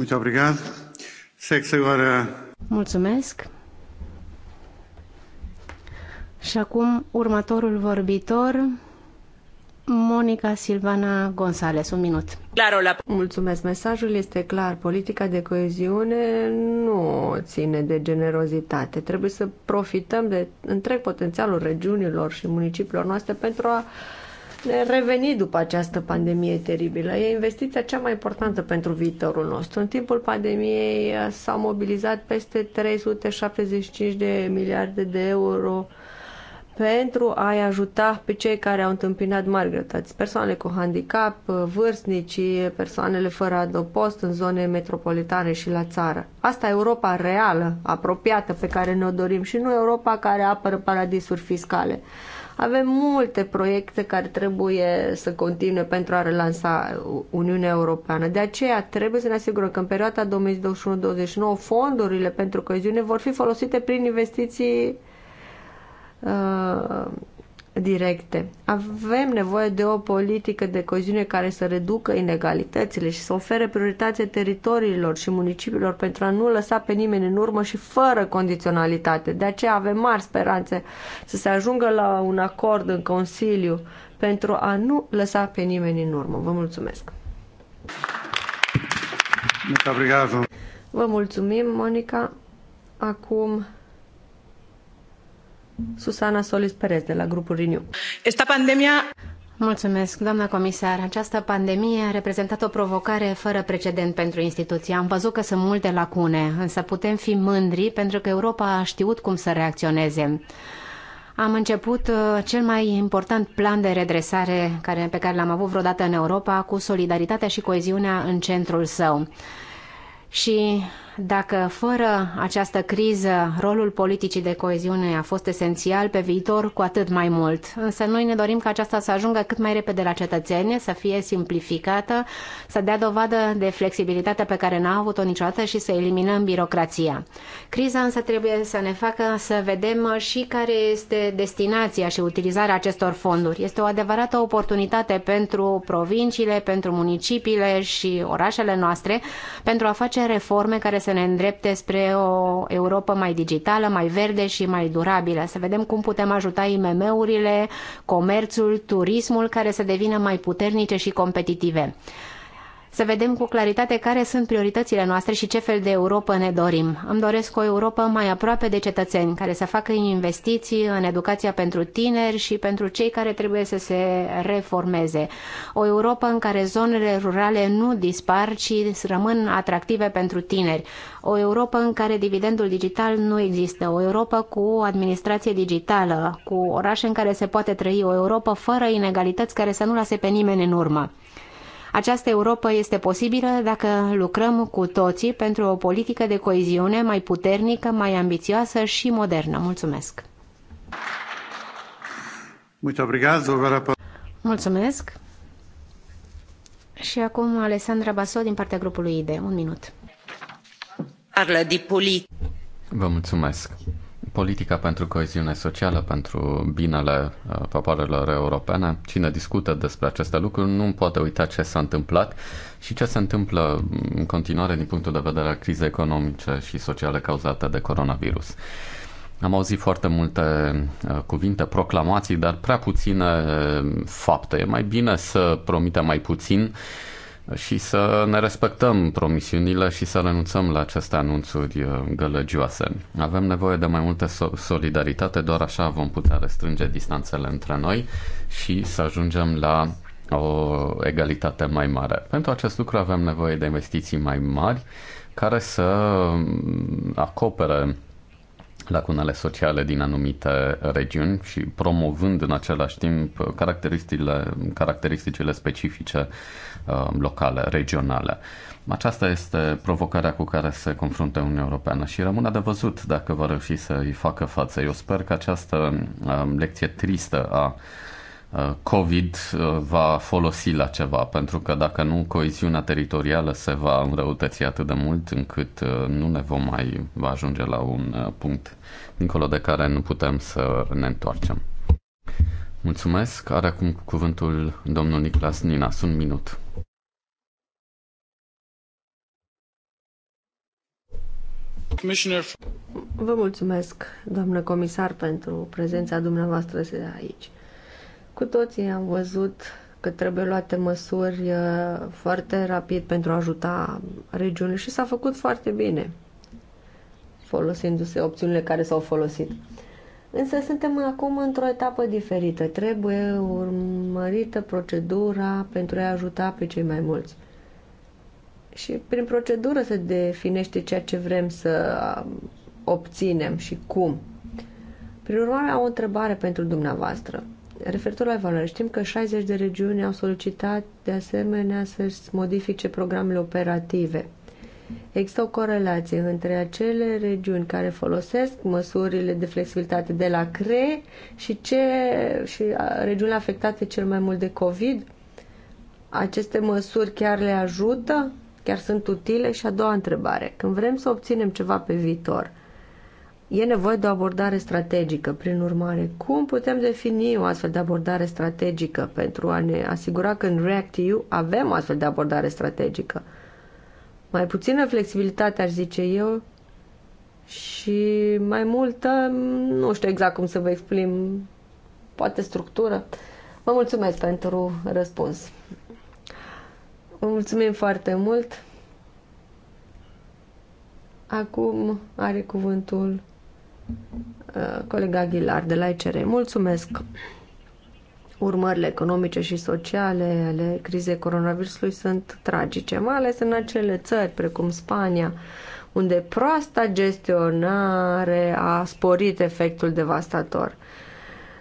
Muito obrigado. Segue-se agora... Mulțumesc. Și acum următorul vorbitor, Monica Silvana Gonzalez, un minut. Claro, la... Mulțumesc. Mesajul este clar. Politica de coeziune nu ține de generozitate. Trebuie să profităm de întreg potențialul regiunilor și municipiilor noastre pentru a reveni după această pandemie teribilă. E investiția cea mai importantă pentru viitorul nostru. În timpul pandemiei uh, s-au mobilizat peste 375 de miliarde de euro pentru a-i ajuta pe cei care au întâmpinat mari grătăți, persoanele cu handicap, uh, vârstnici, persoanele fără adopost în zone metropolitane și la țară. Asta e Europa reală, apropiată, pe care ne-o dorim și nu Europa care apără paradisuri fiscale. Avem multe proiecte care trebuie să continue pentru a relansa Uniunea Europeană. De aceea trebuie să ne asigurăm că în perioada 2021-2029 fondurile pentru coeziune vor fi folosite prin investiții uh, directe. Avem nevoie de o politică de coziune care să reducă inegalitățile și să ofere prioritate teritoriilor și municipiilor pentru a nu lăsa pe nimeni în urmă și fără condiționalitate. De aceea avem mari speranțe să se ajungă la un acord în Consiliu pentru a nu lăsa pe nimeni în urmă. Vă mulțumesc! Vă mulțumim, Monica. Acum Susana Solis Perez de la grupul Renew. Esta pandemia Mulțumesc, doamna comisar. Această pandemie a reprezentat o provocare fără precedent pentru instituție. Am văzut că sunt multe lacune, însă putem fi mândri pentru că Europa a știut cum să reacționeze. Am început uh, cel mai important plan de redresare care, pe care l-am avut vreodată în Europa, cu solidaritatea și coeziunea în centrul său. Și dacă fără această criză rolul politicii de coeziune a fost esențial pe viitor, cu atât mai mult. Însă noi ne dorim ca aceasta să ajungă cât mai repede la cetățeni, să fie simplificată, să dea dovadă de flexibilitatea pe care n-a avut-o niciodată și să eliminăm birocrația. Criza însă trebuie să ne facă să vedem și care este destinația și utilizarea acestor fonduri. Este o adevărată oportunitate pentru provinciile, pentru municipiile și orașele noastre pentru a face reforme care să să ne îndrepte spre o Europa mai digitală, mai verde și mai durabilă, să vedem cum putem ajuta IMM-urile, comerțul, turismul, care să devină mai puternice și competitive să vedem cu claritate care sunt prioritățile noastre și ce fel de Europa ne dorim. Îmi doresc o Europa mai aproape de cetățeni, care să facă investiții în educația pentru tineri și pentru cei care trebuie să se reformeze. O Europa în care zonele rurale nu dispar, ci rămân atractive pentru tineri. O Europa în care dividendul digital nu există. O Europa cu o administrație digitală, cu orașe în care se poate trăi. O Europa fără inegalități care să nu lase pe nimeni în urmă. Această Europa este posibilă dacă lucrăm cu toții pentru o politică de coeziune mai puternică, mai ambițioasă și modernă. Mulțumesc! Mulțumesc! Și acum Alessandra Basso din partea grupului IDE. Un minut. Parlă de polit. Vă mulțumesc! politica pentru coeziune socială, pentru binele uh, popoarelor europene. Cine discută despre aceste lucruri nu poate uita ce s-a întâmplat și ce se întâmplă mm, în continuare din punctul de vedere al crizei economice și sociale cauzate de coronavirus. Am auzit foarte multe uh, cuvinte, proclamații, dar prea puține uh, fapte. E mai bine să promite mai puțin uh, și să ne respectăm promisiunile și să renunțăm la aceste anunțuri uh, gălăgioase. Avem nevoie de mai multă solidaritate, doar așa vom putea restrânge distanțele între noi și să ajungem la o egalitate mai mare. Pentru acest lucru avem nevoie de investiții mai mari care să um, acopere lacunele sociale din anumite regiuni și promovând în același timp caracteristicile, caracteristicile specifice Uh, locale, regională. Aceasta este provocarea cu care se confruntă Uniunea Europeană și rămâne de văzut dacă va reuși să îi facă față. Eu sper că această um, lecție tristă a uh, COVID uh, va folosi la ceva, pentru că dacă nu, coeziunea teritorială se va înrăutăți atât de mult încât nu ne vom mai va ajunge la un punct dincolo de care nu putem să ne întoarcem. Mulțumesc. Are acum cuvântul domnul Niclas Nina. Sunt minut. Vă mulțumesc, doamnă comisar, pentru prezența dumneavoastră aici. Cu toții am văzut că trebuie luate măsuri uh, foarte rapid pentru a ajuta regiunile și s-a făcut foarte bine, folosindu-se opțiunile care s-au folosit. Însă suntem acum într-o etapă diferită. Trebuie urmărită procedura pentru a ajuta pe cei mai mulți și prin procedură se definește ceea ce vrem să um, obținem și cum. Prin urmare, am o întrebare pentru dumneavoastră. Referitor la evaluare, știm că 60 de regiuni au solicitat de asemenea să-și modifice programele operative. Există o corelație între acele regiuni care folosesc măsurile de flexibilitate de la CRE și, ce, și uh, regiunile afectate cel mai mult de COVID? Aceste măsuri chiar le ajută chiar sunt utile? Și a doua întrebare, când vrem să obținem ceva pe viitor, e nevoie de o abordare strategică. Prin urmare, cum putem defini o astfel de abordare strategică pentru a ne asigura că în REACT-EU avem o astfel de abordare strategică? Mai puțină flexibilitate, aș zice eu, și mai multă, nu știu exact cum să vă exprim, poate structură. Vă mulțumesc pentru răspuns. Vă mulțumim foarte mult. Acum are cuvântul uh, colega Aguilar de la ICR. Mulțumesc! Urmările economice și sociale ale crizei coronavirusului sunt tragice, mai ales în acele țări precum Spania, unde proasta gestionare a sporit efectul devastator.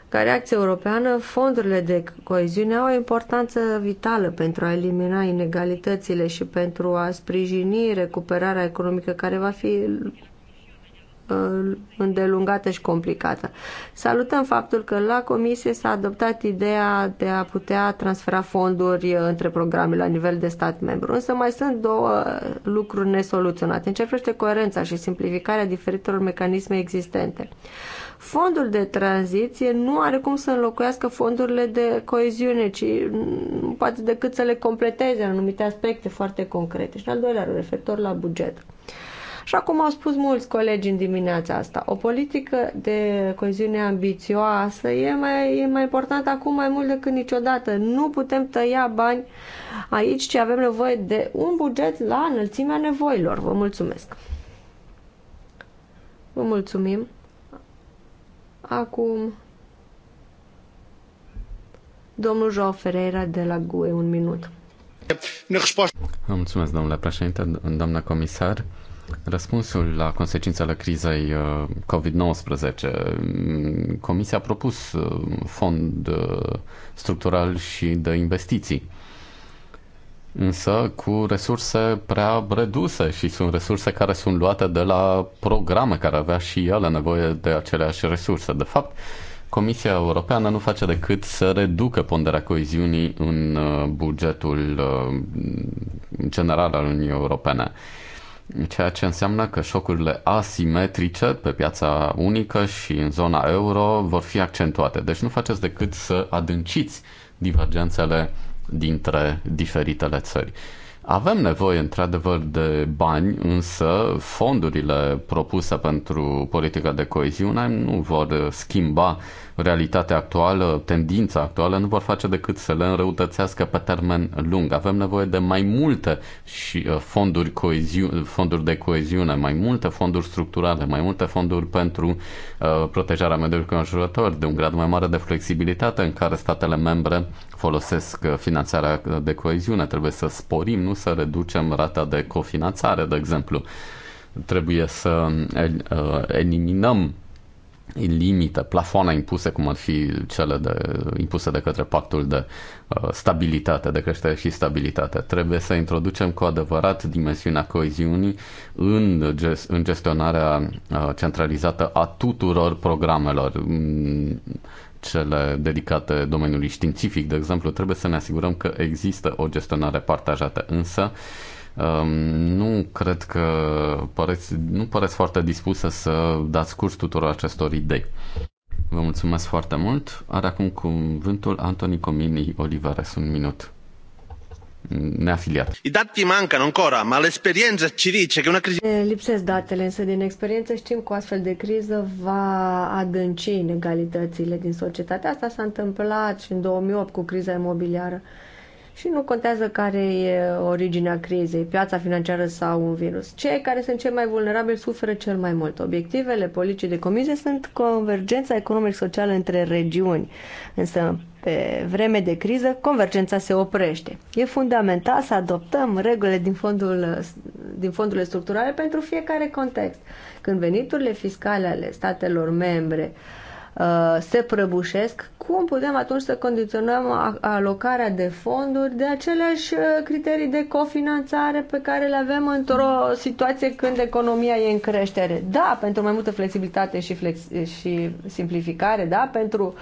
Ca reacție europeană, fondurile de coeziune au o importanță vitală pentru a elimina inegalitățile și pentru a sprijini recuperarea economică care va fi uh, îndelungată și complicată. Salutăm faptul că la comisie s-a adoptat ideea de a putea transfera fonduri uh, între programe la nivel de stat membru, însă mai sunt două lucruri nesoluționate. În coerența și simplificarea diferitelor mecanisme existente fondul de tranziție nu are cum să înlocuiască fondurile de coeziune, ci poate decât să le completeze în anumite aspecte foarte concrete. Și în al doilea, referitor la buget. Așa cum au spus mulți colegi în dimineața asta, o politică de coeziune ambițioasă e mai, e mai importantă acum mai mult decât niciodată. Nu putem tăia bani aici, ci avem nevoie de un buget la înălțimea nevoilor. Vă mulțumesc! Vă mulțumim! Acum, domnul João Ferreira de la GUE, un minut. Vă mulțumesc, domnule președinte, doamna comisar. Răspunsul la consecințele crizei uh, COVID-19. Comisia a propus uh, fond uh, structural și de investiții însă cu resurse prea reduse și sunt resurse care sunt luate de la programe care avea și ele nevoie de aceleași resurse. De fapt, Comisia Europeană nu face decât să reducă ponderea coeziunii în uh, bugetul uh, general al Uniunii Europene. Ceea ce înseamnă că șocurile asimetrice pe piața unică și în zona euro vor fi accentuate. Deci nu faceți decât să adânciți divergențele dintre diferitele țări. Avem nevoie, într-adevăr, de bani, însă fondurile propuse pentru politica de coeziune nu vor schimba realitatea actuală, tendința actuală, nu vor face decât să le înrăutățească pe termen lung. Avem nevoie de mai multe și uh, fonduri, coeziu, fonduri de coeziune, mai multe fonduri structurale, mai multe fonduri pentru uh, protejarea mediului conjurător, de un grad mai mare de flexibilitate în care statele membre folosesc uh, finanțarea uh, de coeziune. Trebuie să sporim, nu să reducem rata de cofinanțare, de exemplu. Trebuie să eliminăm limită, plafoane impuse, cum ar fi cele de, impuse de către pactul de uh, stabilitate, de creștere și stabilitate. Trebuie să introducem cu adevărat dimensiunea coeziunii în, ges- în gestionarea uh, centralizată a tuturor programelor. Mm, cele dedicate domeniului științific, de exemplu, trebuie să ne asigurăm că există o gestionare partajată, însă uh, Um, nu cred că păreți, nu păreți foarte dispusă să dați curs tuturor acestor idei. Vă mulțumesc foarte mult. Are acum cuvântul Antoni Comini Olivares, un minut. Neafiliat. I dati mancano ancora, ma l'esperienza ci dice che una crisi... Lipsesc datele, însă din experiență știm că o astfel de criză va adânci inegalitățile din societate. Asta s-a întâmplat și în 2008 cu criza imobiliară. Și nu contează care e originea crizei, piața financiară sau un virus. Cei care sunt cei mai vulnerabili suferă cel mai mult. Obiectivele politicii de comisie sunt convergența economic-socială între regiuni, însă pe vreme de criză convergența se oprește. E fundamental să adoptăm regulile din, fondul, din fondurile structurale pentru fiecare context. Când veniturile fiscale ale statelor membre uh, Uh, se prăbușesc, cum putem atunci să condiționăm alocarea de fonduri de aceleași uh, criterii de cofinanțare pe care le avem într-o situație când economia e în creștere? Da, pentru mai multă flexibilitate și, flex- și simplificare, da, pentru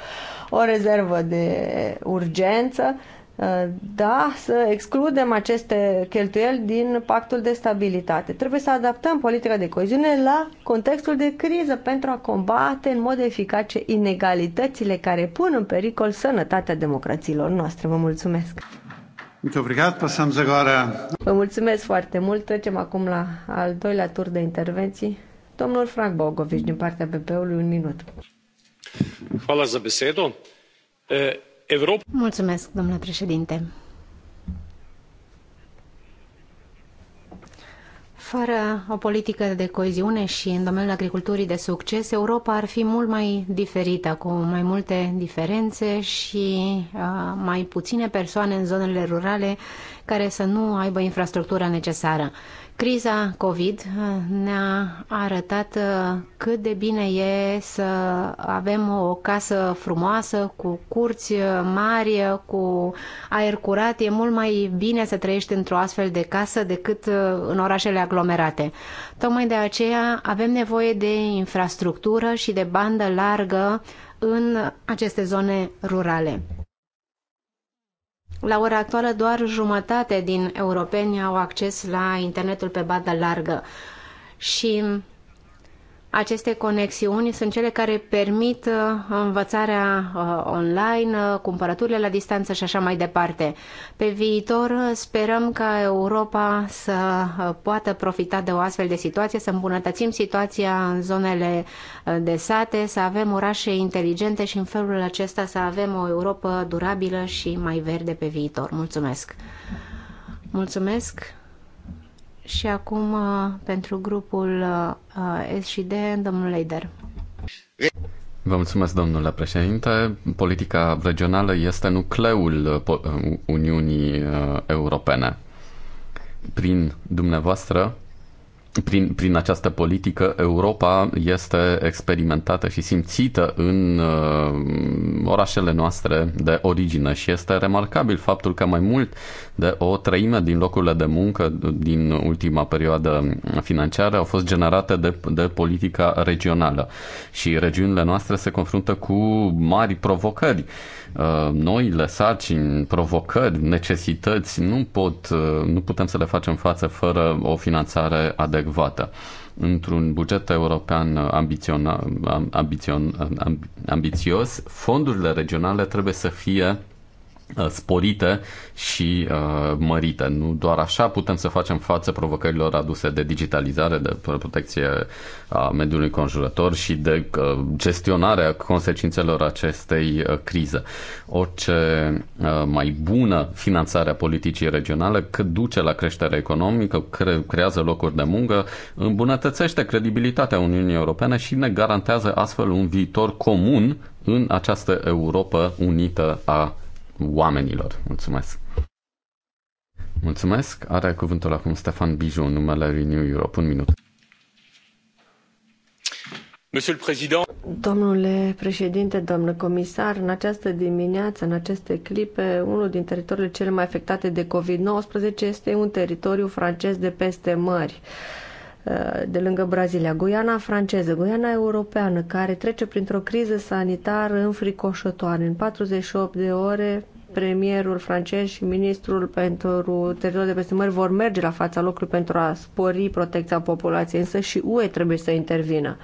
o rezervă de urgență, da, să excludem aceste cheltuieli din pactul de stabilitate. Trebuie să adaptăm politica de coeziune la contextul de criză pentru a combate în mod eficace inegalitățile care pun în pericol sănătatea democrațiilor noastre. Vă mulțumesc! Vă mulțumesc foarte mult. Trecem acum la al doilea tur de intervenții. Domnul Frank Bogovici, din partea PP-ului, un minut. Vă mulțumesc! Europa... Mulțumesc, domnule președinte. Fără o politică de coeziune și în domeniul agriculturii de succes, Europa ar fi mult mai diferită, cu mai multe diferențe și uh, mai puține persoane în zonele rurale care să nu aibă infrastructura necesară. Criza COVID ne-a arătat uh, cât de bine e să avem o casă frumoasă, cu curți uh, mari, uh, cu aer curat. E mult mai bine să trăiești într-o astfel de casă decât în orașele aglomerate. Tocmai de aceea avem nevoie de infrastructură și de bandă largă în aceste zone rurale. La ora actuală, doar jumătate din europeni au acces la internetul pe bandă largă și aceste conexiuni sunt cele care permit uh, învățarea uh, online, uh, cumpărăturile la distanță și așa mai departe. Pe viitor sperăm ca Europa să poată profita de o astfel de situație, să îmbunătățim situația în zonele de sate, să avem orașe inteligente și în felul acesta să avem o Europa durabilă și mai verde pe viitor. Mulțumesc! Mulțumesc! Și acum, uh, pentru grupul uh, S și domnul Leider. Vă mulțumesc, domnule președinte. Politica regională este nucleul uh, Uniunii Europene. Prin dumneavoastră, prin, prin această politică, Europa este experimentată și simțită în uh, orașele noastre de origine și este remarcabil faptul că mai mult de o treime din locurile de muncă din ultima perioadă financiară au fost generate de, de politica regională și regiunile noastre se confruntă cu mari provocări uh, Uh, noi le sarcini, provocări, necesități, nu, pot, uh, nu putem să le facem față fără o finanțare adecvată într-un buget european ambițion, ambițion, ambițios, fondurile regionale trebuie să fie Uh, sporite și uh, mărite. Nu doar așa putem să facem față provocărilor aduse de digitalizare, de protecție a mediului conjurător și de uh, gestionarea consecințelor acestei uh, crize. Orice uh, mai bună finanțare a politicii regionale, cât duce la creștere economică, cre- creează locuri de muncă, îmbunătățește credibilitatea Uniunii Europene și ne garantează astfel un viitor comun în această Europa unită a oamenilor. Mulțumesc! Mulțumesc! Are cuvântul acum Stefan Biju, numele Renew Europe. Un minut. Domnule președinte, domnule comisar, în această dimineață, în aceste clipe, unul din teritoriile cele mai afectate de COVID-19 este un teritoriu francez de peste mări. Uh, de lângă Brazilia, Guiana franceză, Guiana europeană, care trece printr-o criză sanitară înfricoșătoare. În 48 de ore, premierul francez și ministrul pentru teritoriul de peste mări vor merge la fața locului pentru a spori protecția populației, însă și UE trebuie să intervină.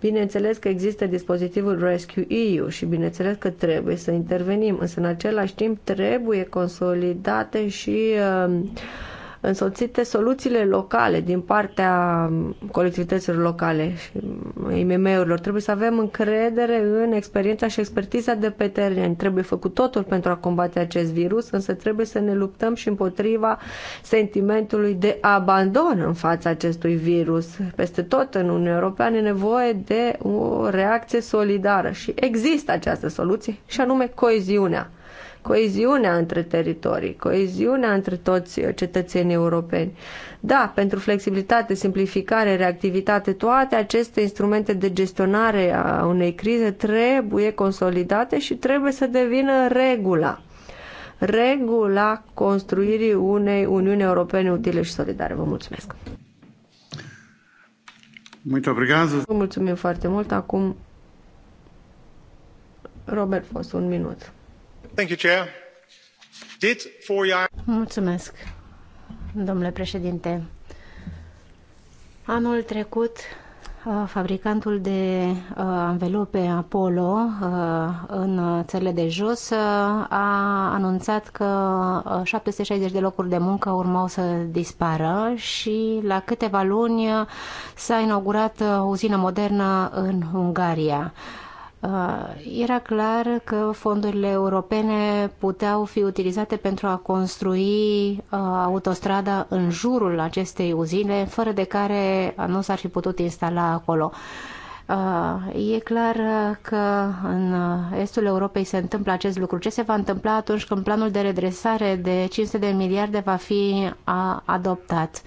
Bineînțeles că există dispozitivul Rescue EU și bineînțeles că trebuie să intervenim, însă în același timp trebuie consolidate și uh, însoțite soluțiile locale din partea colectivităților locale și IMM-urilor. Trebuie să avem încredere în experiența și expertiza de pe teren. Trebuie făcut totul pentru a combate acest virus, însă trebuie să ne luptăm și împotriva sentimentului de abandon în fața acestui virus. Peste tot în Uniunea Europeană e nevoie de o reacție solidară și există această soluție și anume coeziunea coeziunea între teritorii, coeziunea între toți cetățenii europeni. Da, pentru flexibilitate, simplificare, reactivitate, toate aceste instrumente de gestionare a unei crize trebuie consolidate și trebuie să devină regula regula construirii unei Uniuni Europene utile și solidare. Vă mulțumesc! Muito obrigado. Vă mulțumim foarte mult. Acum, Robert Fos, un minut. Mulțumesc, domnule președinte. Anul trecut, uh, fabricantul de uh, anvelope Apollo uh, în țările de jos a anunțat că 760 de locuri de muncă urmau să dispară și la câteva luni s-a inaugurat o uzină modernă în Ungaria Uh, era clar că fondurile europene puteau fi utilizate pentru a construi uh, autostrada în jurul acestei uzine, fără de care uh, nu s-ar fi putut instala acolo. E clar că în estul Europei se întâmplă acest lucru. Ce se va întâmpla atunci când planul de redresare de 500 de miliarde va fi adoptat?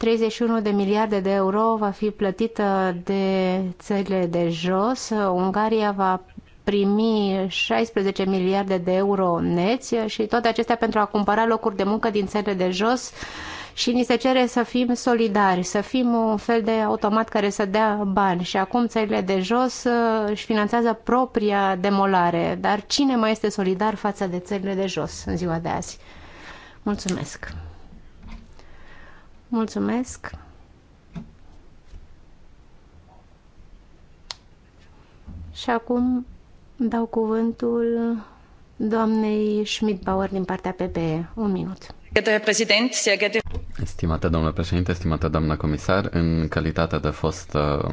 31 de miliarde de euro va fi plătită de țările de jos. Ungaria va primi 16 miliarde de euro neți și toate acestea pentru a cumpăra locuri de muncă din țările de jos și ni se cere să fim solidari, să fim un fel de automat care să dea bani și acum țările de jos uh, își finanțează propria demolare, dar cine mai este solidar față de țările de jos în ziua de azi? Mulțumesc! Mulțumesc! Și acum dau cuvântul doamnei Schmidt-Bauer din partea PPE. Un minut. Stimată doamnă președinte, stimată doamnă comisar, în calitate de fost uh,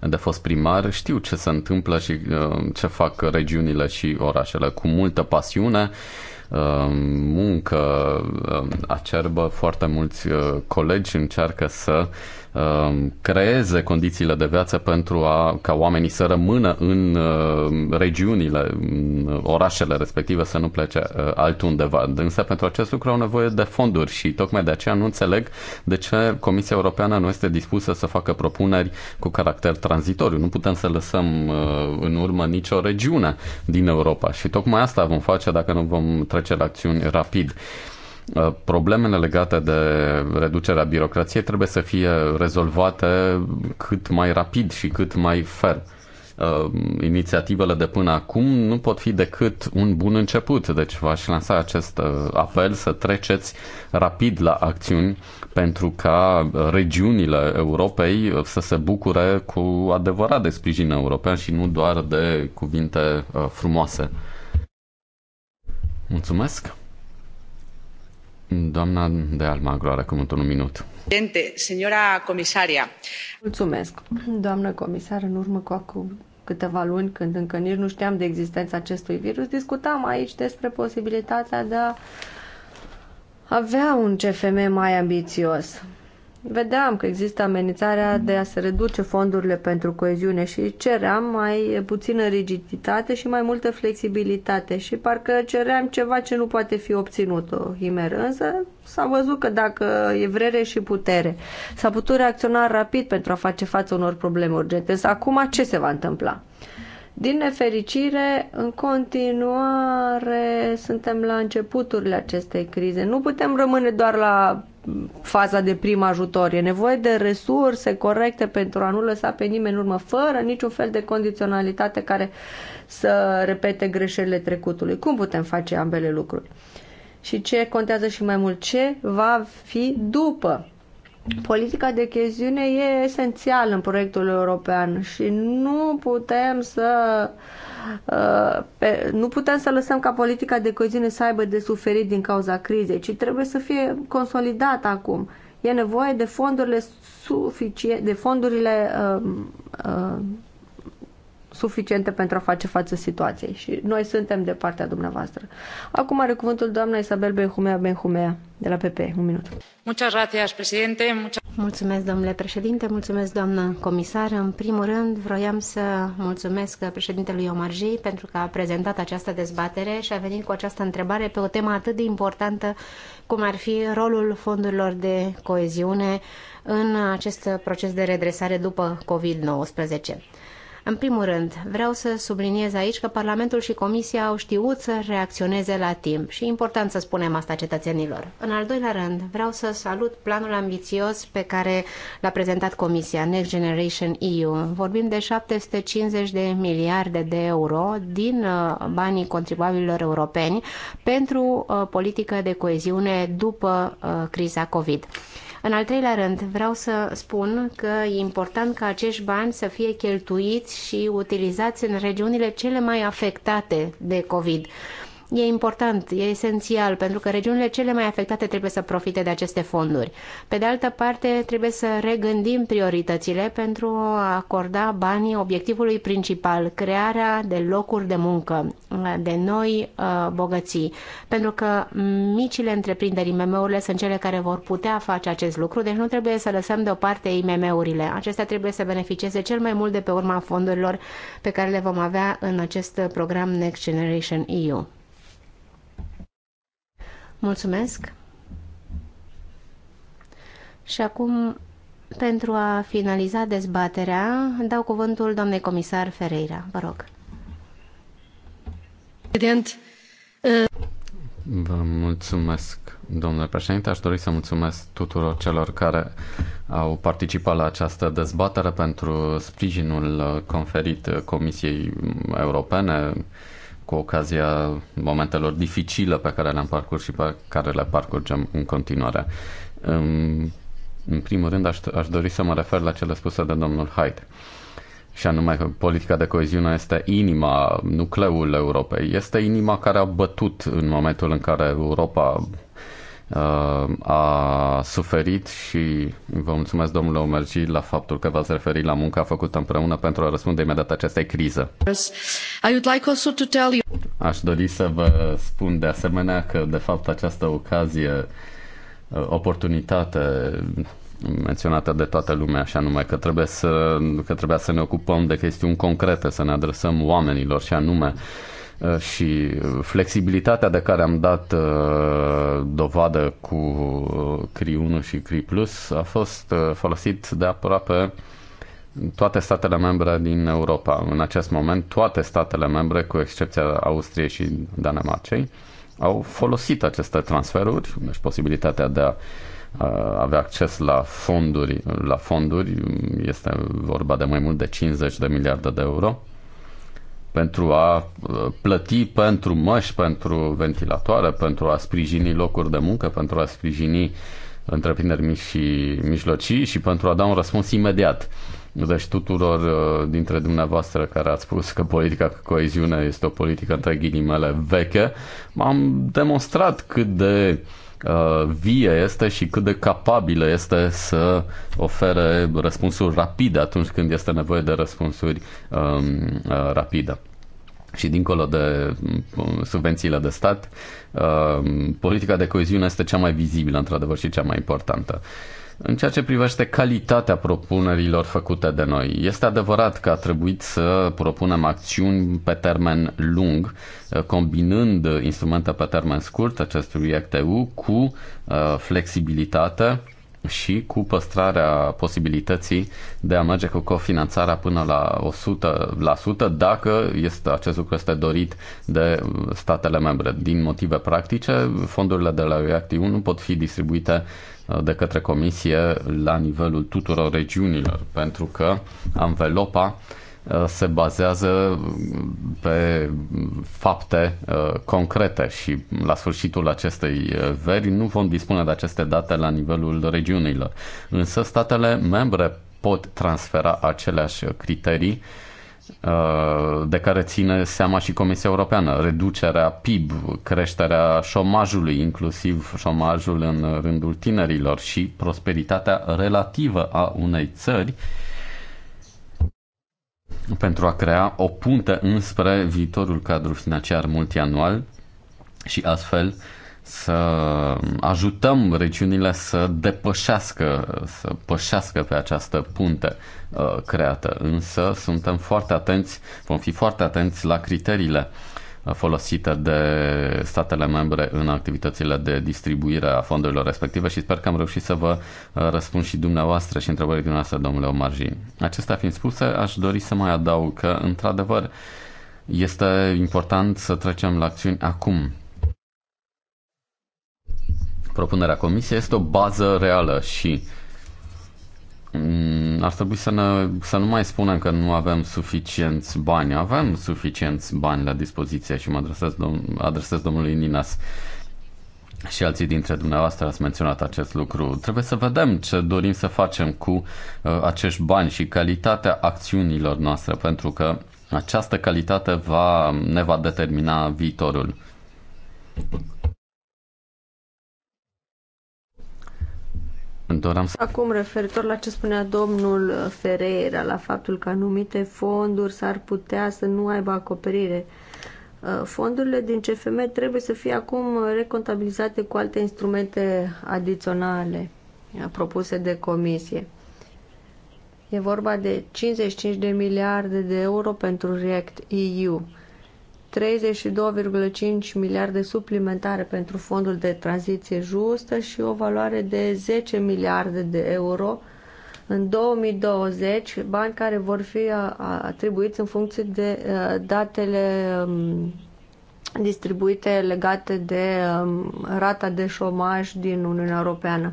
de fost primar, știu ce se întâmplă și uh, ce fac regiunile și orașele cu multă pasiune Ehm, muncă ehm, acerbă. Foarte mulți eh, colegi încearcă să Um, creeze condițiile de viață pentru a, ca oamenii să rămână în um, regiunile, în orașele respective, să nu plece uh, altundeva. Însă pentru acest lucru au nevoie de fonduri și tocmai de aceea nu înțeleg de ce Comisia Europeană nu este dispusă să facă propuneri cu caracter tranzitoriu. Nu putem să lăsăm uh, în urmă nicio regiune din Europa și tocmai asta vom face dacă nu vom trece la acțiuni rapid. Uh, problemele legate de reducerea birocrației trebuie să fie rezolvate cât mai rapid și cât mai fer. Uh, inițiativele de până acum nu pot fi decât un bun început, deci v-aș lansa acest uh, apel să treceți rapid la acțiuni pentru ca regiunile Europei să se bucure cu adevărat de sprijin european și nu doar de cuvinte frumoase. Mulțumesc! Doamna de Almagro are cuvântul un minut. Señora comisaria. Mulțumesc. Doamnă comisar, în urmă cu acum câteva luni, când încă nici nu știam de existența acestui virus, discutam aici despre posibilitatea de a avea un CFM mai ambițios vedeam că există amenințarea de a se reduce fondurile pentru coeziune și ceream mai puțină rigiditate și mai multă flexibilitate și parcă ceream ceva ce nu poate fi obținut o himeră, însă s-a văzut că dacă e vrere și putere, s-a putut reacționa rapid pentru a face față unor probleme urgente. Însă acum ce se va întâmpla? Din nefericire, în continuare suntem la începuturile acestei crize. Nu putem rămâne doar la faza de prim ajutor. E nevoie de resurse corecte pentru a nu lăsa pe nimeni în urmă, fără niciun fel de condiționalitate care să repete greșelile trecutului. Cum putem face ambele lucruri? Și ce contează și mai mult, ce va fi după Politica de cheziune e esențială în proiectul european și nu putem să uh, nu putem să lăsăm ca politica de coeziune să aibă de suferit din cauza crizei, ci trebuie să fie consolidată acum. E nevoie de fondurile suficiente, de fondurile um, uh, uh, suficiente pentru a face față situației și noi suntem de partea dumneavoastră. Acum are cuvântul doamna Isabel Benhumea Benhumea de la PP. Un minut. Mulțumesc, domnule președinte, mulțumesc, doamnă comisar. În primul rând, vroiam să mulțumesc președintelui Omarji pentru că a prezentat această dezbatere și a venit cu această întrebare pe o temă atât de importantă cum ar fi rolul fondurilor de coeziune în acest proces de redresare după COVID-19. În primul rând, vreau să subliniez aici că Parlamentul și Comisia au știut să reacționeze la timp și e important să spunem asta cetățenilor. În al doilea rând, vreau să salut planul ambițios pe care l-a prezentat Comisia Next Generation EU. Vorbim de 750 de miliarde de euro din uh, banii contribuabililor europeni pentru uh, politică de coeziune după uh, criza COVID. În al treilea rând, vreau să spun că e important ca acești bani să fie cheltuiți și utilizați în regiunile cele mai afectate de COVID. E important, e esențial, pentru că regiunile cele mai afectate trebuie să profite de aceste fonduri. Pe de altă parte, trebuie să regândim prioritățile pentru a acorda banii obiectivului principal, crearea de locuri de muncă, de noi uh, bogății. Pentru că micile întreprinderi, IMM-urile, sunt cele care vor putea face acest lucru, deci nu trebuie să lăsăm deoparte IMM-urile. Acestea trebuie să beneficieze cel mai mult de pe urma fondurilor pe care le vom avea în acest program Next Generation EU. Mulțumesc! Și acum, pentru a finaliza dezbaterea, dau cuvântul doamnei comisar Ferreira. Vă rog. Evident. Vă mulțumesc, domnule președinte. Aș dori să mulțumesc tuturor celor care au participat la această dezbatere pentru sprijinul conferit Comisiei Europene cu ocazia momentelor dificile pe care le-am parcurs și pe care le parcurgem în continuare. În primul rând, aș, aș dori să mă refer la cele spuse de domnul Haidt și anume că politica de coeziune este inima, nucleul Europei. Este inima care a bătut în momentul în care Europa Uh, a suferit și vă mulțumesc domnule Omergi la faptul că v-ați referit la munca făcută împreună pentru a răspunde imediat acestei criză. Aș dori să vă spun de asemenea că de fapt această ocazie, uh, oportunitate menționată de toată lumea, așa numai că trebuie să, că trebuia să ne ocupăm de chestiuni concrete, să ne adresăm oamenilor și anume Uh, și flexibilitatea de care am dat uh, dovadă cu uh, CRI 1 și CRI Plus a fost folosit de aproape toate statele membre din Europa. În acest moment, toate statele membre, cu excepția Austriei și Danemarcei, au folosit aceste transferuri, deci posibilitatea de a avea acces la fonduri, la fonduri este vorba de mai mult de 50 de miliarde de euro pentru a uh, plăti pentru măști, pentru ventilatoare, pentru a sprijini locuri de muncă, pentru a sprijini întreprinderi mici și mijlocii și pentru a da un răspuns imediat. Deci tuturor uh, dintre dumneavoastră care ați spus că politica coeziune este o politică între ghilimele veche, am demonstrat cât de uh, Uh, vie este și cât de capabilă este să ofere răspunsuri rapide atunci când este nevoie de răspunsuri um, uh, rapide și dincolo de um, subvențiile de stat, um, politica de coeziune este cea mai vizibilă, într-adevăr, și cea mai importantă. În ceea ce privește calitatea propunerilor făcute de noi, este adevărat că a trebuit să propunem acțiuni pe termen lung, eh, combinând instrumente pe termen scurt, acest REACT-EU, cu eh, flexibilitate și cu păstrarea posibilității de a merge cu cofinanțarea până la 100% dacă este, acest lucru este dorit de statele membre. Din motive practice, fondurile de la Reactiv nu pot fi distribuite uh, de către Comisie la nivelul tuturor regiunilor, pentru că anvelopa Uh, se bazează mm, pe mm, fapte uh, concrete și la sfârșitul acestei uh, veri nu vom dispune de aceste date la nivelul regiunilor. Însă statele membre pot transfera aceleași criterii de care ține seama și Comisia Europeană, reducerea PIB, creșterea șomajului, inclusiv șomajul în rândul tinerilor și prosperitatea relativă a unei țări, pentru a crea o punte înspre viitorul cadru financiar multianual și astfel să ajutăm regiunile să depășească, să pășească pe această punte uh, creată. Însă suntem foarte atenți, vom fi foarte atenți la criteriile uh, folosite de statele membre în activitățile de distribuire a fondurilor respective și sper că am reușit să vă uh, răspund și dumneavoastră și întrebările dumneavoastră, domnule Omarji. Acestea fiind spuse, aș dori să mai adaug că, într-adevăr, este important să trecem la acțiuni acum. Propunerea Comisiei este o bază reală și uh, Mm, ar trebui să, ne, să nu mai spunem că nu avem suficienți bani. Avem suficienți bani la dispoziție și mă adresez, domn, adresez domnului Ninas și alții dintre dumneavoastră ați menționat acest lucru. Trebuie să vedem ce dorim să facem cu uh, acești bani și calitatea acțiunilor noastre, pentru că această calitate va, ne va determina viitorul. Acum, referitor la ce spunea domnul Ferreira, la faptul că anumite fonduri s-ar putea să nu aibă acoperire, uh, fondurile din CFM trebuie să fie acum recontabilizate cu alte instrumente adiționale uh, propuse de comisie. E vorba de 55 de miliarde de euro pentru React EU 32,5 miliarde suplimentare pentru fondul de tranziție justă și o valoare de 10 miliarde de euro în 2020, bani care vor fi uh, atribuiți în funcție de uh, datele um, distribuite legate de um, rata de șomaj din Uniunea Europeană.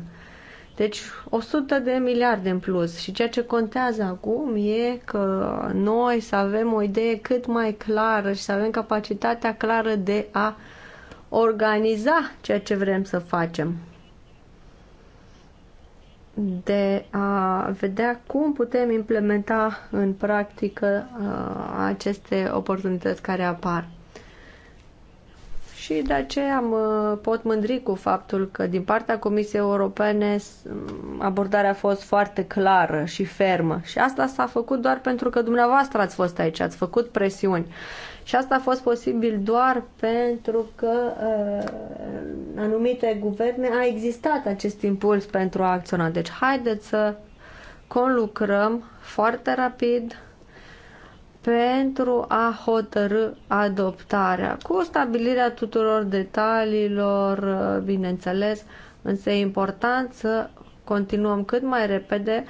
Deci 100 de miliarde în plus și ceea ce contează acum e că noi să avem o idee cât mai clară și să avem capacitatea clară de a organiza ceea ce vrem să facem. De a vedea cum putem implementa în practică uh, aceste oportunități care apar și de aceea mă pot mândri cu faptul că din partea Comisiei Europene abordarea a fost foarte clară și fermă și asta s-a făcut doar pentru că dumneavoastră ați fost aici, ați făcut presiuni și asta a fost posibil doar pentru că uh, anumite guverne a existat acest impuls pentru a acționa. Deci haideți să conlucrăm foarte rapid pentru a hotărâ adoptarea, cu stabilirea tuturor detaliilor, uh, bineînțeles, însă e important să continuăm cât mai repede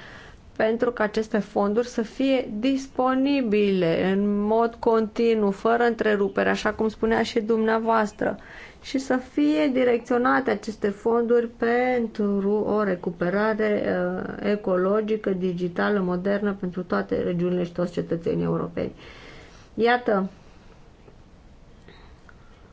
pentru că aceste fonduri să fie disponibile în mod continuu, fără întrerupere, așa cum spunea și dumneavoastră și să fie direcționate aceste fonduri pentru o recuperare uh, ecologică, digitală, modernă pentru toate regiunile și toți cetățenii europeni. Iată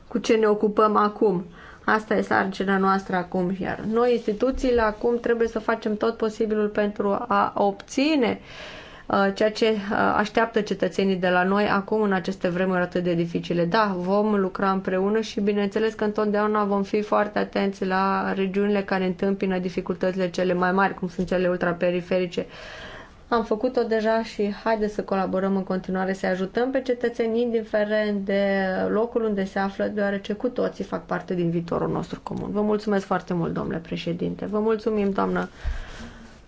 cu ce ne ocupăm acum. Asta e sarcina noastră acum, iar noi instituțiile acum trebuie să facem tot posibilul pentru a obține uh, Uh, ceea ce uh, așteaptă cetățenii de la noi acum în aceste vremuri atât de dificile. Da, vom lucra împreună și bineînțeles că întotdeauna vom fi foarte atenți la regiunile care întâmpină dificultățile cele mai mari, cum sunt cele ultraperiferice. Am făcut-o deja și haide să colaborăm în continuare, să ajutăm pe cetățeni indiferent de locul unde se află, deoarece cu toții fac parte din viitorul nostru comun. Vă mulțumesc foarte mult, domnule președinte. Vă mulțumim, doamnă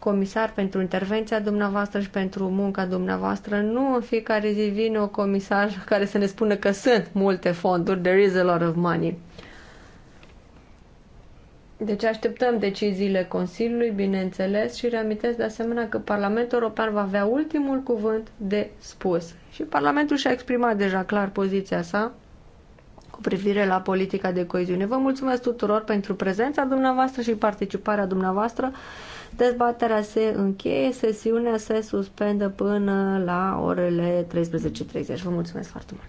comisar, pentru intervenția dumneavoastră și pentru munca dumneavoastră. Nu în fiecare zi vine o comisar care să ne spună că sunt multe fonduri, there is a lot of money. Deci așteptăm deciziile Consiliului, bineînțeles, și reamintesc de asemenea că Parlamentul European va avea ultimul cuvânt de spus. Și Parlamentul și-a exprimat deja clar poziția sa cu privire la politica de coeziune. Vă mulțumesc tuturor pentru prezența dumneavoastră și participarea dumneavoastră. Dezbaterea se încheie, sesiunea se suspendă până la orele 13.30. Vă mulțumesc foarte mult!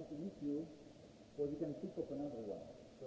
happens in each you, or you can pick up another So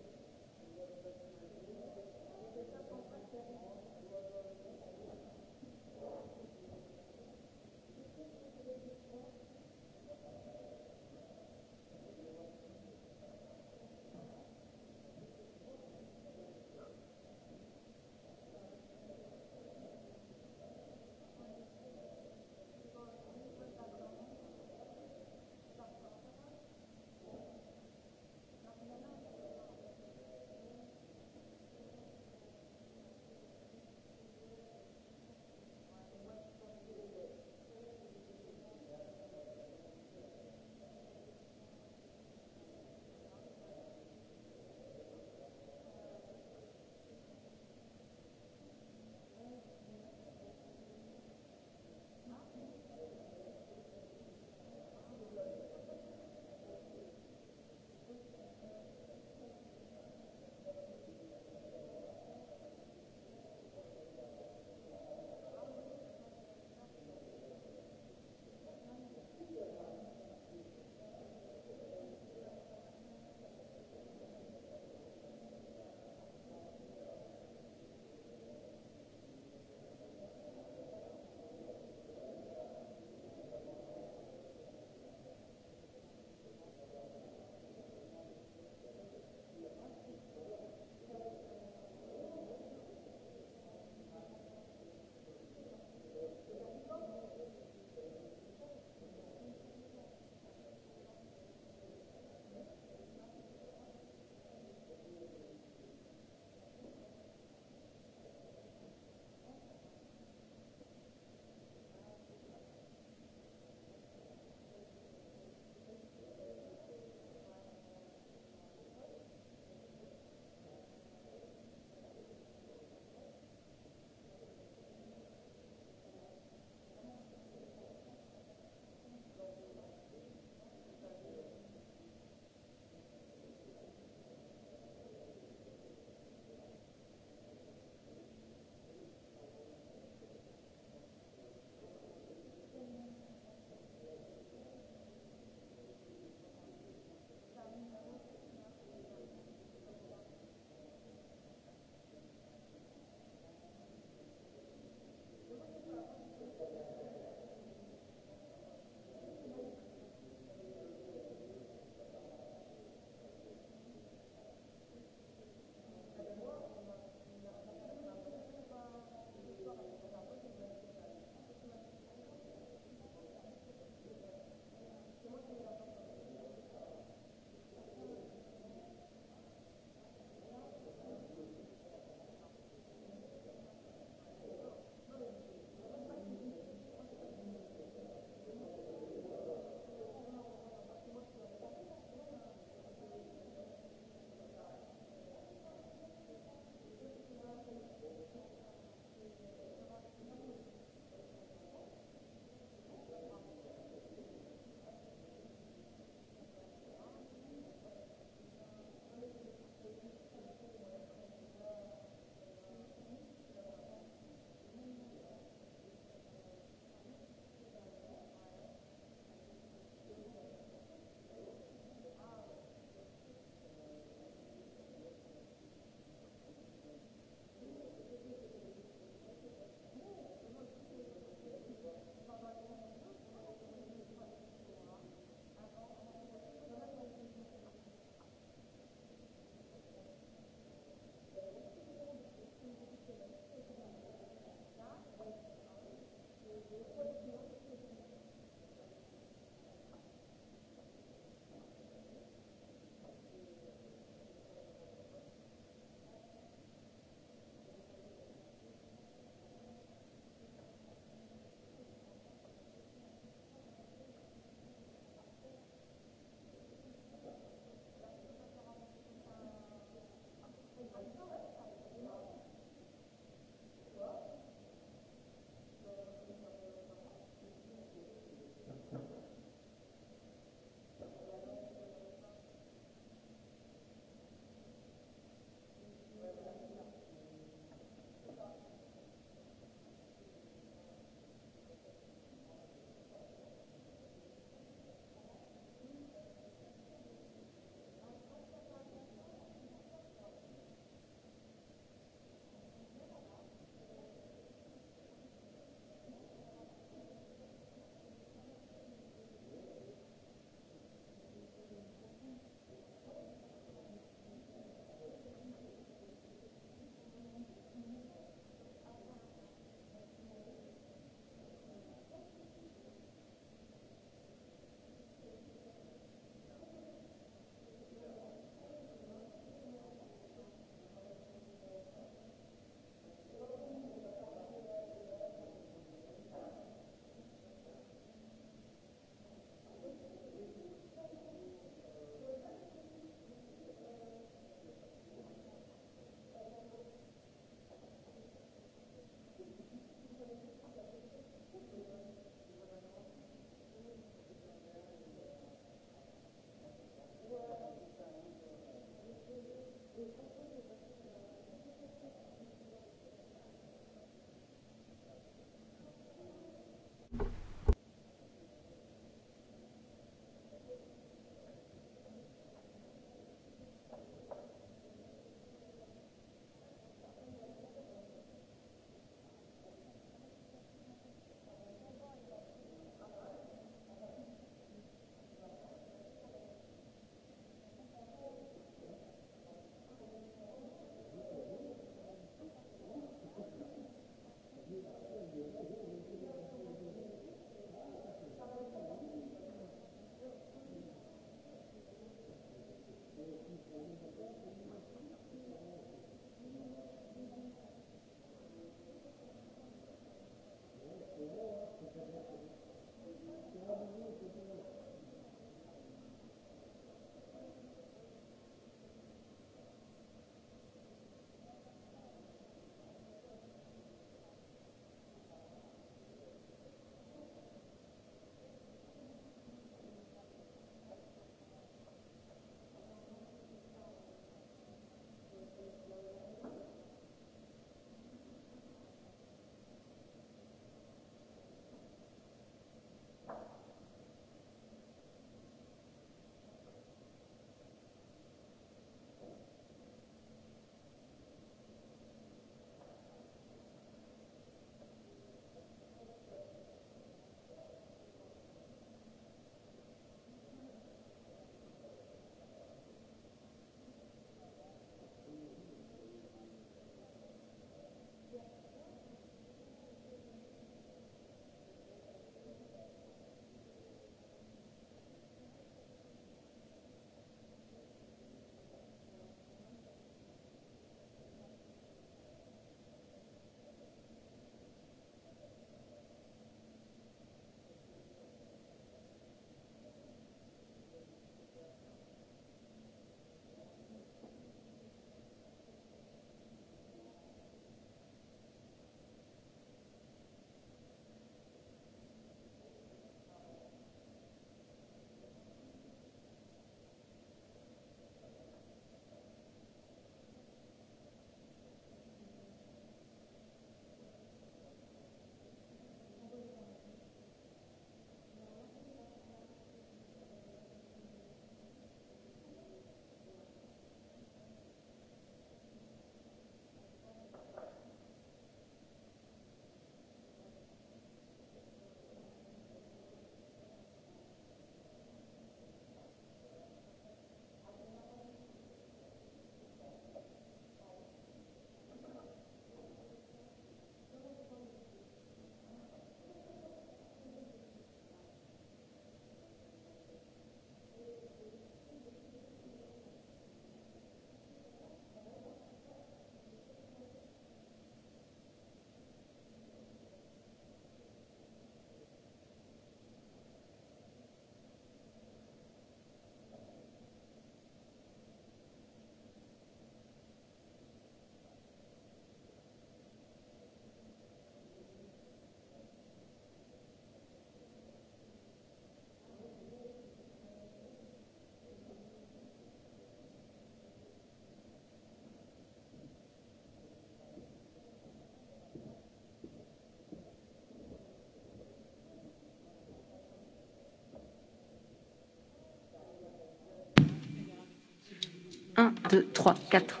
deux, trois, quatre.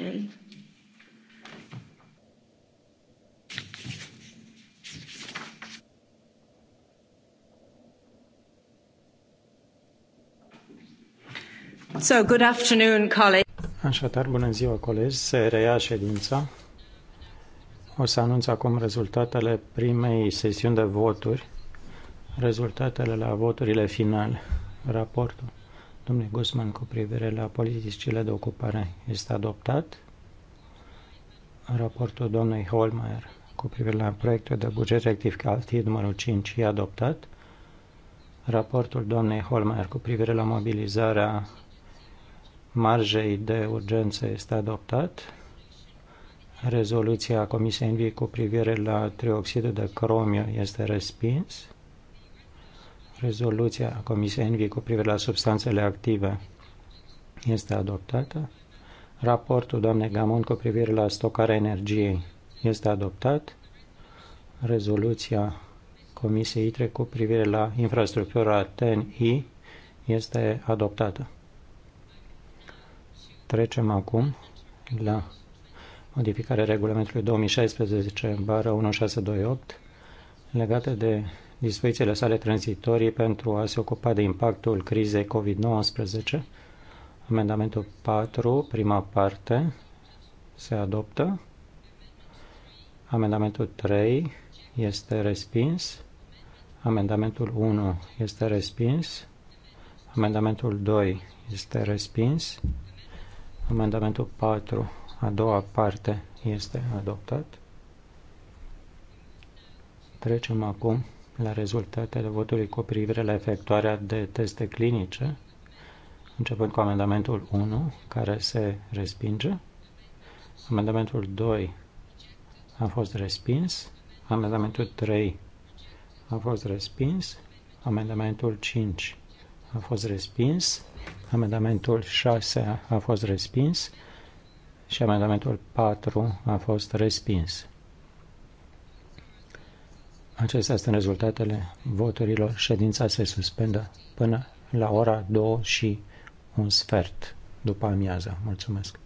Okay. So, good afternoon, colleagues. Așadar, bună ziua, colegi. Se reia ședința. O să anunț acum rezultatele primei sesiuni de voturi, rezultatele la voturile finale, raportul domnului Guzman cu privire la politicile de ocupare. Este adoptat raportul domnului Holmeier cu privire la proiectul de buget rectificat numărul 5 e adoptat. Raportul domnului Holmeier cu privire la mobilizarea marjei de urgență este adoptat. Rezoluția Comisiei Envii cu privire la trioxidul de cromiu este respins. Rezoluția Comisiei Envi cu privire la substanțele active este adoptată. Raportul doamnei Gamon cu privire la stocarea energiei este adoptat. Rezoluția Comisiei ITRE cu privire la infrastructura TEN-I este adoptată. Trecem acum la modificarea regulamentului 2016-1628 legate de dispozițiile sale tranzitorii pentru a se ocupa de impactul crizei COVID-19. Amendamentul 4, prima parte, se adoptă. Amendamentul 3 este respins. Amendamentul 1 este respins. Amendamentul 2 este respins. Amendamentul 4, a doua parte, este adoptat. Trecem acum la rezultatele votului cu privire la efectuarea de teste clinice, începând cu amendamentul 1, care se respinge. Amendamentul 2 a fost respins. Amendamentul 3 a fost respins. Amendamentul 5 a fost respins. Amendamentul 6 a fost respins și amendamentul 4 a fost respins. Acestea sunt rezultatele voturilor. Ședința se suspendă până la ora 2 și un sfert după amiază. Mulțumesc!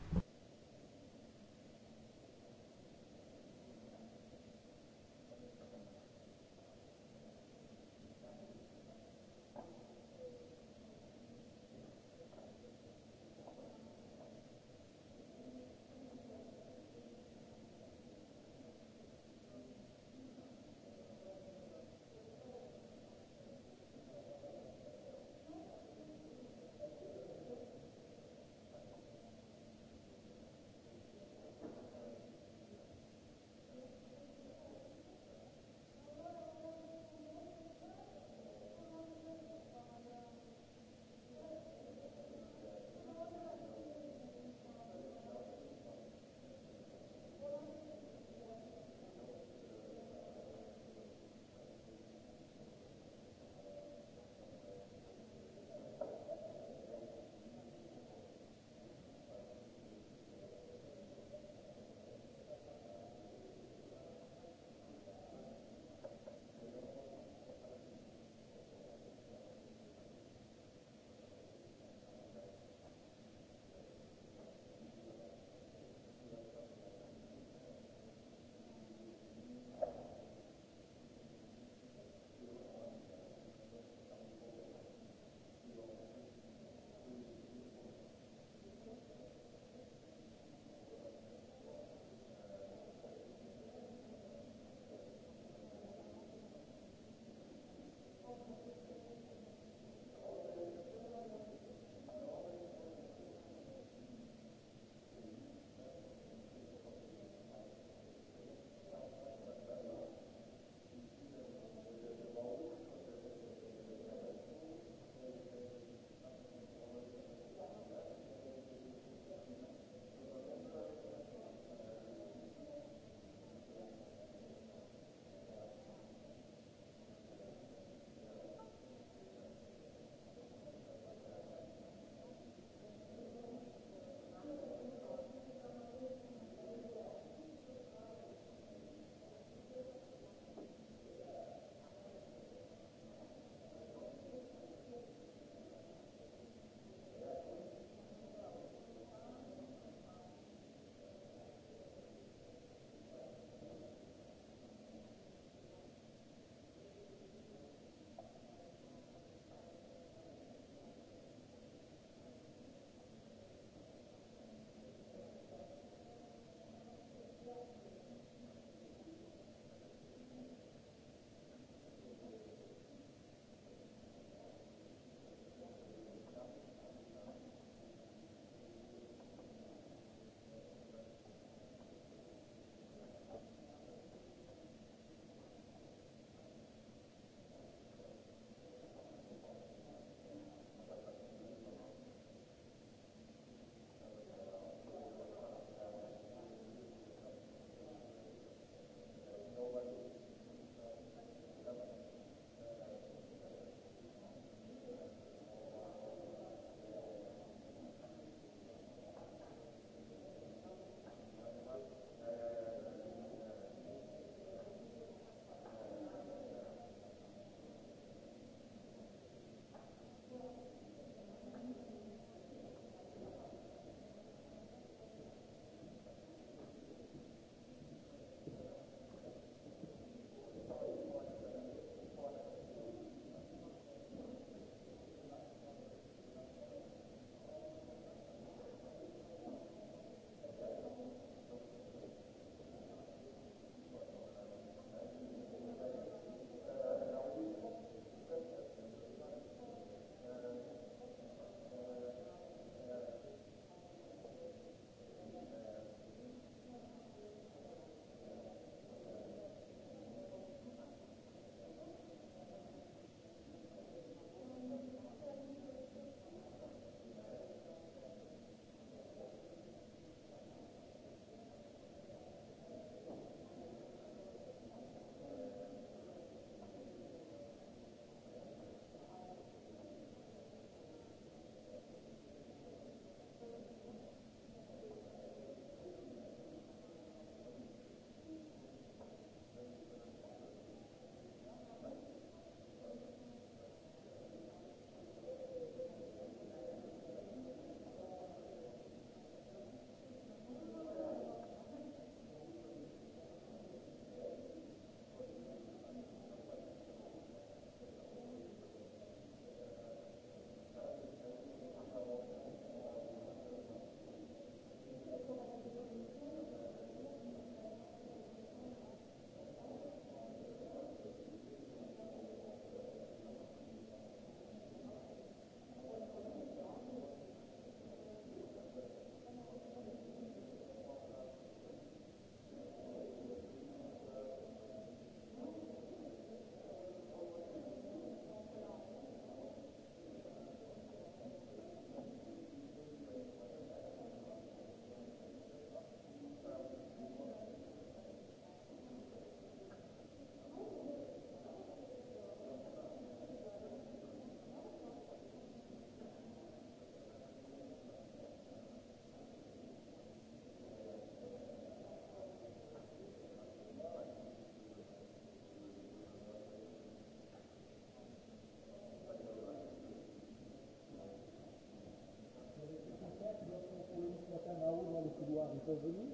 Slovénie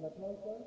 Maintenant, quoi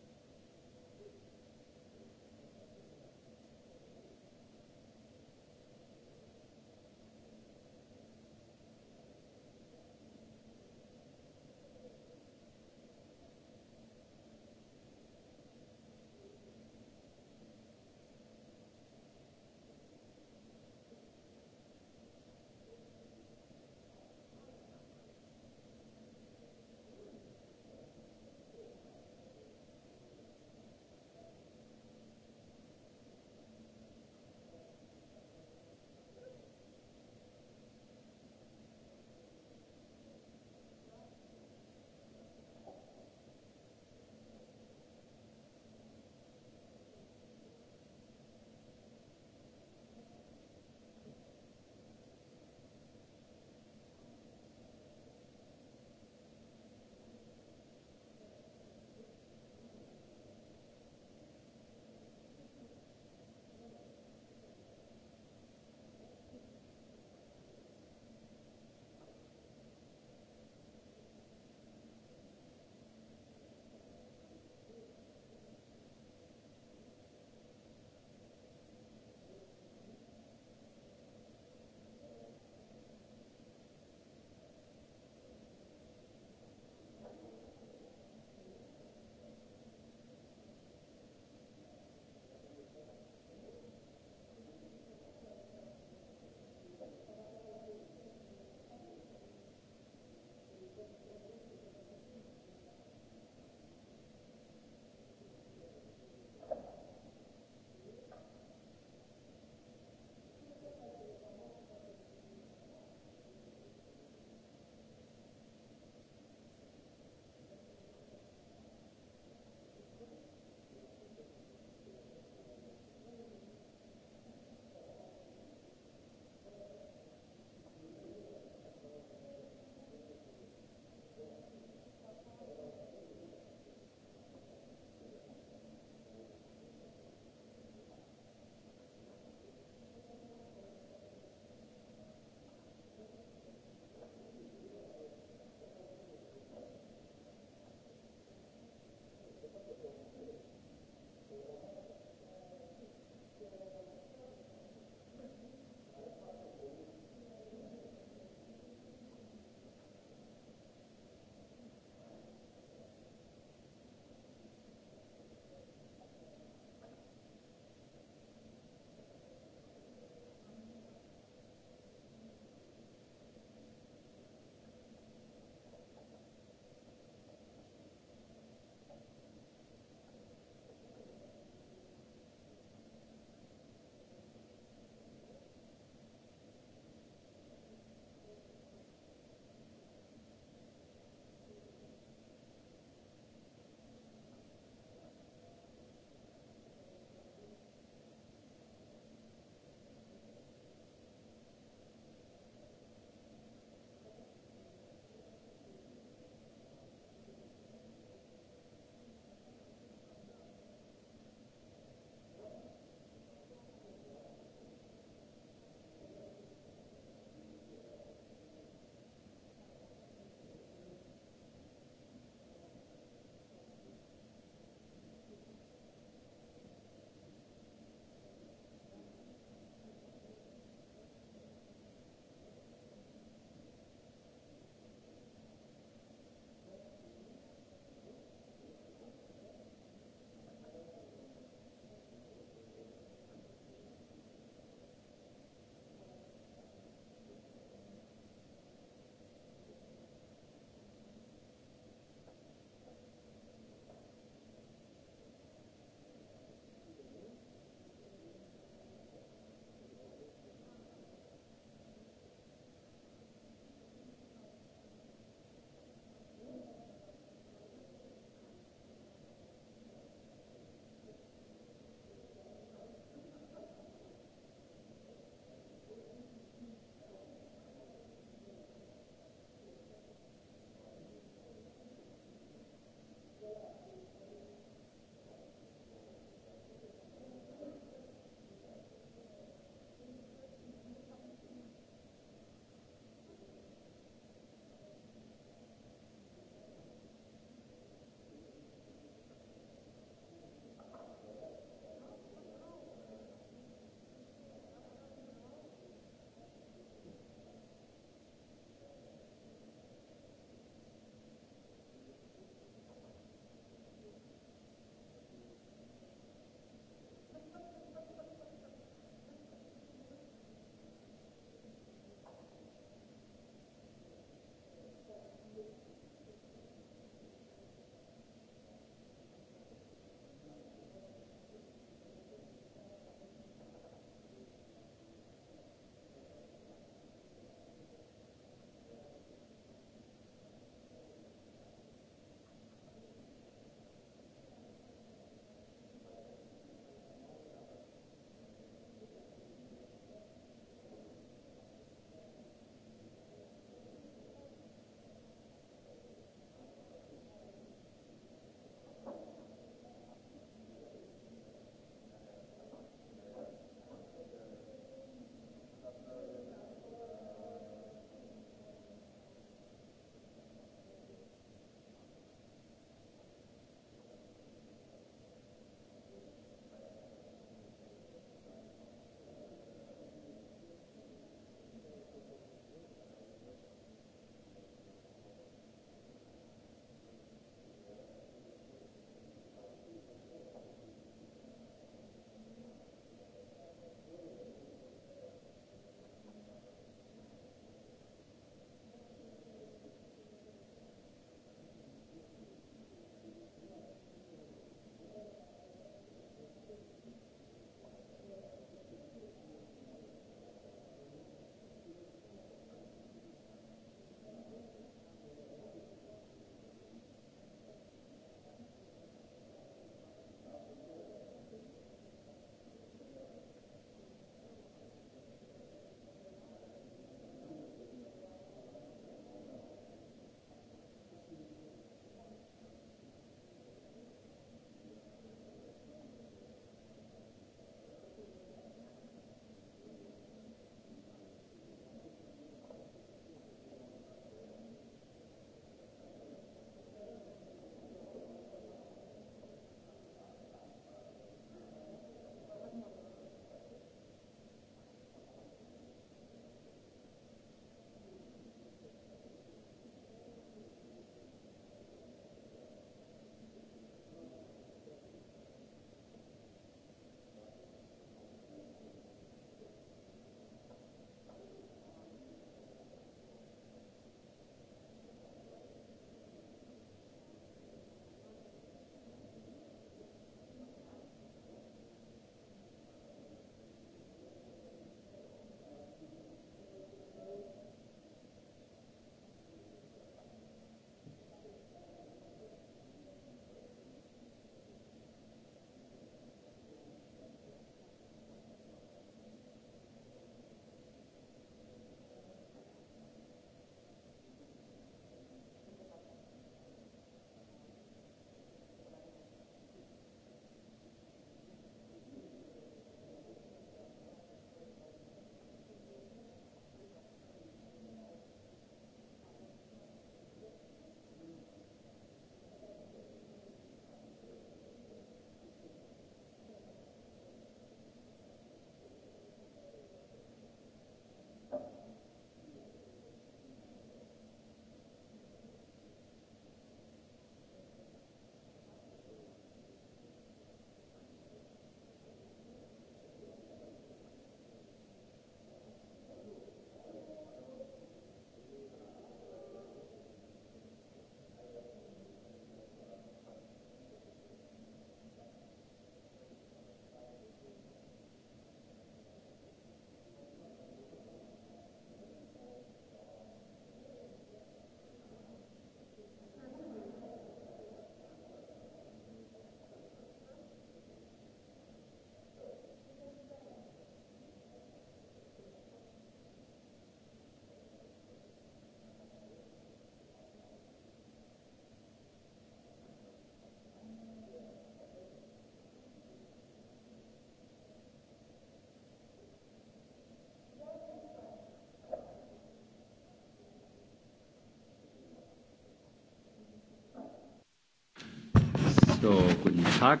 So, guten Tag.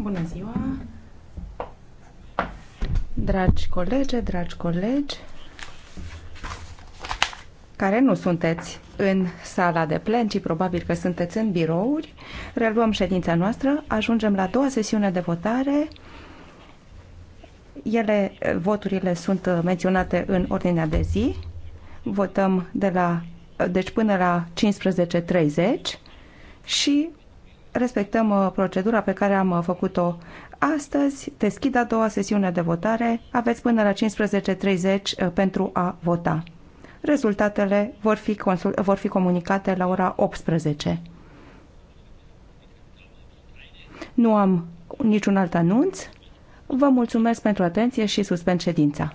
Bună ziua. Dragi colege, dragi colegi, care nu sunteți în sala de plen, ci probabil că sunteți în birouri, reluăm ședința noastră, ajungem la a doua sesiune de votare. Ele, voturile sunt menționate în ordinea de zi. Votăm de la, deci până la 15.30 și respectăm uh, procedura pe care am uh, făcut-o astăzi. Deschid a doua sesiune de votare. Aveți până la 15.30 uh, pentru a vota. Rezultatele vor fi, consul, vor fi comunicate la ora 18. Nu am niciun alt anunț. Vă mulțumesc pentru atenție și suspend ședința.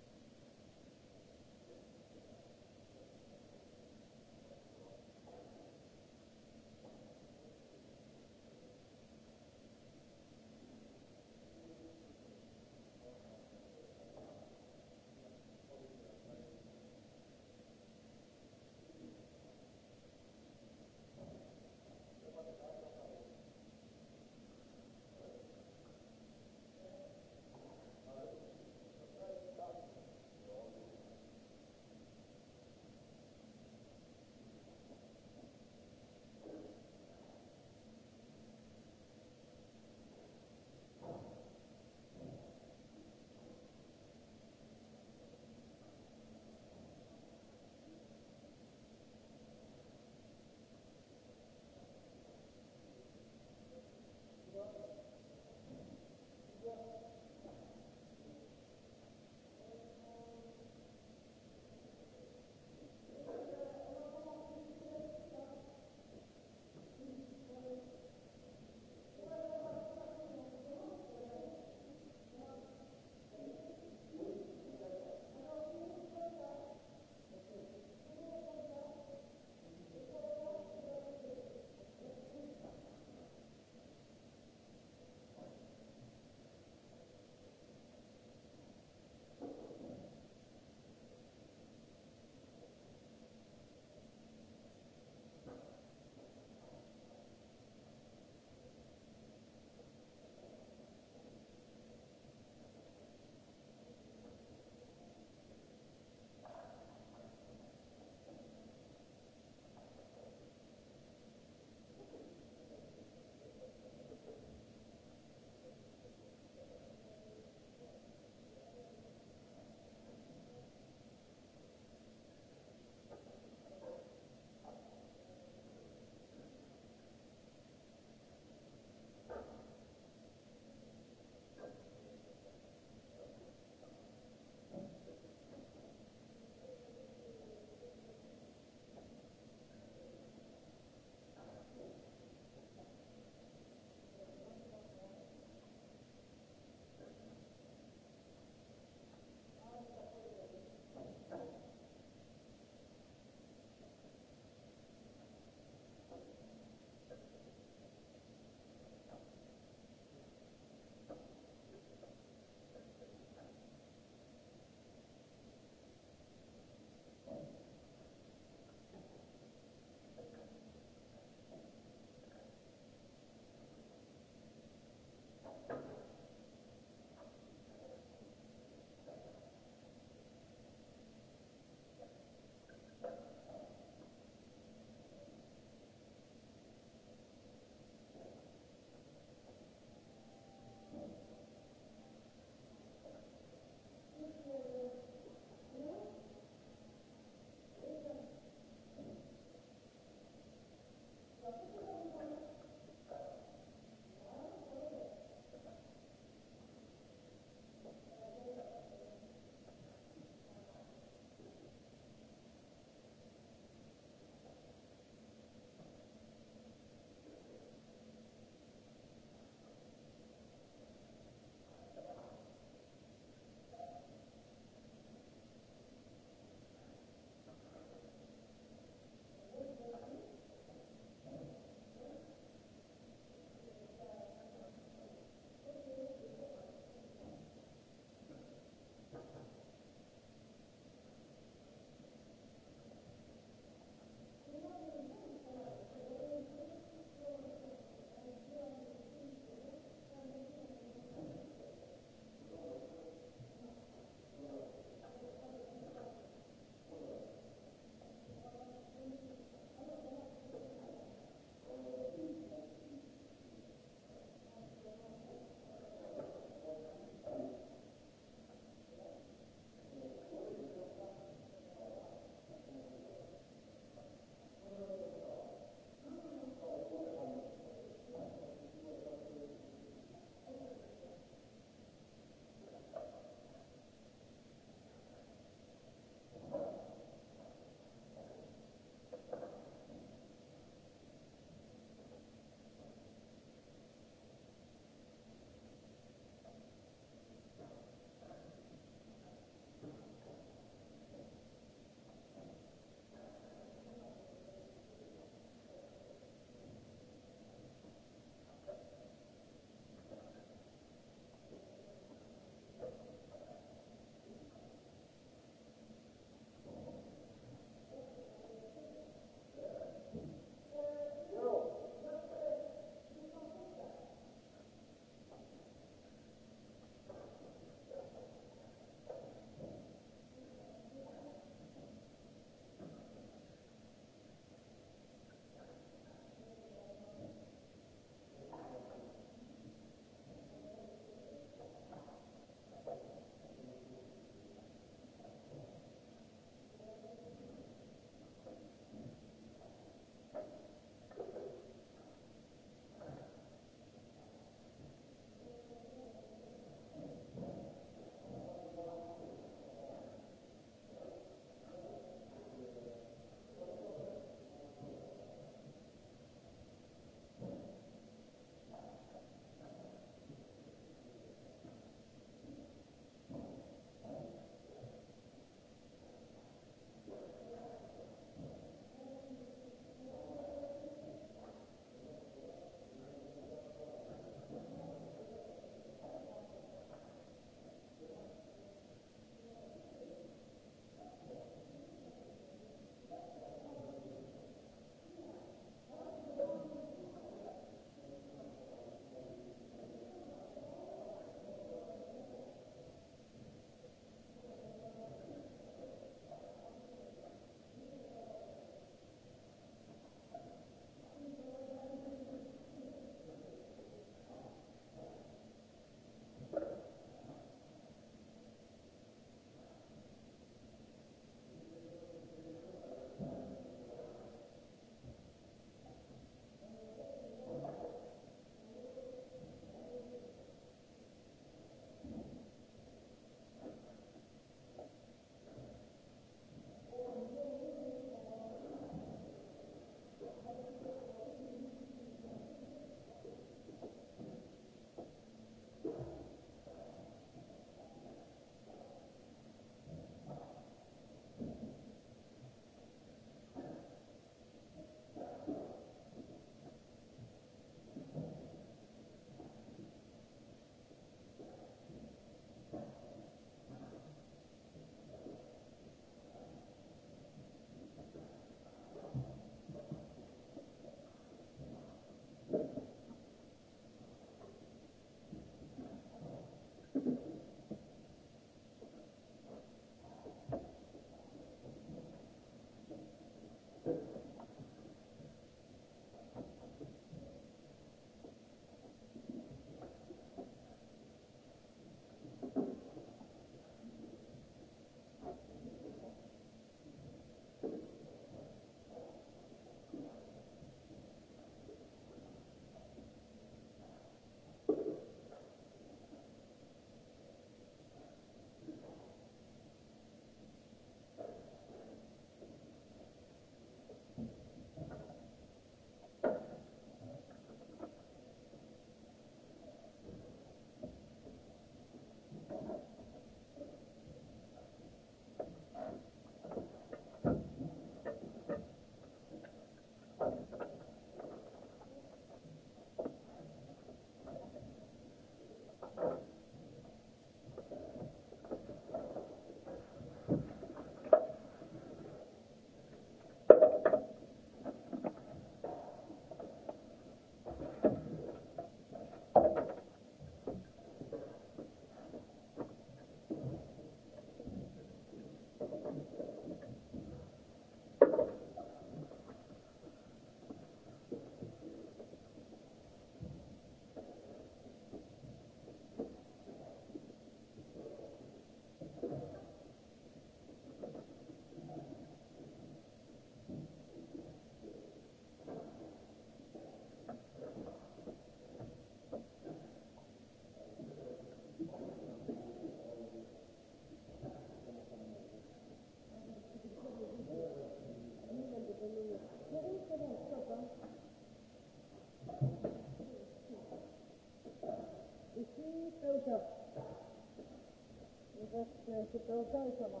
vedeți și pe o altceva.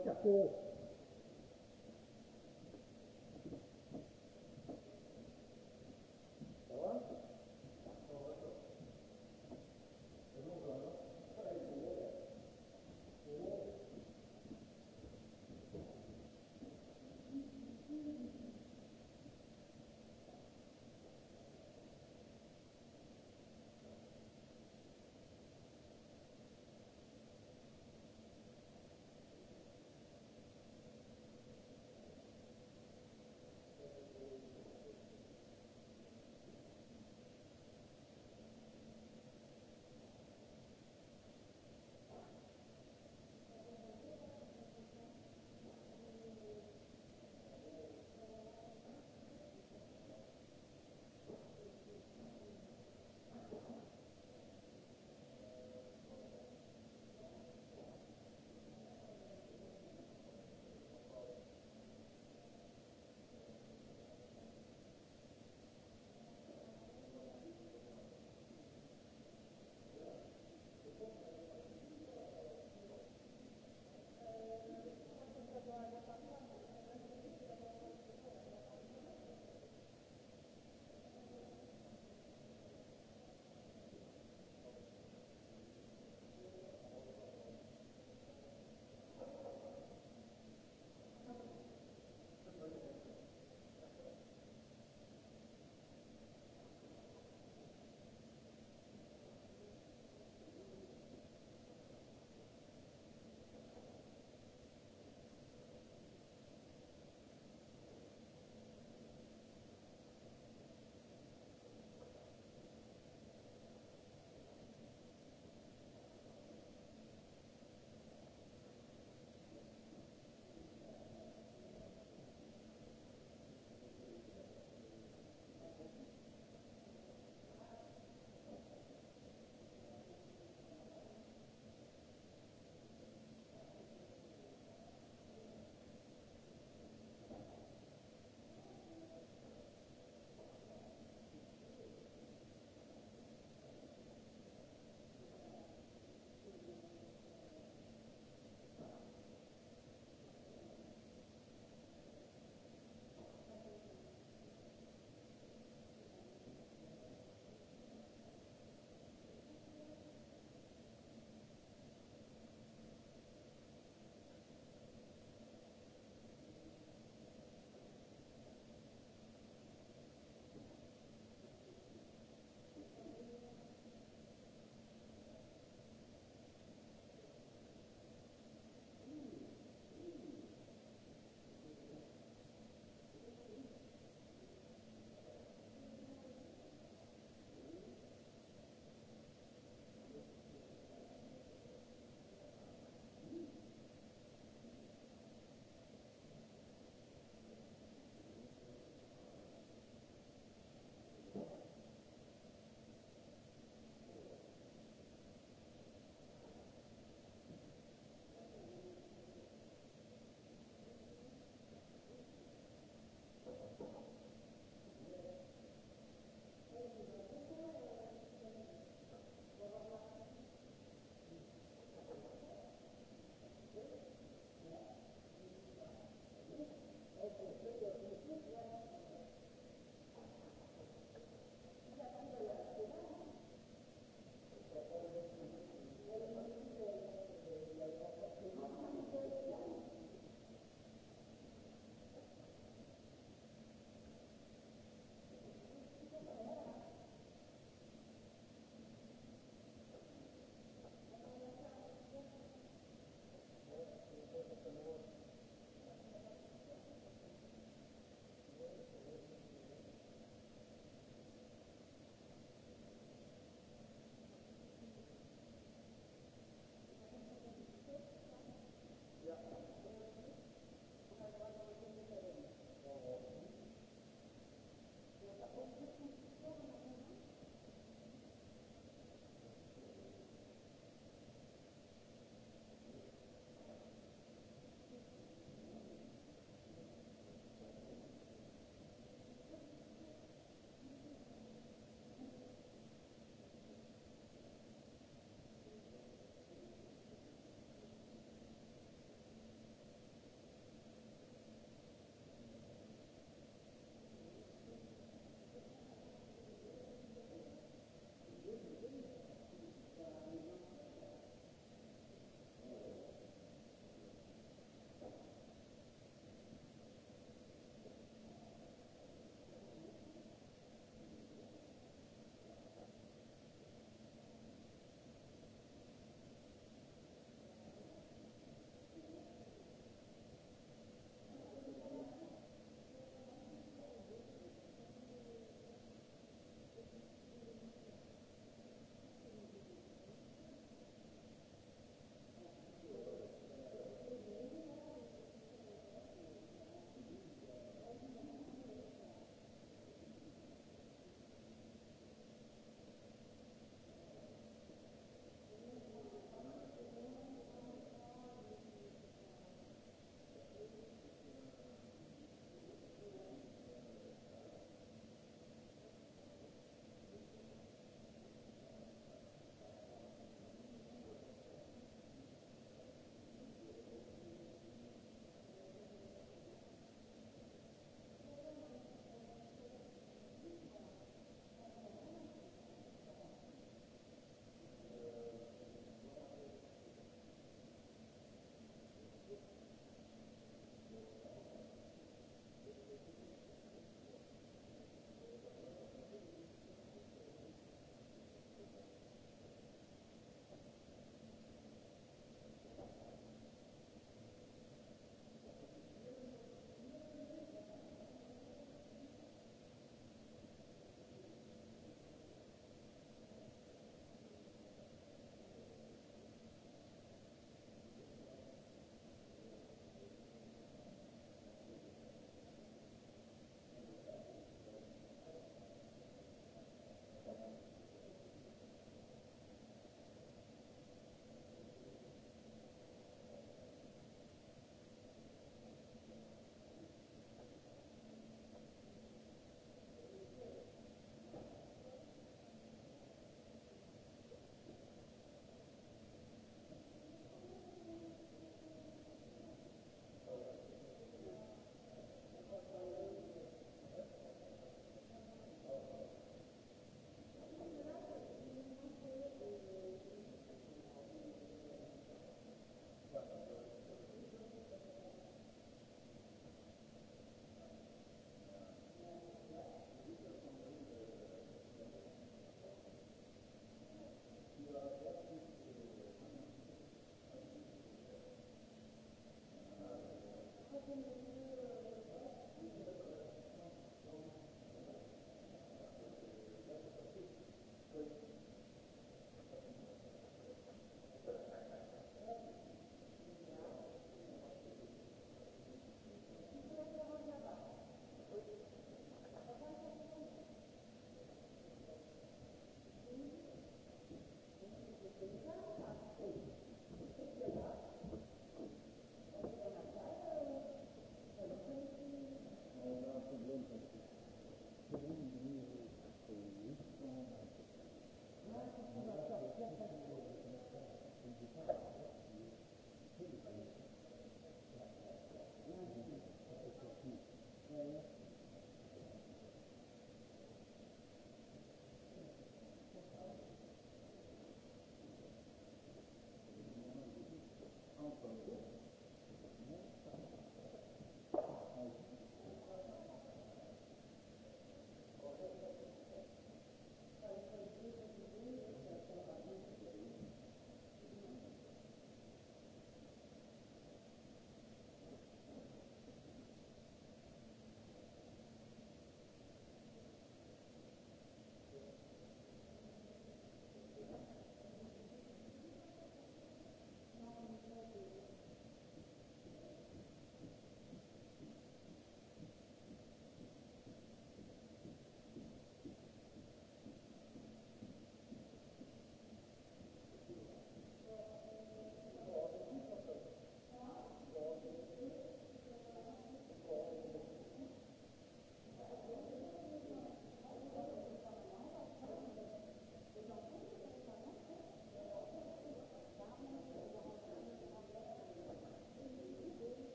adică cu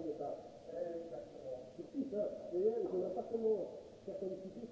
società. Sì, sì, però, vedere come facciamo, cioè, quantificare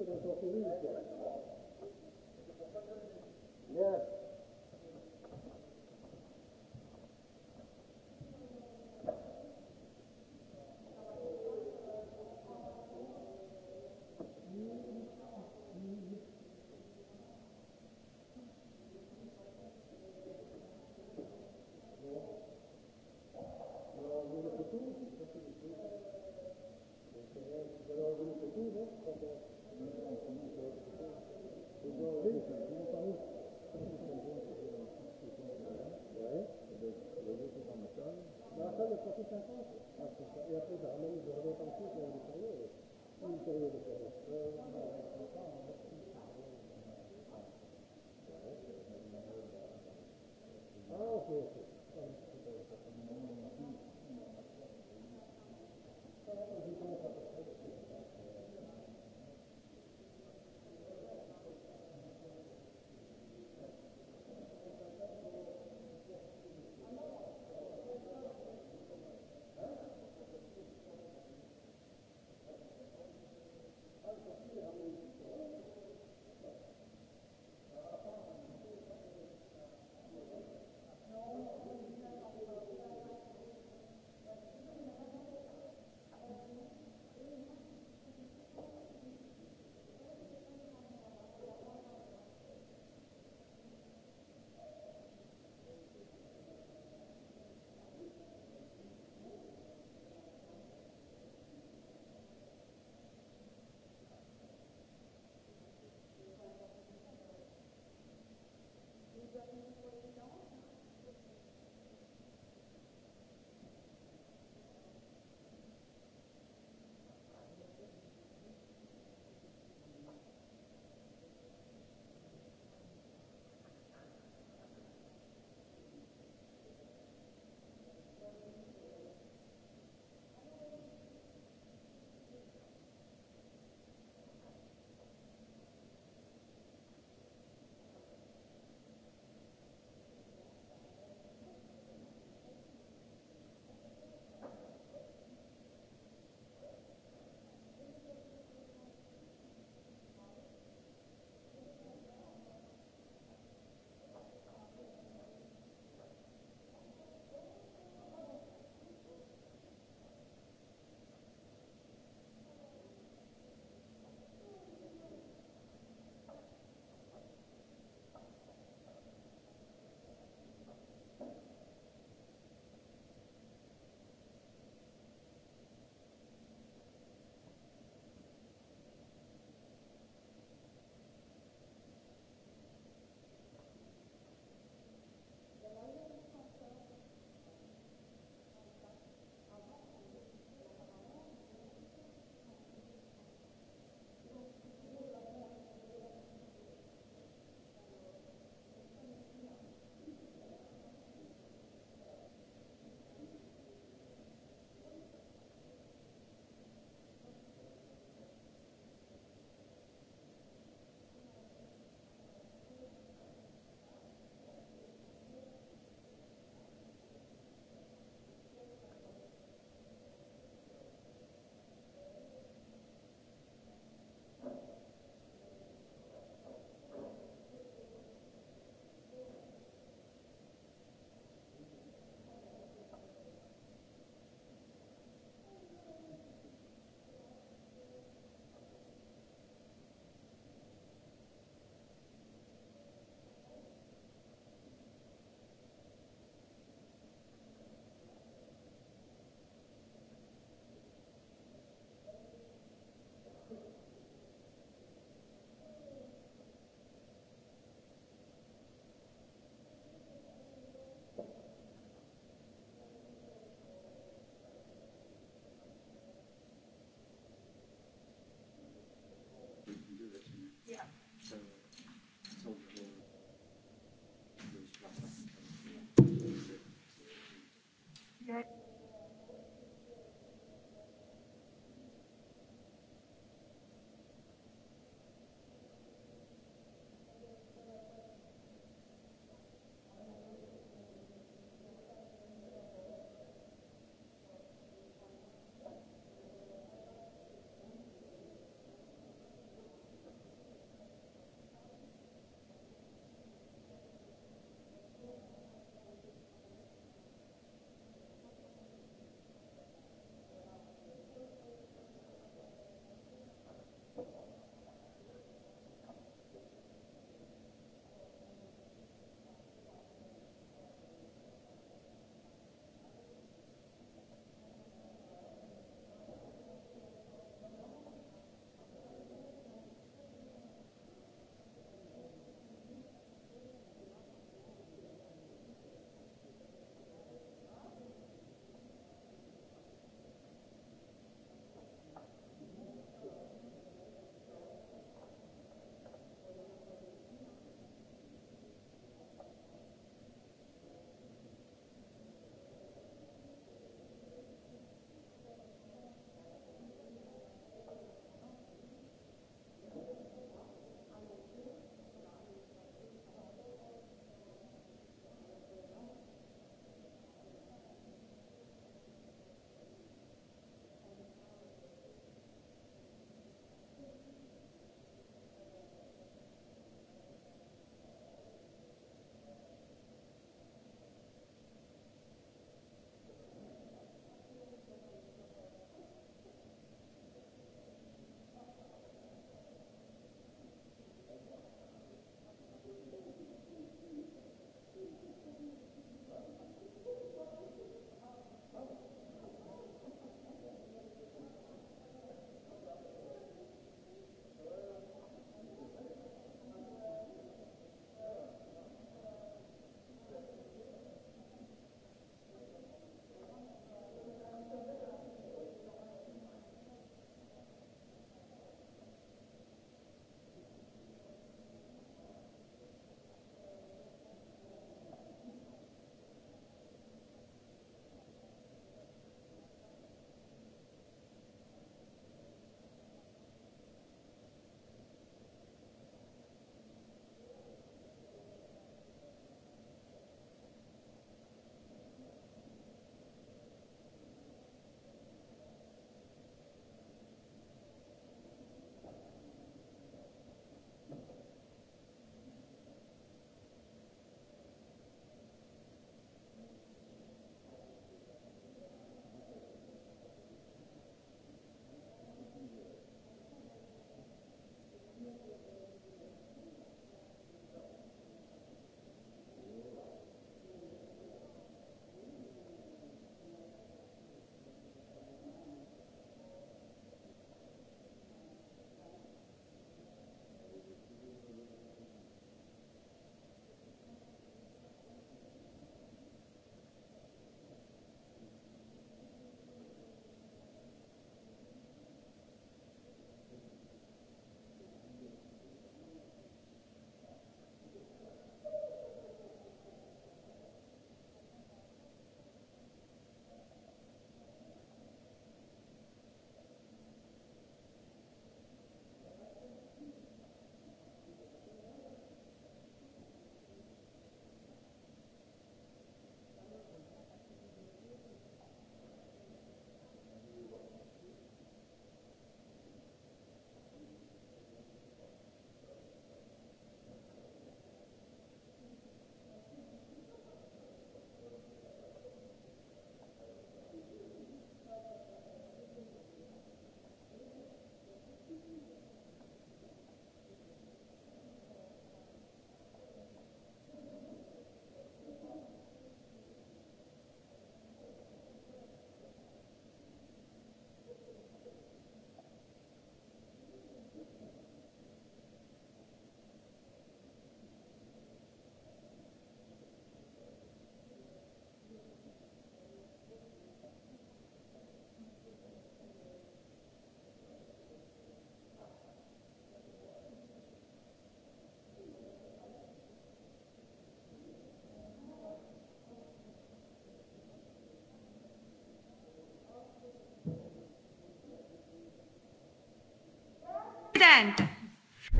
Președinte.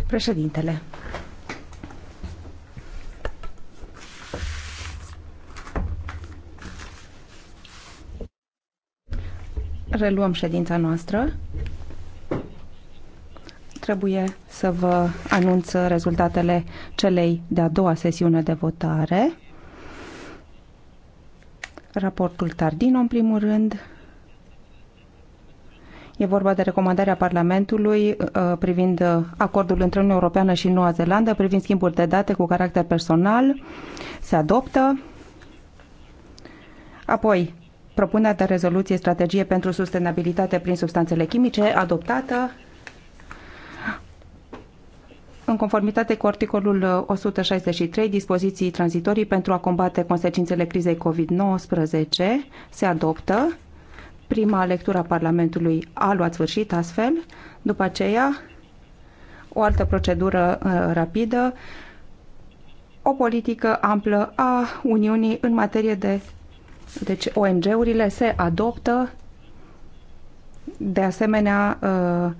Președintele. Reluăm ședința noastră. Trebuie să vă anunț rezultatele celei de-a doua sesiune de votare. Raportul Tardino, în primul rând, vorba de recomandarea Parlamentului uh, privind uh, acordul între Uniunea Europeană și Noua Zeelandă privind schimbul de date cu caracter personal. Se adoptă. Apoi, propunerea de rezoluție strategie pentru sustenabilitate prin substanțele chimice adoptată în conformitate cu articolul 163, uh, dispoziții tranzitorii pentru a combate consecințele crizei COVID-19, se adoptă Prima lectură a Parlamentului a luat sfârșit astfel. După aceea, o altă procedură uh, rapidă, o politică amplă a Uniunii în materie de... Deci ONG-urile se adoptă de asemenea uh,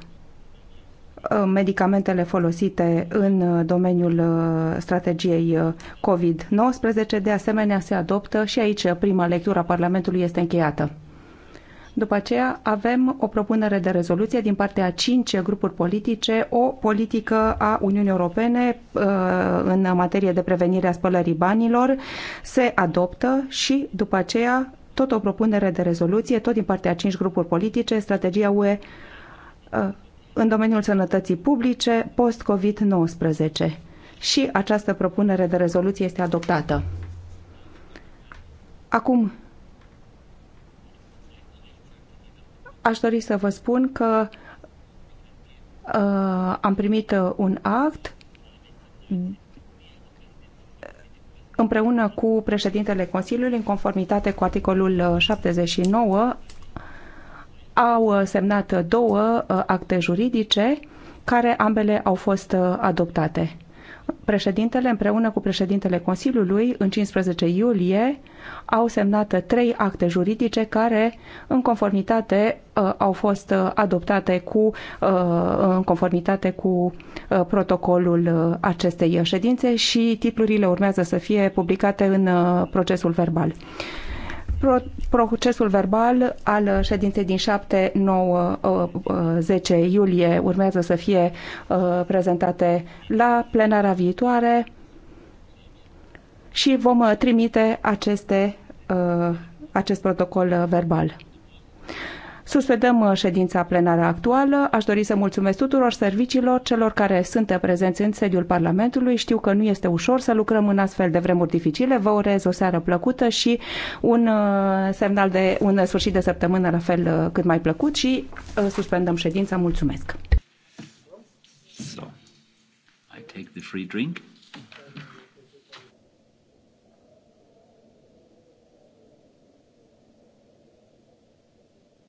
uh, medicamentele folosite în domeniul strategiei COVID-19. De asemenea, se adoptă și aici prima lectură a Parlamentului este încheiată. După aceea avem o propunere de rezoluție din partea a cinci grupuri politice, o politică a Uniunii Europene uh, în materie de prevenire a spălării banilor se adoptă și după aceea tot o propunere de rezoluție, tot din partea a cinci grupuri politice, strategia UE uh, în domeniul sănătății publice post-COVID-19. Și această propunere de rezoluție este adoptată. Acum Aș dori să vă spun că uh, am primit un act împreună cu președintele Consiliului, în conformitate cu articolul 79, uh, au uh, semnat două uh, acte juridice care ambele au fost adoptate președintele împreună cu președintele Consiliului în 15 iulie au semnat trei acte juridice care în conformitate uh, au fost adoptate cu, uh, în conformitate cu uh, protocolul acestei ședințe și titlurile urmează să fie publicate în procesul verbal. Procesul verbal al ședinței din 7, 9, 10 iulie urmează să fie uh, prezentate la plenara viitoare și vom uh, trimite aceste, uh, acest protocol verbal. Suspendăm uh, ședința plenară actuală. Aș dori să mulțumesc tuturor serviciilor, celor care sunt prezenți în sediul Parlamentului. Știu că nu este ușor să lucrăm în astfel de vremuri dificile. Vă urez o seară plăcută și un uh, semnal de un sfârșit de săptămână la fel uh, cât mai plăcut și suspendăm ședința. Mulțumesc! So, I take the free drink.